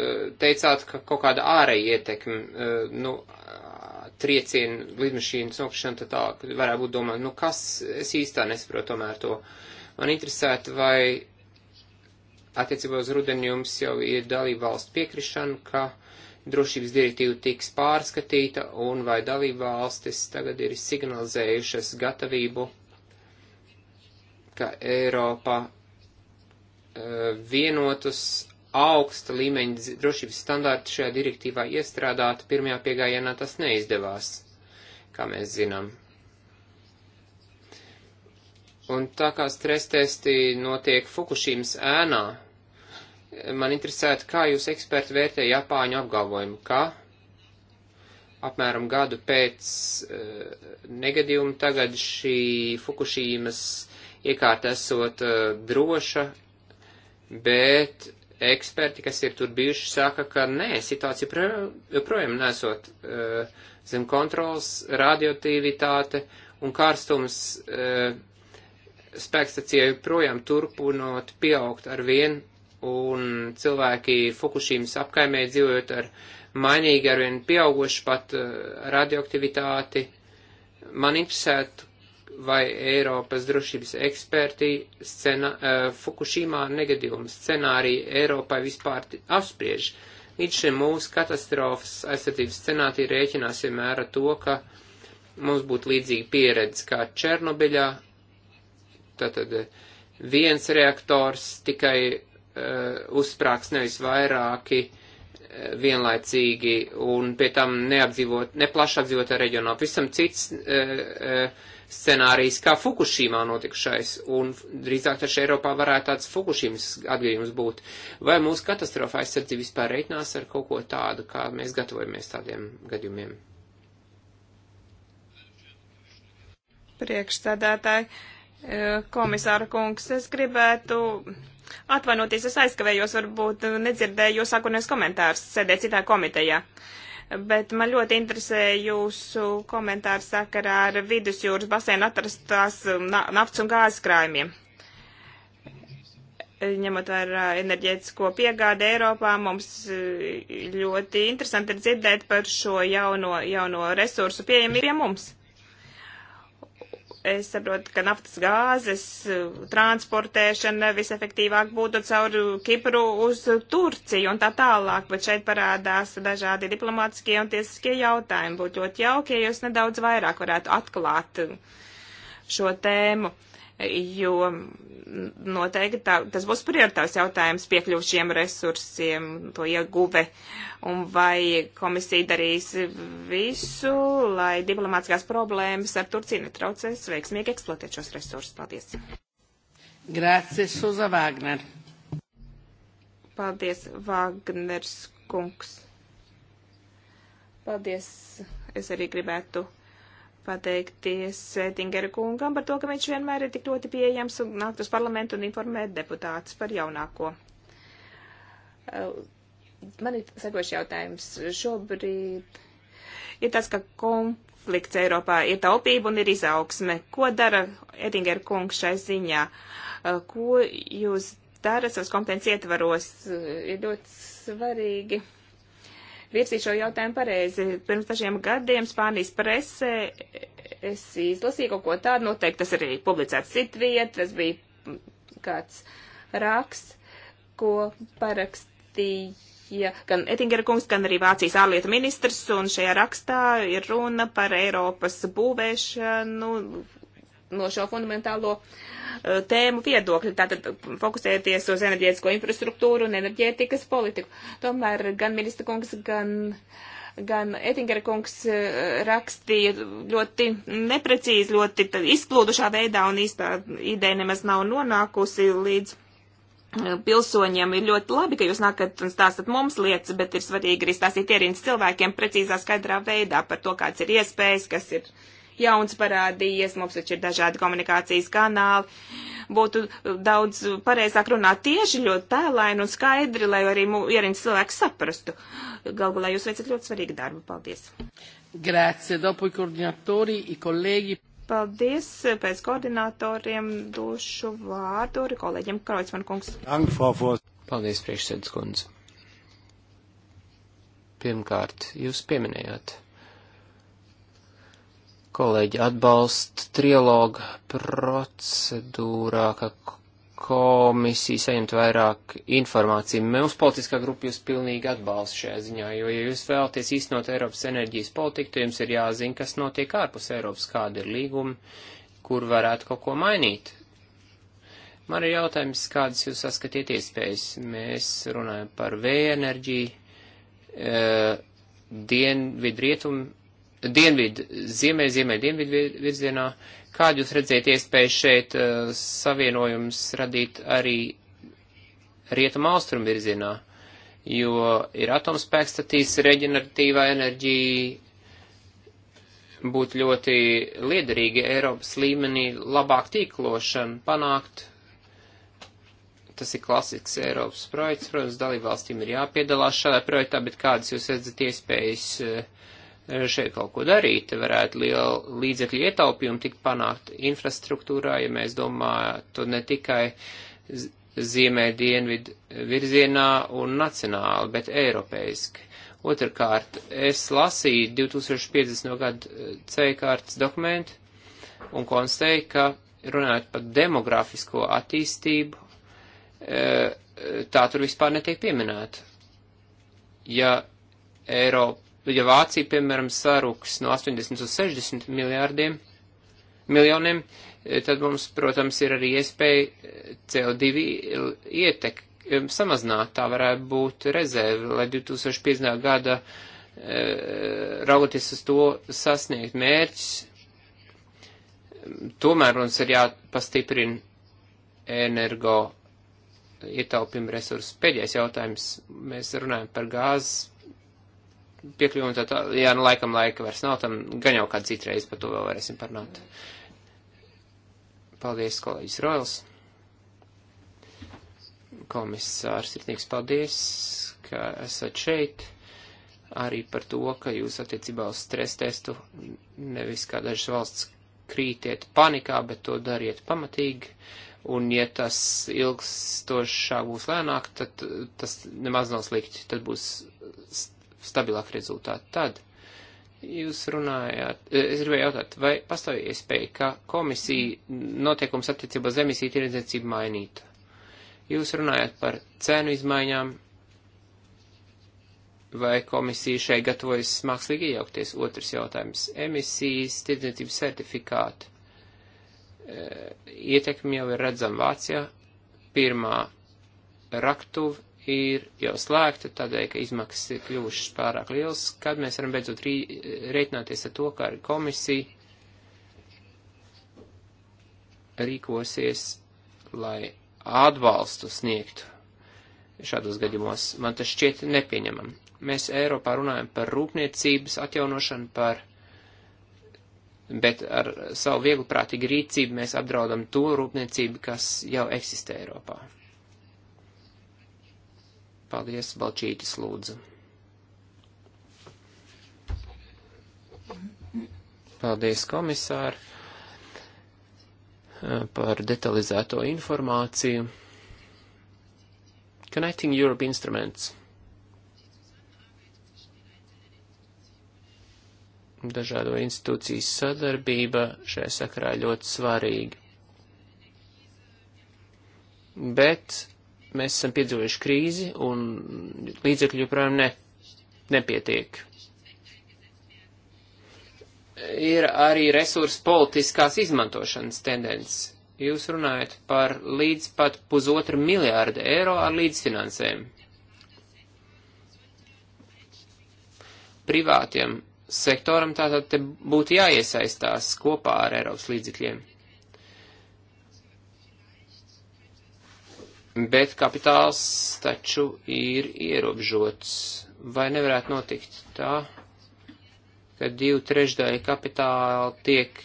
e, teicāt, ka kaut kāda ārēja ietekme, e, nu, triecienu, lidmašīnu nokrišana, tad tā varētu būt domāta, nu, kas, es īstā nesaprotu tomēr to. Man interesētu, vai attiecībā uz rudeni jums jau ir dalība valsts piekrišana, ka uh, drošības direktīva tiks pārskatīta un vai dalība valstis tagad ir signalizējušas gatavību, ka Eiropa eh, vienotus augsta līmeņa drošības standārtu šajā direktīvā iestrādāt, pirmajā piegājienā tas neizdevās, kā mēs zinām. Un tā kā stresstesti notiek Fukušīmas ēnā, man interesētu, kā jūs eksperti vērtē Japāņu apgalvojumu, ka apmēram gadu pēc uh, negadījuma tagad šī Fukushīmas iekārta esot uh, droša, bet eksperti, kas ir tur bijuši, saka, ka nē, situācija pro, joprojām nesot uh, zem kontrols, radioaktivitāte un karstums uh, spēkstacijai joprojām turpinot pieaugt ar vienu un cilvēki Fukušīmas apkaimē dzīvojot ar mainīgi arvien pieauguši pat eh, radioaktivitāti. Man interesētu, vai Eiropas drošības eksperti scena, eh, Fukušīmā negadījuma scenāriju Eiropai vispār apspriež. Līdz šim mūsu katastrofas aizsardzības scenātī rēķinās vienmēr ar to, ka mums būtu līdzīga pieredze kā Černobiļā. Tātad eh, viens reaktors tikai Eh, uzsprāgs nevis vairāki eh, vienlaicīgi un pie tam neapdzīvot, neplaši apdzīvotā reģionā. Visam cits eh, scenārijs kā Fukushīmā notikušais, un drīzāk taču Eiropā varētu tāds Fukushīmas atgadījums būt. Vai mūsu katastrofa aizsardzība vispār reiķinās ar kaut ko tādu, kā mēs gatavojamies tādiem gadījumiem? Priekšstādātāji, komisāra kungs, es gribētu Atvainoties, es aizkavējos, varbūt nedzirdēju jūs sākotnējos komentārus, sēdēju citā komitejā. Bet man ļoti interesē jūsu komentārs sakarā ar vidusjūras basēnu atrastās um, na nafts un gāzes krājumiem. Ņemot vērā enerģētisko piegādi Eiropā, mums uh, ļoti interesanti ir dzirdēt par šo jauno, jauno resursu pieejamību pie mums es saprotu, ka naftas gāzes uh, transportēšana visefektīvāk būtu caur Kipru uz Turciju un tā tālāk, bet šeit parādās dažādi diplomātiskie un tiesiskie jautājumi. Būtu ļoti jauki, ja jūs nedaudz vairāk varētu atklāt šo tēmu jo noteikti tā, tas būs prioritārs jautājums piekļuvu šiem resursiem, to ieguve, un vai komisija darīs visu, lai diplomātiskās problēmas ar Turciju netraucēs veiksmīgi eksploatēt šos resursus. Paldies. Grācie, Suza Vāgner. Paldies, Vāgners kungs. Paldies. Es arī gribētu pateikties Tingera kungam par to, ka viņš vienmēr ir tik ļoti pieejams un nākt uz parlamentu un informēt deputātus par jaunāko. Uh, man ir sekoši jautājums. Šobrīd ir tas, ka konflikts Eiropā ir taupība un ir izaugsme. Ko dara Ettinger kungs šai ziņā? Uh, ko jūs darat savas kompetences ietvaros? Uh, ir ļoti svarīgi virsīt šo jautājumu pareizi. Pirms dažiem gadiem Spānijas presē es izlasīju kaut ko tādu, noteikti nu, tas arī publicēts citviet, tas bija kāds raksts, ko parakstīja gan Ettingera kungs, gan arī Vācijas ārlietu ministrs, un šajā rakstā ir runa par Eiropas būvēšanu, no šo fundamentālo uh, tēmu viedokļa, tātad fokusēties uz enerģētisko infrastruktūru un enerģētikas politiku. Tomēr gan ministra kungs, gan, gan Ettingera kungs uh, rakstīja ļoti neprecīzi, ļoti izplūdušā veidā un īstā ideja nemaz nav nonākusi līdz eh, pilsoņiem ir ļoti labi, ka jūs nākat un stāstat mums lietas, bet ir svarīgi arī stāstīt ierīnas cilvēkiem precīzā skaidrā veidā par to, kāds ir iespējas, kas ir jauns parādījies, mums taču ir dažādi komunikācijas kanāli. Būtu daudz pareizāk runāt tieši ļoti tēlaini un skaidri, lai arī ierins cilvēks saprastu. Galvā jūs veicat ļoti svarīgu darbu. Paldies! Grazie, dopo i koordinatori, i kolēģi. Paldies, pēc koordinatoriem došu vārdu arī kolēģiem Kreutzmann kungs. Paldies, priekšsēdus kundze. Pirmkārt, jūs pieminējāt kolēģi atbalsta trilogu procedūrā, ka komisija saņemt vairāk informāciju. Mums politiskā grupa jūs pilnīgi atbalsta šajā ziņā, jo, ja jūs vēlaties īstenot Eiropas enerģijas politiku, tad jums ir jāzina, kas notiek ārpus Eiropas, kāda ir līguma, kur varētu kaut ko mainīt. Man ir jautājums, kādas jūs saskatiet iespējas. Mēs runājam par vēja enerģiju, e, dienvidrietumu dienvidu, ziemē, ziemē, dienvidu virzienā. Kādu jūs redzēt iespēju šeit uh, savienojums radīt arī rietumu austrumu virzienā? Jo ir atomspēkstatīs reģeneratīvā enerģija būtu ļoti liederīga Eiropas līmenī labāk tīklošana panākt. Tas ir klasisks Eiropas projekts, protams, dalībvalstīm ir jāpiedalās šādā projektā, bet kādas jūs redzat iespējas uh, Eh, šeit kaut ko darīt, varētu lielu līdzekļu ietaupījumu tikt panākt infrastruktūrā, ja mēs domātu ne tikai ziemē dienvidu virzienā un nacionāli, bet eiropeiski. Otrakārt, es lasīju 2050. gadu eh, C kārtas dokumentu un konstēju, ka runājot par demografisko attīstību, eh, tā tur vispār netiek pieminēta. Ja Eiropa ja Vācija, piemēram, saruks no 80 uz 60 miljārdiem, miljoniem, e, tad mums, protams, ir arī iespēja e, CO2 ietek e, samazināt. Tā varētu būt rezerve, lai 2050. gada raugoties uz to sasniegt mērķis. Tomēr mums ir jāpastiprina energo ietaupījuma resursus. Pēdējais jautājums. Mēs runājam par gāzes piekļuvi un tā tā, jā, nu laikam laika vairs nav, tam gan jau kāds citreiz par to vēl varēsim parunāt. Paldies, kolēģis Roils. Komisārs Ritnieks, paldies, ka esat šeit. Arī par to, ka jūs attiecībā uz stres testu nevis kā dažas valsts krītiet panikā, bet to dariet pamatīgi un ja tas ilgstošāk būs lēnāk, tad tas nemaz nav slikti, tad būs stabilāku rezultātu. Tad jūs runājāt, eh, es gribēju jautāt, vai pastāv iespēja, ka komisija noteikums attiecībā uz emisiju tirdzniecību mainītu? Jūs runājat par cēnu izmaiņām, vai komisija šeit gatavojas mākslīgi iejaukties? Otrs jautājums - emisijas tirdzniecības certifikāti. Eh, ietekmi jau ir redzama Vācijā. Pirmā raktuve ir jau slēgta, tādēļ, ka izmaksas ir kļuvušas pārāk lielas, kad mēs varam beidzot rēķināties ar to, kā arī komisija rīkosies, lai atbalstu sniegtu šādos gadījumos. Man tas šķiet nepieņemam. Mēs Eiropā runājam par rūpniecības atjaunošanu, par, bet ar savu viegluprātīgu rīcību mēs apdraudam to rūpniecību, kas jau eksistē Eiropā. Paldies, Balčītis lūdzu. Paldies, komisār, par detalizēto informāciju. Connecting Europe Instruments. Dažādo institūciju sadarbība šajā sakarā ļoti svarīga. Bet mēs esam piedzīvojuši krīzi un līdzekļi joprojām ne, nepietiek. Ir arī resursu politiskās izmantošanas tendence. Jūs runājat par līdz pat pusotru miljārdu eiro ar līdzfinansēm. Privātiem sektoram tātad te būtu jāiesaistās kopā ar Eiropas līdzekļiem. Bet kapitāls taču ir ierobežots. Vai nevarētu notikt tā, ka divi trešdaļi kapitāla tiek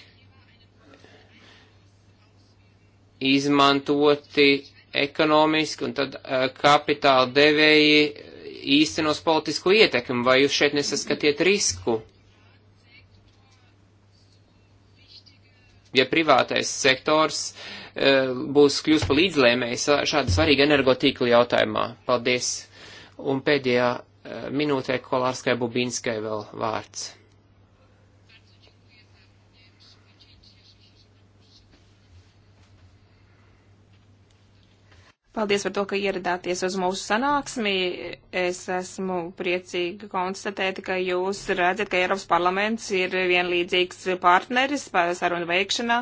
izmantoti ekonomiski, un tad uh, kapitāla devēji īstenos politisko ietekmi, vai jūs šeit nesaskatiet risku? ja privātais sektors e, būs kļūst par līdzlēmēju šāda svarīga energotīkla jautājumā. Paldies! Un pēdējā e, minūtē Kolārskai Bubīnskai vēl vārds. Paldies par to, ka ieradāties uz mūsu sanāksmi. Es esmu priecīga konstatēt, ka jūs redzat, ka Eiropas parlaments ir vienlīdzīgs partneris sarunu veikšanā,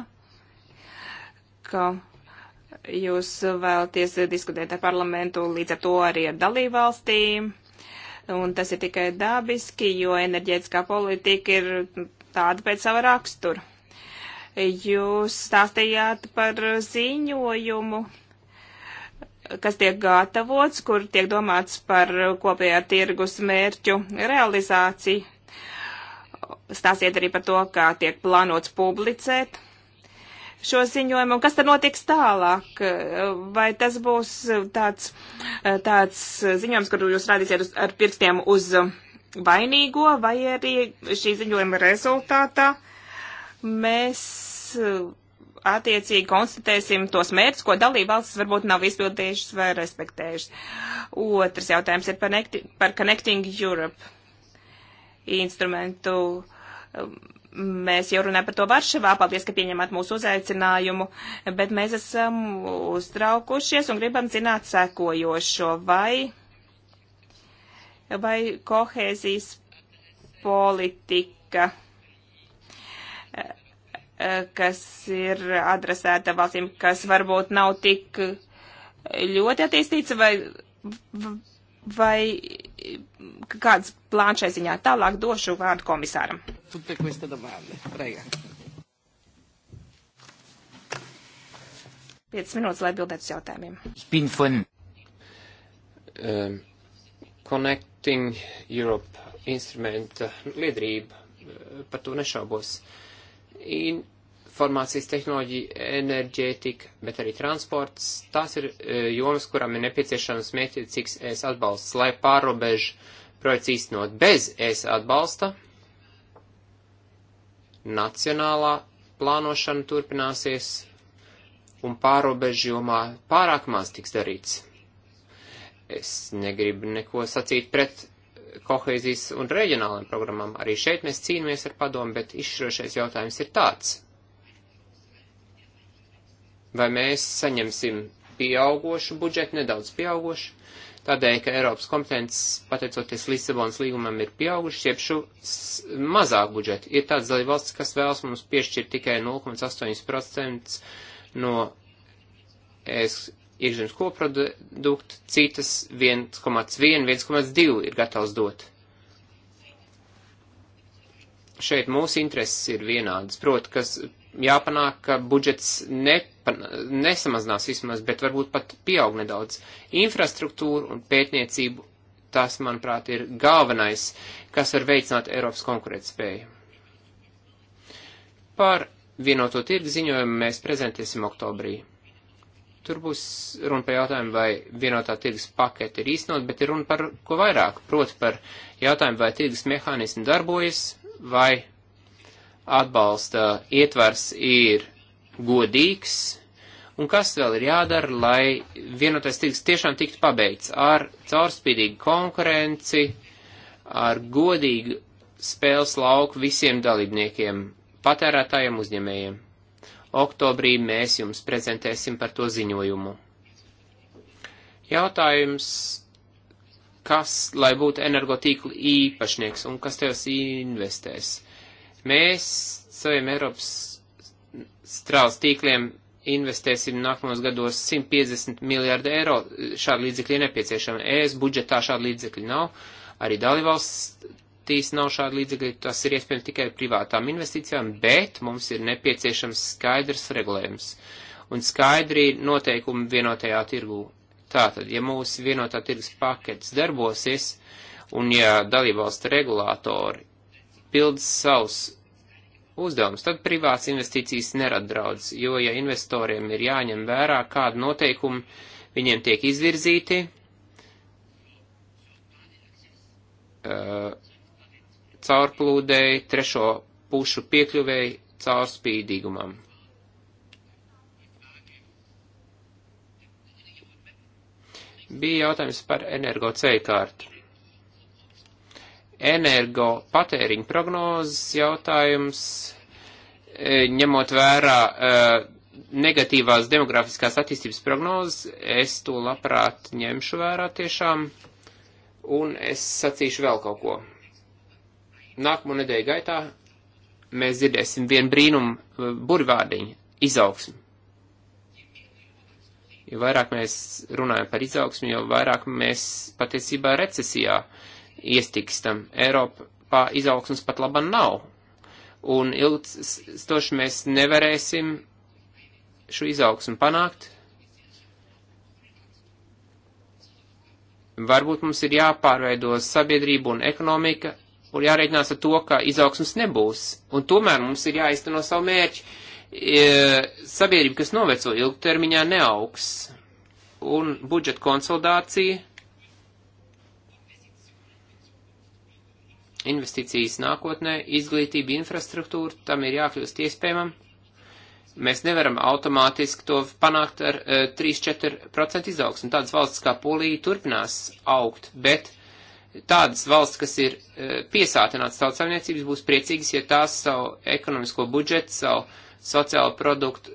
ka jūs vēlaties diskutēt ar parlamentu, līdz ar to arī ar dalībvalstīm. Un tas ir tikai dabiski, jo enerģētiskā politika ir tāda pēc sava rakstura. Jūs stāstījāt par ziņojumu kas tiek gatavots, kur tiek domāts par kopējā tirgus mērķu realizāciju. Stāsiet arī par to, kā tiek plānots publicēt šo ziņojumu, un kas tad notiks tālāk? Vai tas būs tāds, tāds ziņojums, kur jūs rādīsiet uz, ar pirkstiem uz vainīgo, vai arī šī ziņojuma rezultātā mēs attiecīgi konstatēsim tos mērķus, ko dalībvalstis varbūt nav izpildījušas vai respektējušas. Otrs jautājums ir par, nekti, par Connecting Europe instrumentu. Mēs jau runājam par to Varšavā, paldies, ka pieņemat mūsu uzaicinājumu, bet mēs esam uztraukušies un gribam zināt sekojošo, vai, vai kohēzijas politika kas ir adresēta valstīm, kas varbūt nav tik ļoti attīstīts, vai, vai kāds plāns šai ziņā. Tālāk došu vārdu komisāram. Piecas minūtes, lai atbildētu uz jautājumiem. Um, Connecting Europe instrumenta eh, liedrība, eh, par to nešaubos. Uh, informācijas tehnoloģija, enerģētika, bet arī transports. Tās ir e, jomas, kurām ir nepieciešams mērķiecīgs ES atbalsts, lai pārobežu projekts īstenot bez ES atbalsta. Nacionālā plānošana turpināsies un pārobežu jomā pārāk maz tiks darīts. Es negribu neko sacīt pret kohēzijas un reģionālajām programmām. Arī šeit mēs cīnāmies ar padomu, bet izšķirošais jautājums ir tāds. Vai mēs saņemsim pieaugošu budžetu, nedaudz pieaugošu, tādēļ, ka Eiropas kompetences, pateicoties Lisabonas līgumam, ir pieaugušas, jeb šo mazāk budžetu. Ir tāds dalībvalsts, kas vēlas mums piešķirt tikai 0,8% no es iekšzemes koproduktu, citas 1,1, 1,2 ir gatavs dot. Šeit mūsu intereses ir vienādas. Proti, kas jāpanāk, ka budžets ne, nesamazinās vismaz, bet varbūt pat pieaug nedaudz. Infrastruktūra un pētniecību tas, manuprāt, ir galvenais, kas var veicināt Eiropas konkurētspēju. Par vienoto tirgu ziņojumu mēs prezentēsim oktobrī. Tur būs runa par jautājumu, vai vienotā tirgus pakete ir īstenot, bet ir runa par ko vairāk. Proti par jautājumu, vai tirgus mehānismi darbojas, vai atbalsta ietvars ir godīgs, un kas vēl ir jādara, lai vienotais tirgus tiešām tiktu pabeigts ar caurspīdīgu konkurenci, ar godīgu spēles lauku visiem dalībniekiem, patērētājiem, uzņēmējiem. Oktobrī mēs jums prezentēsim par to ziņojumu. Jautājums, kas, lai būtu energotīkli īpašnieks un kas tevs investēs? Mēs saviem Eiropas strāls tīkliem investēsim nākamos gados 150 miljārdu eiro. Šādi līdzekļi ir nepieciešami. ES budžetā šādi līdzekļi nav. Arī dalībvalsts tīs nav šādi līdzekļi, tas ir iespējams tikai privātām investīcijām, bet mums ir nepieciešams skaidrs regulējums un skaidri noteikumi vienotajā tirgū. Tātad, ja mūsu vienotā tirgus pakets darbosies un ja dalībvalstu regulātori pilds savus uzdevumus, tad privāts investīcijas nerad draudz, jo ja investoriem ir jāņem vērā, kādu noteikumu viņiem tiek izvirzīti, uh, caurplūdēji, trešo pušu piekļuvēji caurspīdīgumam. Bija jautājums par energo ceļkārtu. Energo patēriņu prognozes jautājums, e, ņemot vērā e, negatīvās demografiskās attīstības prognozes, es to labprāt ņemšu vērā tiešām, un es sacīšu vēl kaut ko nākamo nedēļu gaitā mēs dzirdēsim vienu brīnumu eh, burvārdiņu - izaugsmi. Jo vairāk mēs runājam par izaugsmi, jo vairāk mēs patiesībā recesijā iestikstam. Eiropā izaugsmas pat laba nav. Un ilgstoši mēs nevarēsim šo izaugsmu panākt. Varbūt mums ir jāpārveido sabiedrība un ekonomika un jārēķinās ar to, ka izaugsmas nebūs. Un tomēr mums ir jāizteno savu mērķi. E, sabiedrība, kas noveco ilgtermiņā, neaugs. Un budžeta konsolidācija, investīcijas nākotnē, izglītība, infrastruktūra, tam ir jākļūst iespējamam. Mēs nevaram automātiski to panākt ar e, 3-4% izaugsmu. Tādas valsts kā Polija turpinās augt, bet tādas valsts, kas ir e, piesātināts tautsāvniecības, būs priecīgas, ja tās savu ekonomisko budžetu, savu sociālo produktu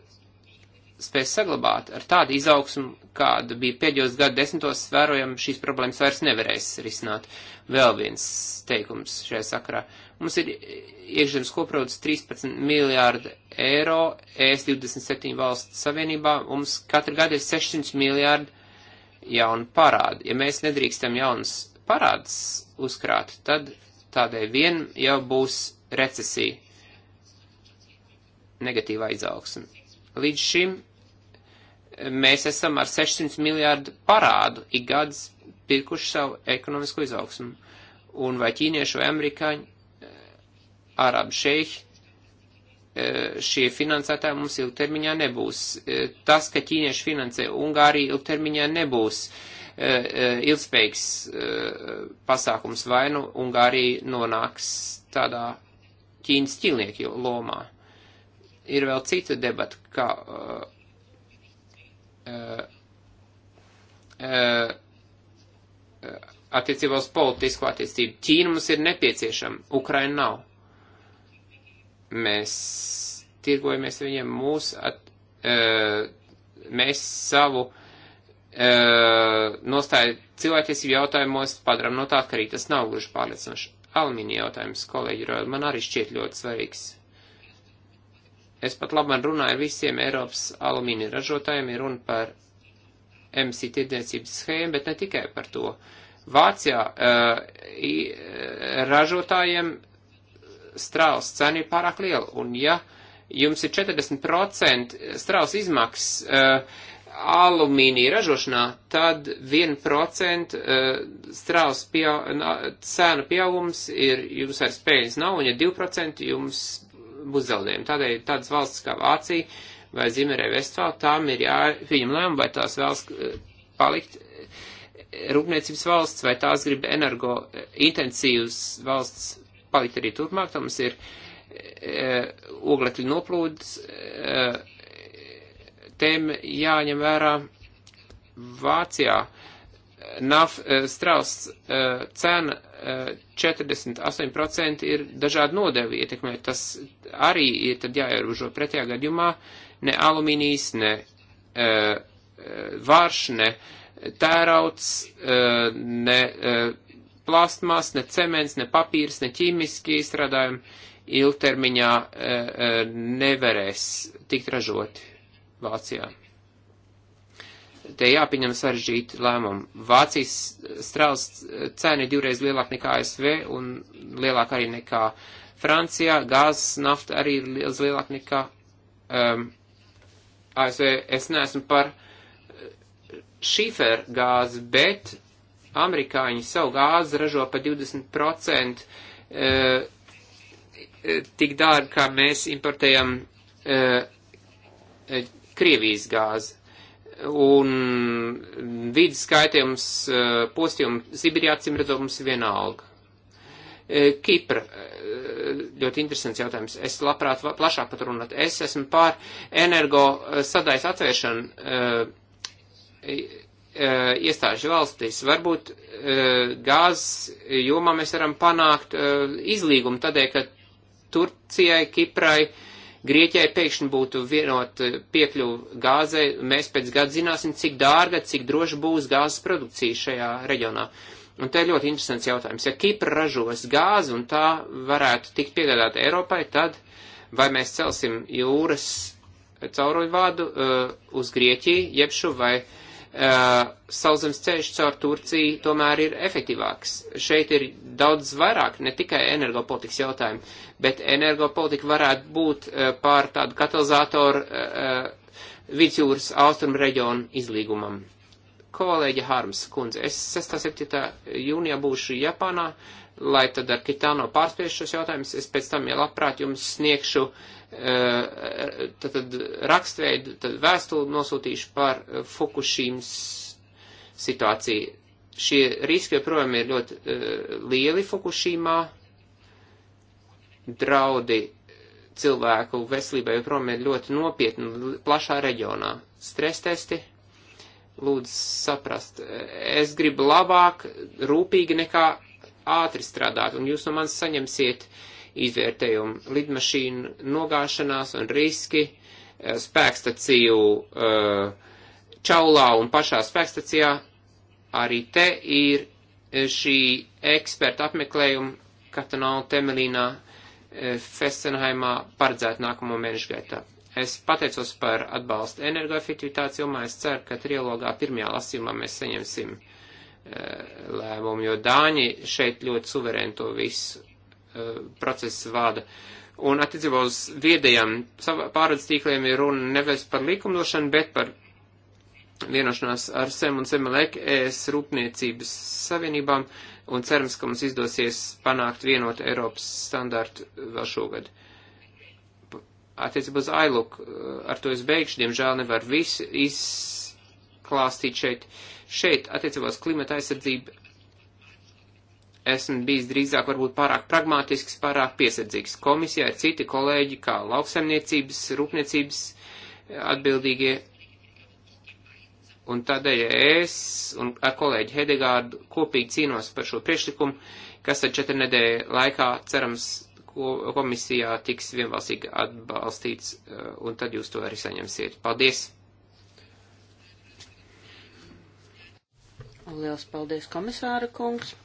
spēs saglabāt. Ar tādu izaugsmu, kāda bija pēdējos gadu desmitos, vērojam, šīs problēmas vairs nevarēs risināt. Vēl viens teikums šajā sakarā. Mums ir iekšzemes koprodus 13 miljārdi eiro, ES 27 valsts savienībā, mums katru gadu ir 600 miljārdi jaunu parādu. Ja mēs nedrīkstam jaunas parāds uzkrāt, tad tādēļ vien jau būs recesija, negatīva izaugsme. Līdz šim eh, mēs esam ar 600 miljārdu parādu ik gads pirkuši savu ekonomisko izaugsmu. Un vai ķīnieši vai amerikāņi, eh, arabu šeihi, eh, šie finansētāji mums ilgtermiņā nebūs. Tas, ka ķīnieši finansē Ungāriju ilgtermiņā nebūs. Uh, E, ilgspējīgs e, pasākums vainu Ungārija nonāks tādā Ķīnas ķilnieku lomā. Ir vēl cita debata, kā uh, uh, uh, attiecībā uz politisko attīstību. Ķīna mums ir nepieciešama, Ukraina nav. Mēs tirgojamies viņiem mūsu, at, uh, mēs savu uh, nostāja cilvēktiesību jautājumos padaram no tā, ka arī tas nav gluži pārliecinoši. Almīni jautājums, kolēģi, man arī šķiet ļoti svarīgs. Es pat labāk runāju ar visiem Eiropas alumīni ražotājiem, ir runa par MC tirdzniecības schēmu, bet ne tikai par to. Vācijā uh, ražotājiem strāles cena ir pārāk liela, un ja jums ir 40% strāles izmaksas, uh, alumīnija ražošanā, tad 1% strāvas pieau, cēnu pieaugums ir, jums vairs peļņas nav, un ja 2% jums būs zaudējumi. Tādēļ tādas valsts kā Vācija vai Zimmerē Vestfāla, tām ir jāpieņem lēmumu, vai tās vēlas eh, palikt eh, rūpniecības valsts, vai tās grib energo eh, intensīvas valsts palikt arī turpmāk, tam mums ir e, oglekļu noplūdes. E, tēma jāņem vērā Vācijā. NAF eh, strausts eh, cena 48% eh, ir dažādi nodevi ietekmē. Tas arī ir tad jāierobežo pretējā gadījumā ne alumīnijas, ne vārš, ne tērauts, ne plastmas, ne cements, ne papīrs, ne ķīmiski izstrādājumi ilgtermiņā nevarēs tikt ražoti Vācijā. Te jāpieņem sarežģīti lēmumi. Vācijas strāles cena ir divreiz lielāka nekā ASV un lielāka arī nekā Francijā. Gāzes nafta arī ir liels lielāka nekā um, ASV. Es neesmu par uh, šiferu gāzi, bet amerikāņi savu gāzi ražo pa 20% uh, tik dārgi, kā mēs importējam uh, Krievijas gāzi. Un vidas skaitījums eh, postījumu Sibīrijā, cim redzot, mums vienalga. Eh, Kipra, eh, ļoti interesants jautājums. Es labprāt plašāk pat runāt. Es esmu pār energo sadaļas atvēršanu iestāžu valstīs. Varbūt gāzes jomā mēs varam panākt izlīgumu tādēļ, ka Turcijai, Kiprai, uh, Grieķijai pēkšņi būtu vienot eh, piekļuvu gāzei, mēs pēc gada zināsim, cik dārga, cik droši būs gāzes produkcija šajā reģionā. Un te ir ļoti interesants jautājums. Ja Kipra ražos gāzi un tā varētu tikt piegādāta Eiropai, tad vai mēs celsim jūras cauruļvādu uh, uz Grieķiju, jebšu vai uh, Uh, sauszemes ceļš caur Turciju tomēr ir efektīvāks. Šeit ir daudz vairāk, ne tikai energopolitikas jautājumi, bet energopolitika varētu būt uh, pār tādu katalizātoru uh, eh, vidusjūras austrumu reģionu izlīgumam. Kolēģi Harms, kundze, es 6.7. jūnijā būšu Japānā, lai tad ar Kitāno pārspiešu šos jautājumus. Es pēc tam, ja labprāt, jums sniegšu uh, tad, tad rakstveidu, tad vēstuli nosūtīšu par eh, Fukushīmas situāciju. Šie riski joprojām ir ļoti uh, lieli Fukushīmā, draudi cilvēku veselībai joprojām ir ļoti nopietni plašā reģionā. Stres testi, lūdzu saprast, eh, es gribu labāk, rūpīgi nekā ātri strādāt, un jūs no manis saņemsiet uh, izvērtējumu lidmašīnu nogāšanās un riski eh, spēkstaciju eh, Čaulā un pašā spēkstacijā. Arī te ir eh, šī eksperta apmeklējuma Katanāla Temelīnā Fessenheimā paredzēta nākamo mēnešu gaitā. Es pateicos par atbalstu energoefektivitātes jomā. Es ceru, ka trilogā pirmajā lasījumā mēs saņemsim lēmumu, jo Dāņi šeit ļoti suverēni to visu procesu vāda. Un attiecībā uz viedajiem pārredz tīkliem ir runa nevis par likumdošanu, bet par vienošanās ar SEM un SEMELEK ES rūpniecības savienībām un cerams, ka mums izdosies panākt vienotu Eiropas standārtu vēl šogad. Attiecībā uz ILUK, eh, ar to es beigšu, diemžēl nevar visu izklāstīt šeit. Šeit, attiecībā uz klimata aizsardzību, esmu bijis drīzāk varbūt pārāk pragmātisks, pārāk piesardzīgs. Komisijā ir citi kolēģi, kā lauksaimniecības, rūpniecības atbildīgie. Un tādēļ es un ar kolēģi Hedegārdu kopīgi cīnos par šo priekšlikumu, kas tad četri nedēļa laikā, cerams, komisijā tiks vienbalsīgi atbalstīts, eh, un tad jūs to arī saņemsiet. Paldies! Liels paldies, komisāra kungs!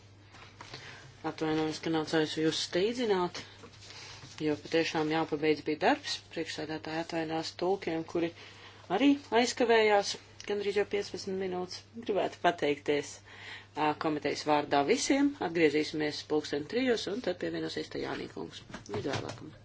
Atvainojos, ka nācājos jūs steidzināt, jo patiešām jāpabeidz bija darbs. Priekšsēdētāji atvainās tulkiem, kuri arī aizkavējās gandrīz jau 15 minūtes. Gribētu pateikties komitejas vārdā visiem. Atgriezīsimies pulksten trijos un tad pievienosies Tajānī kungs. Līdz vēlākam.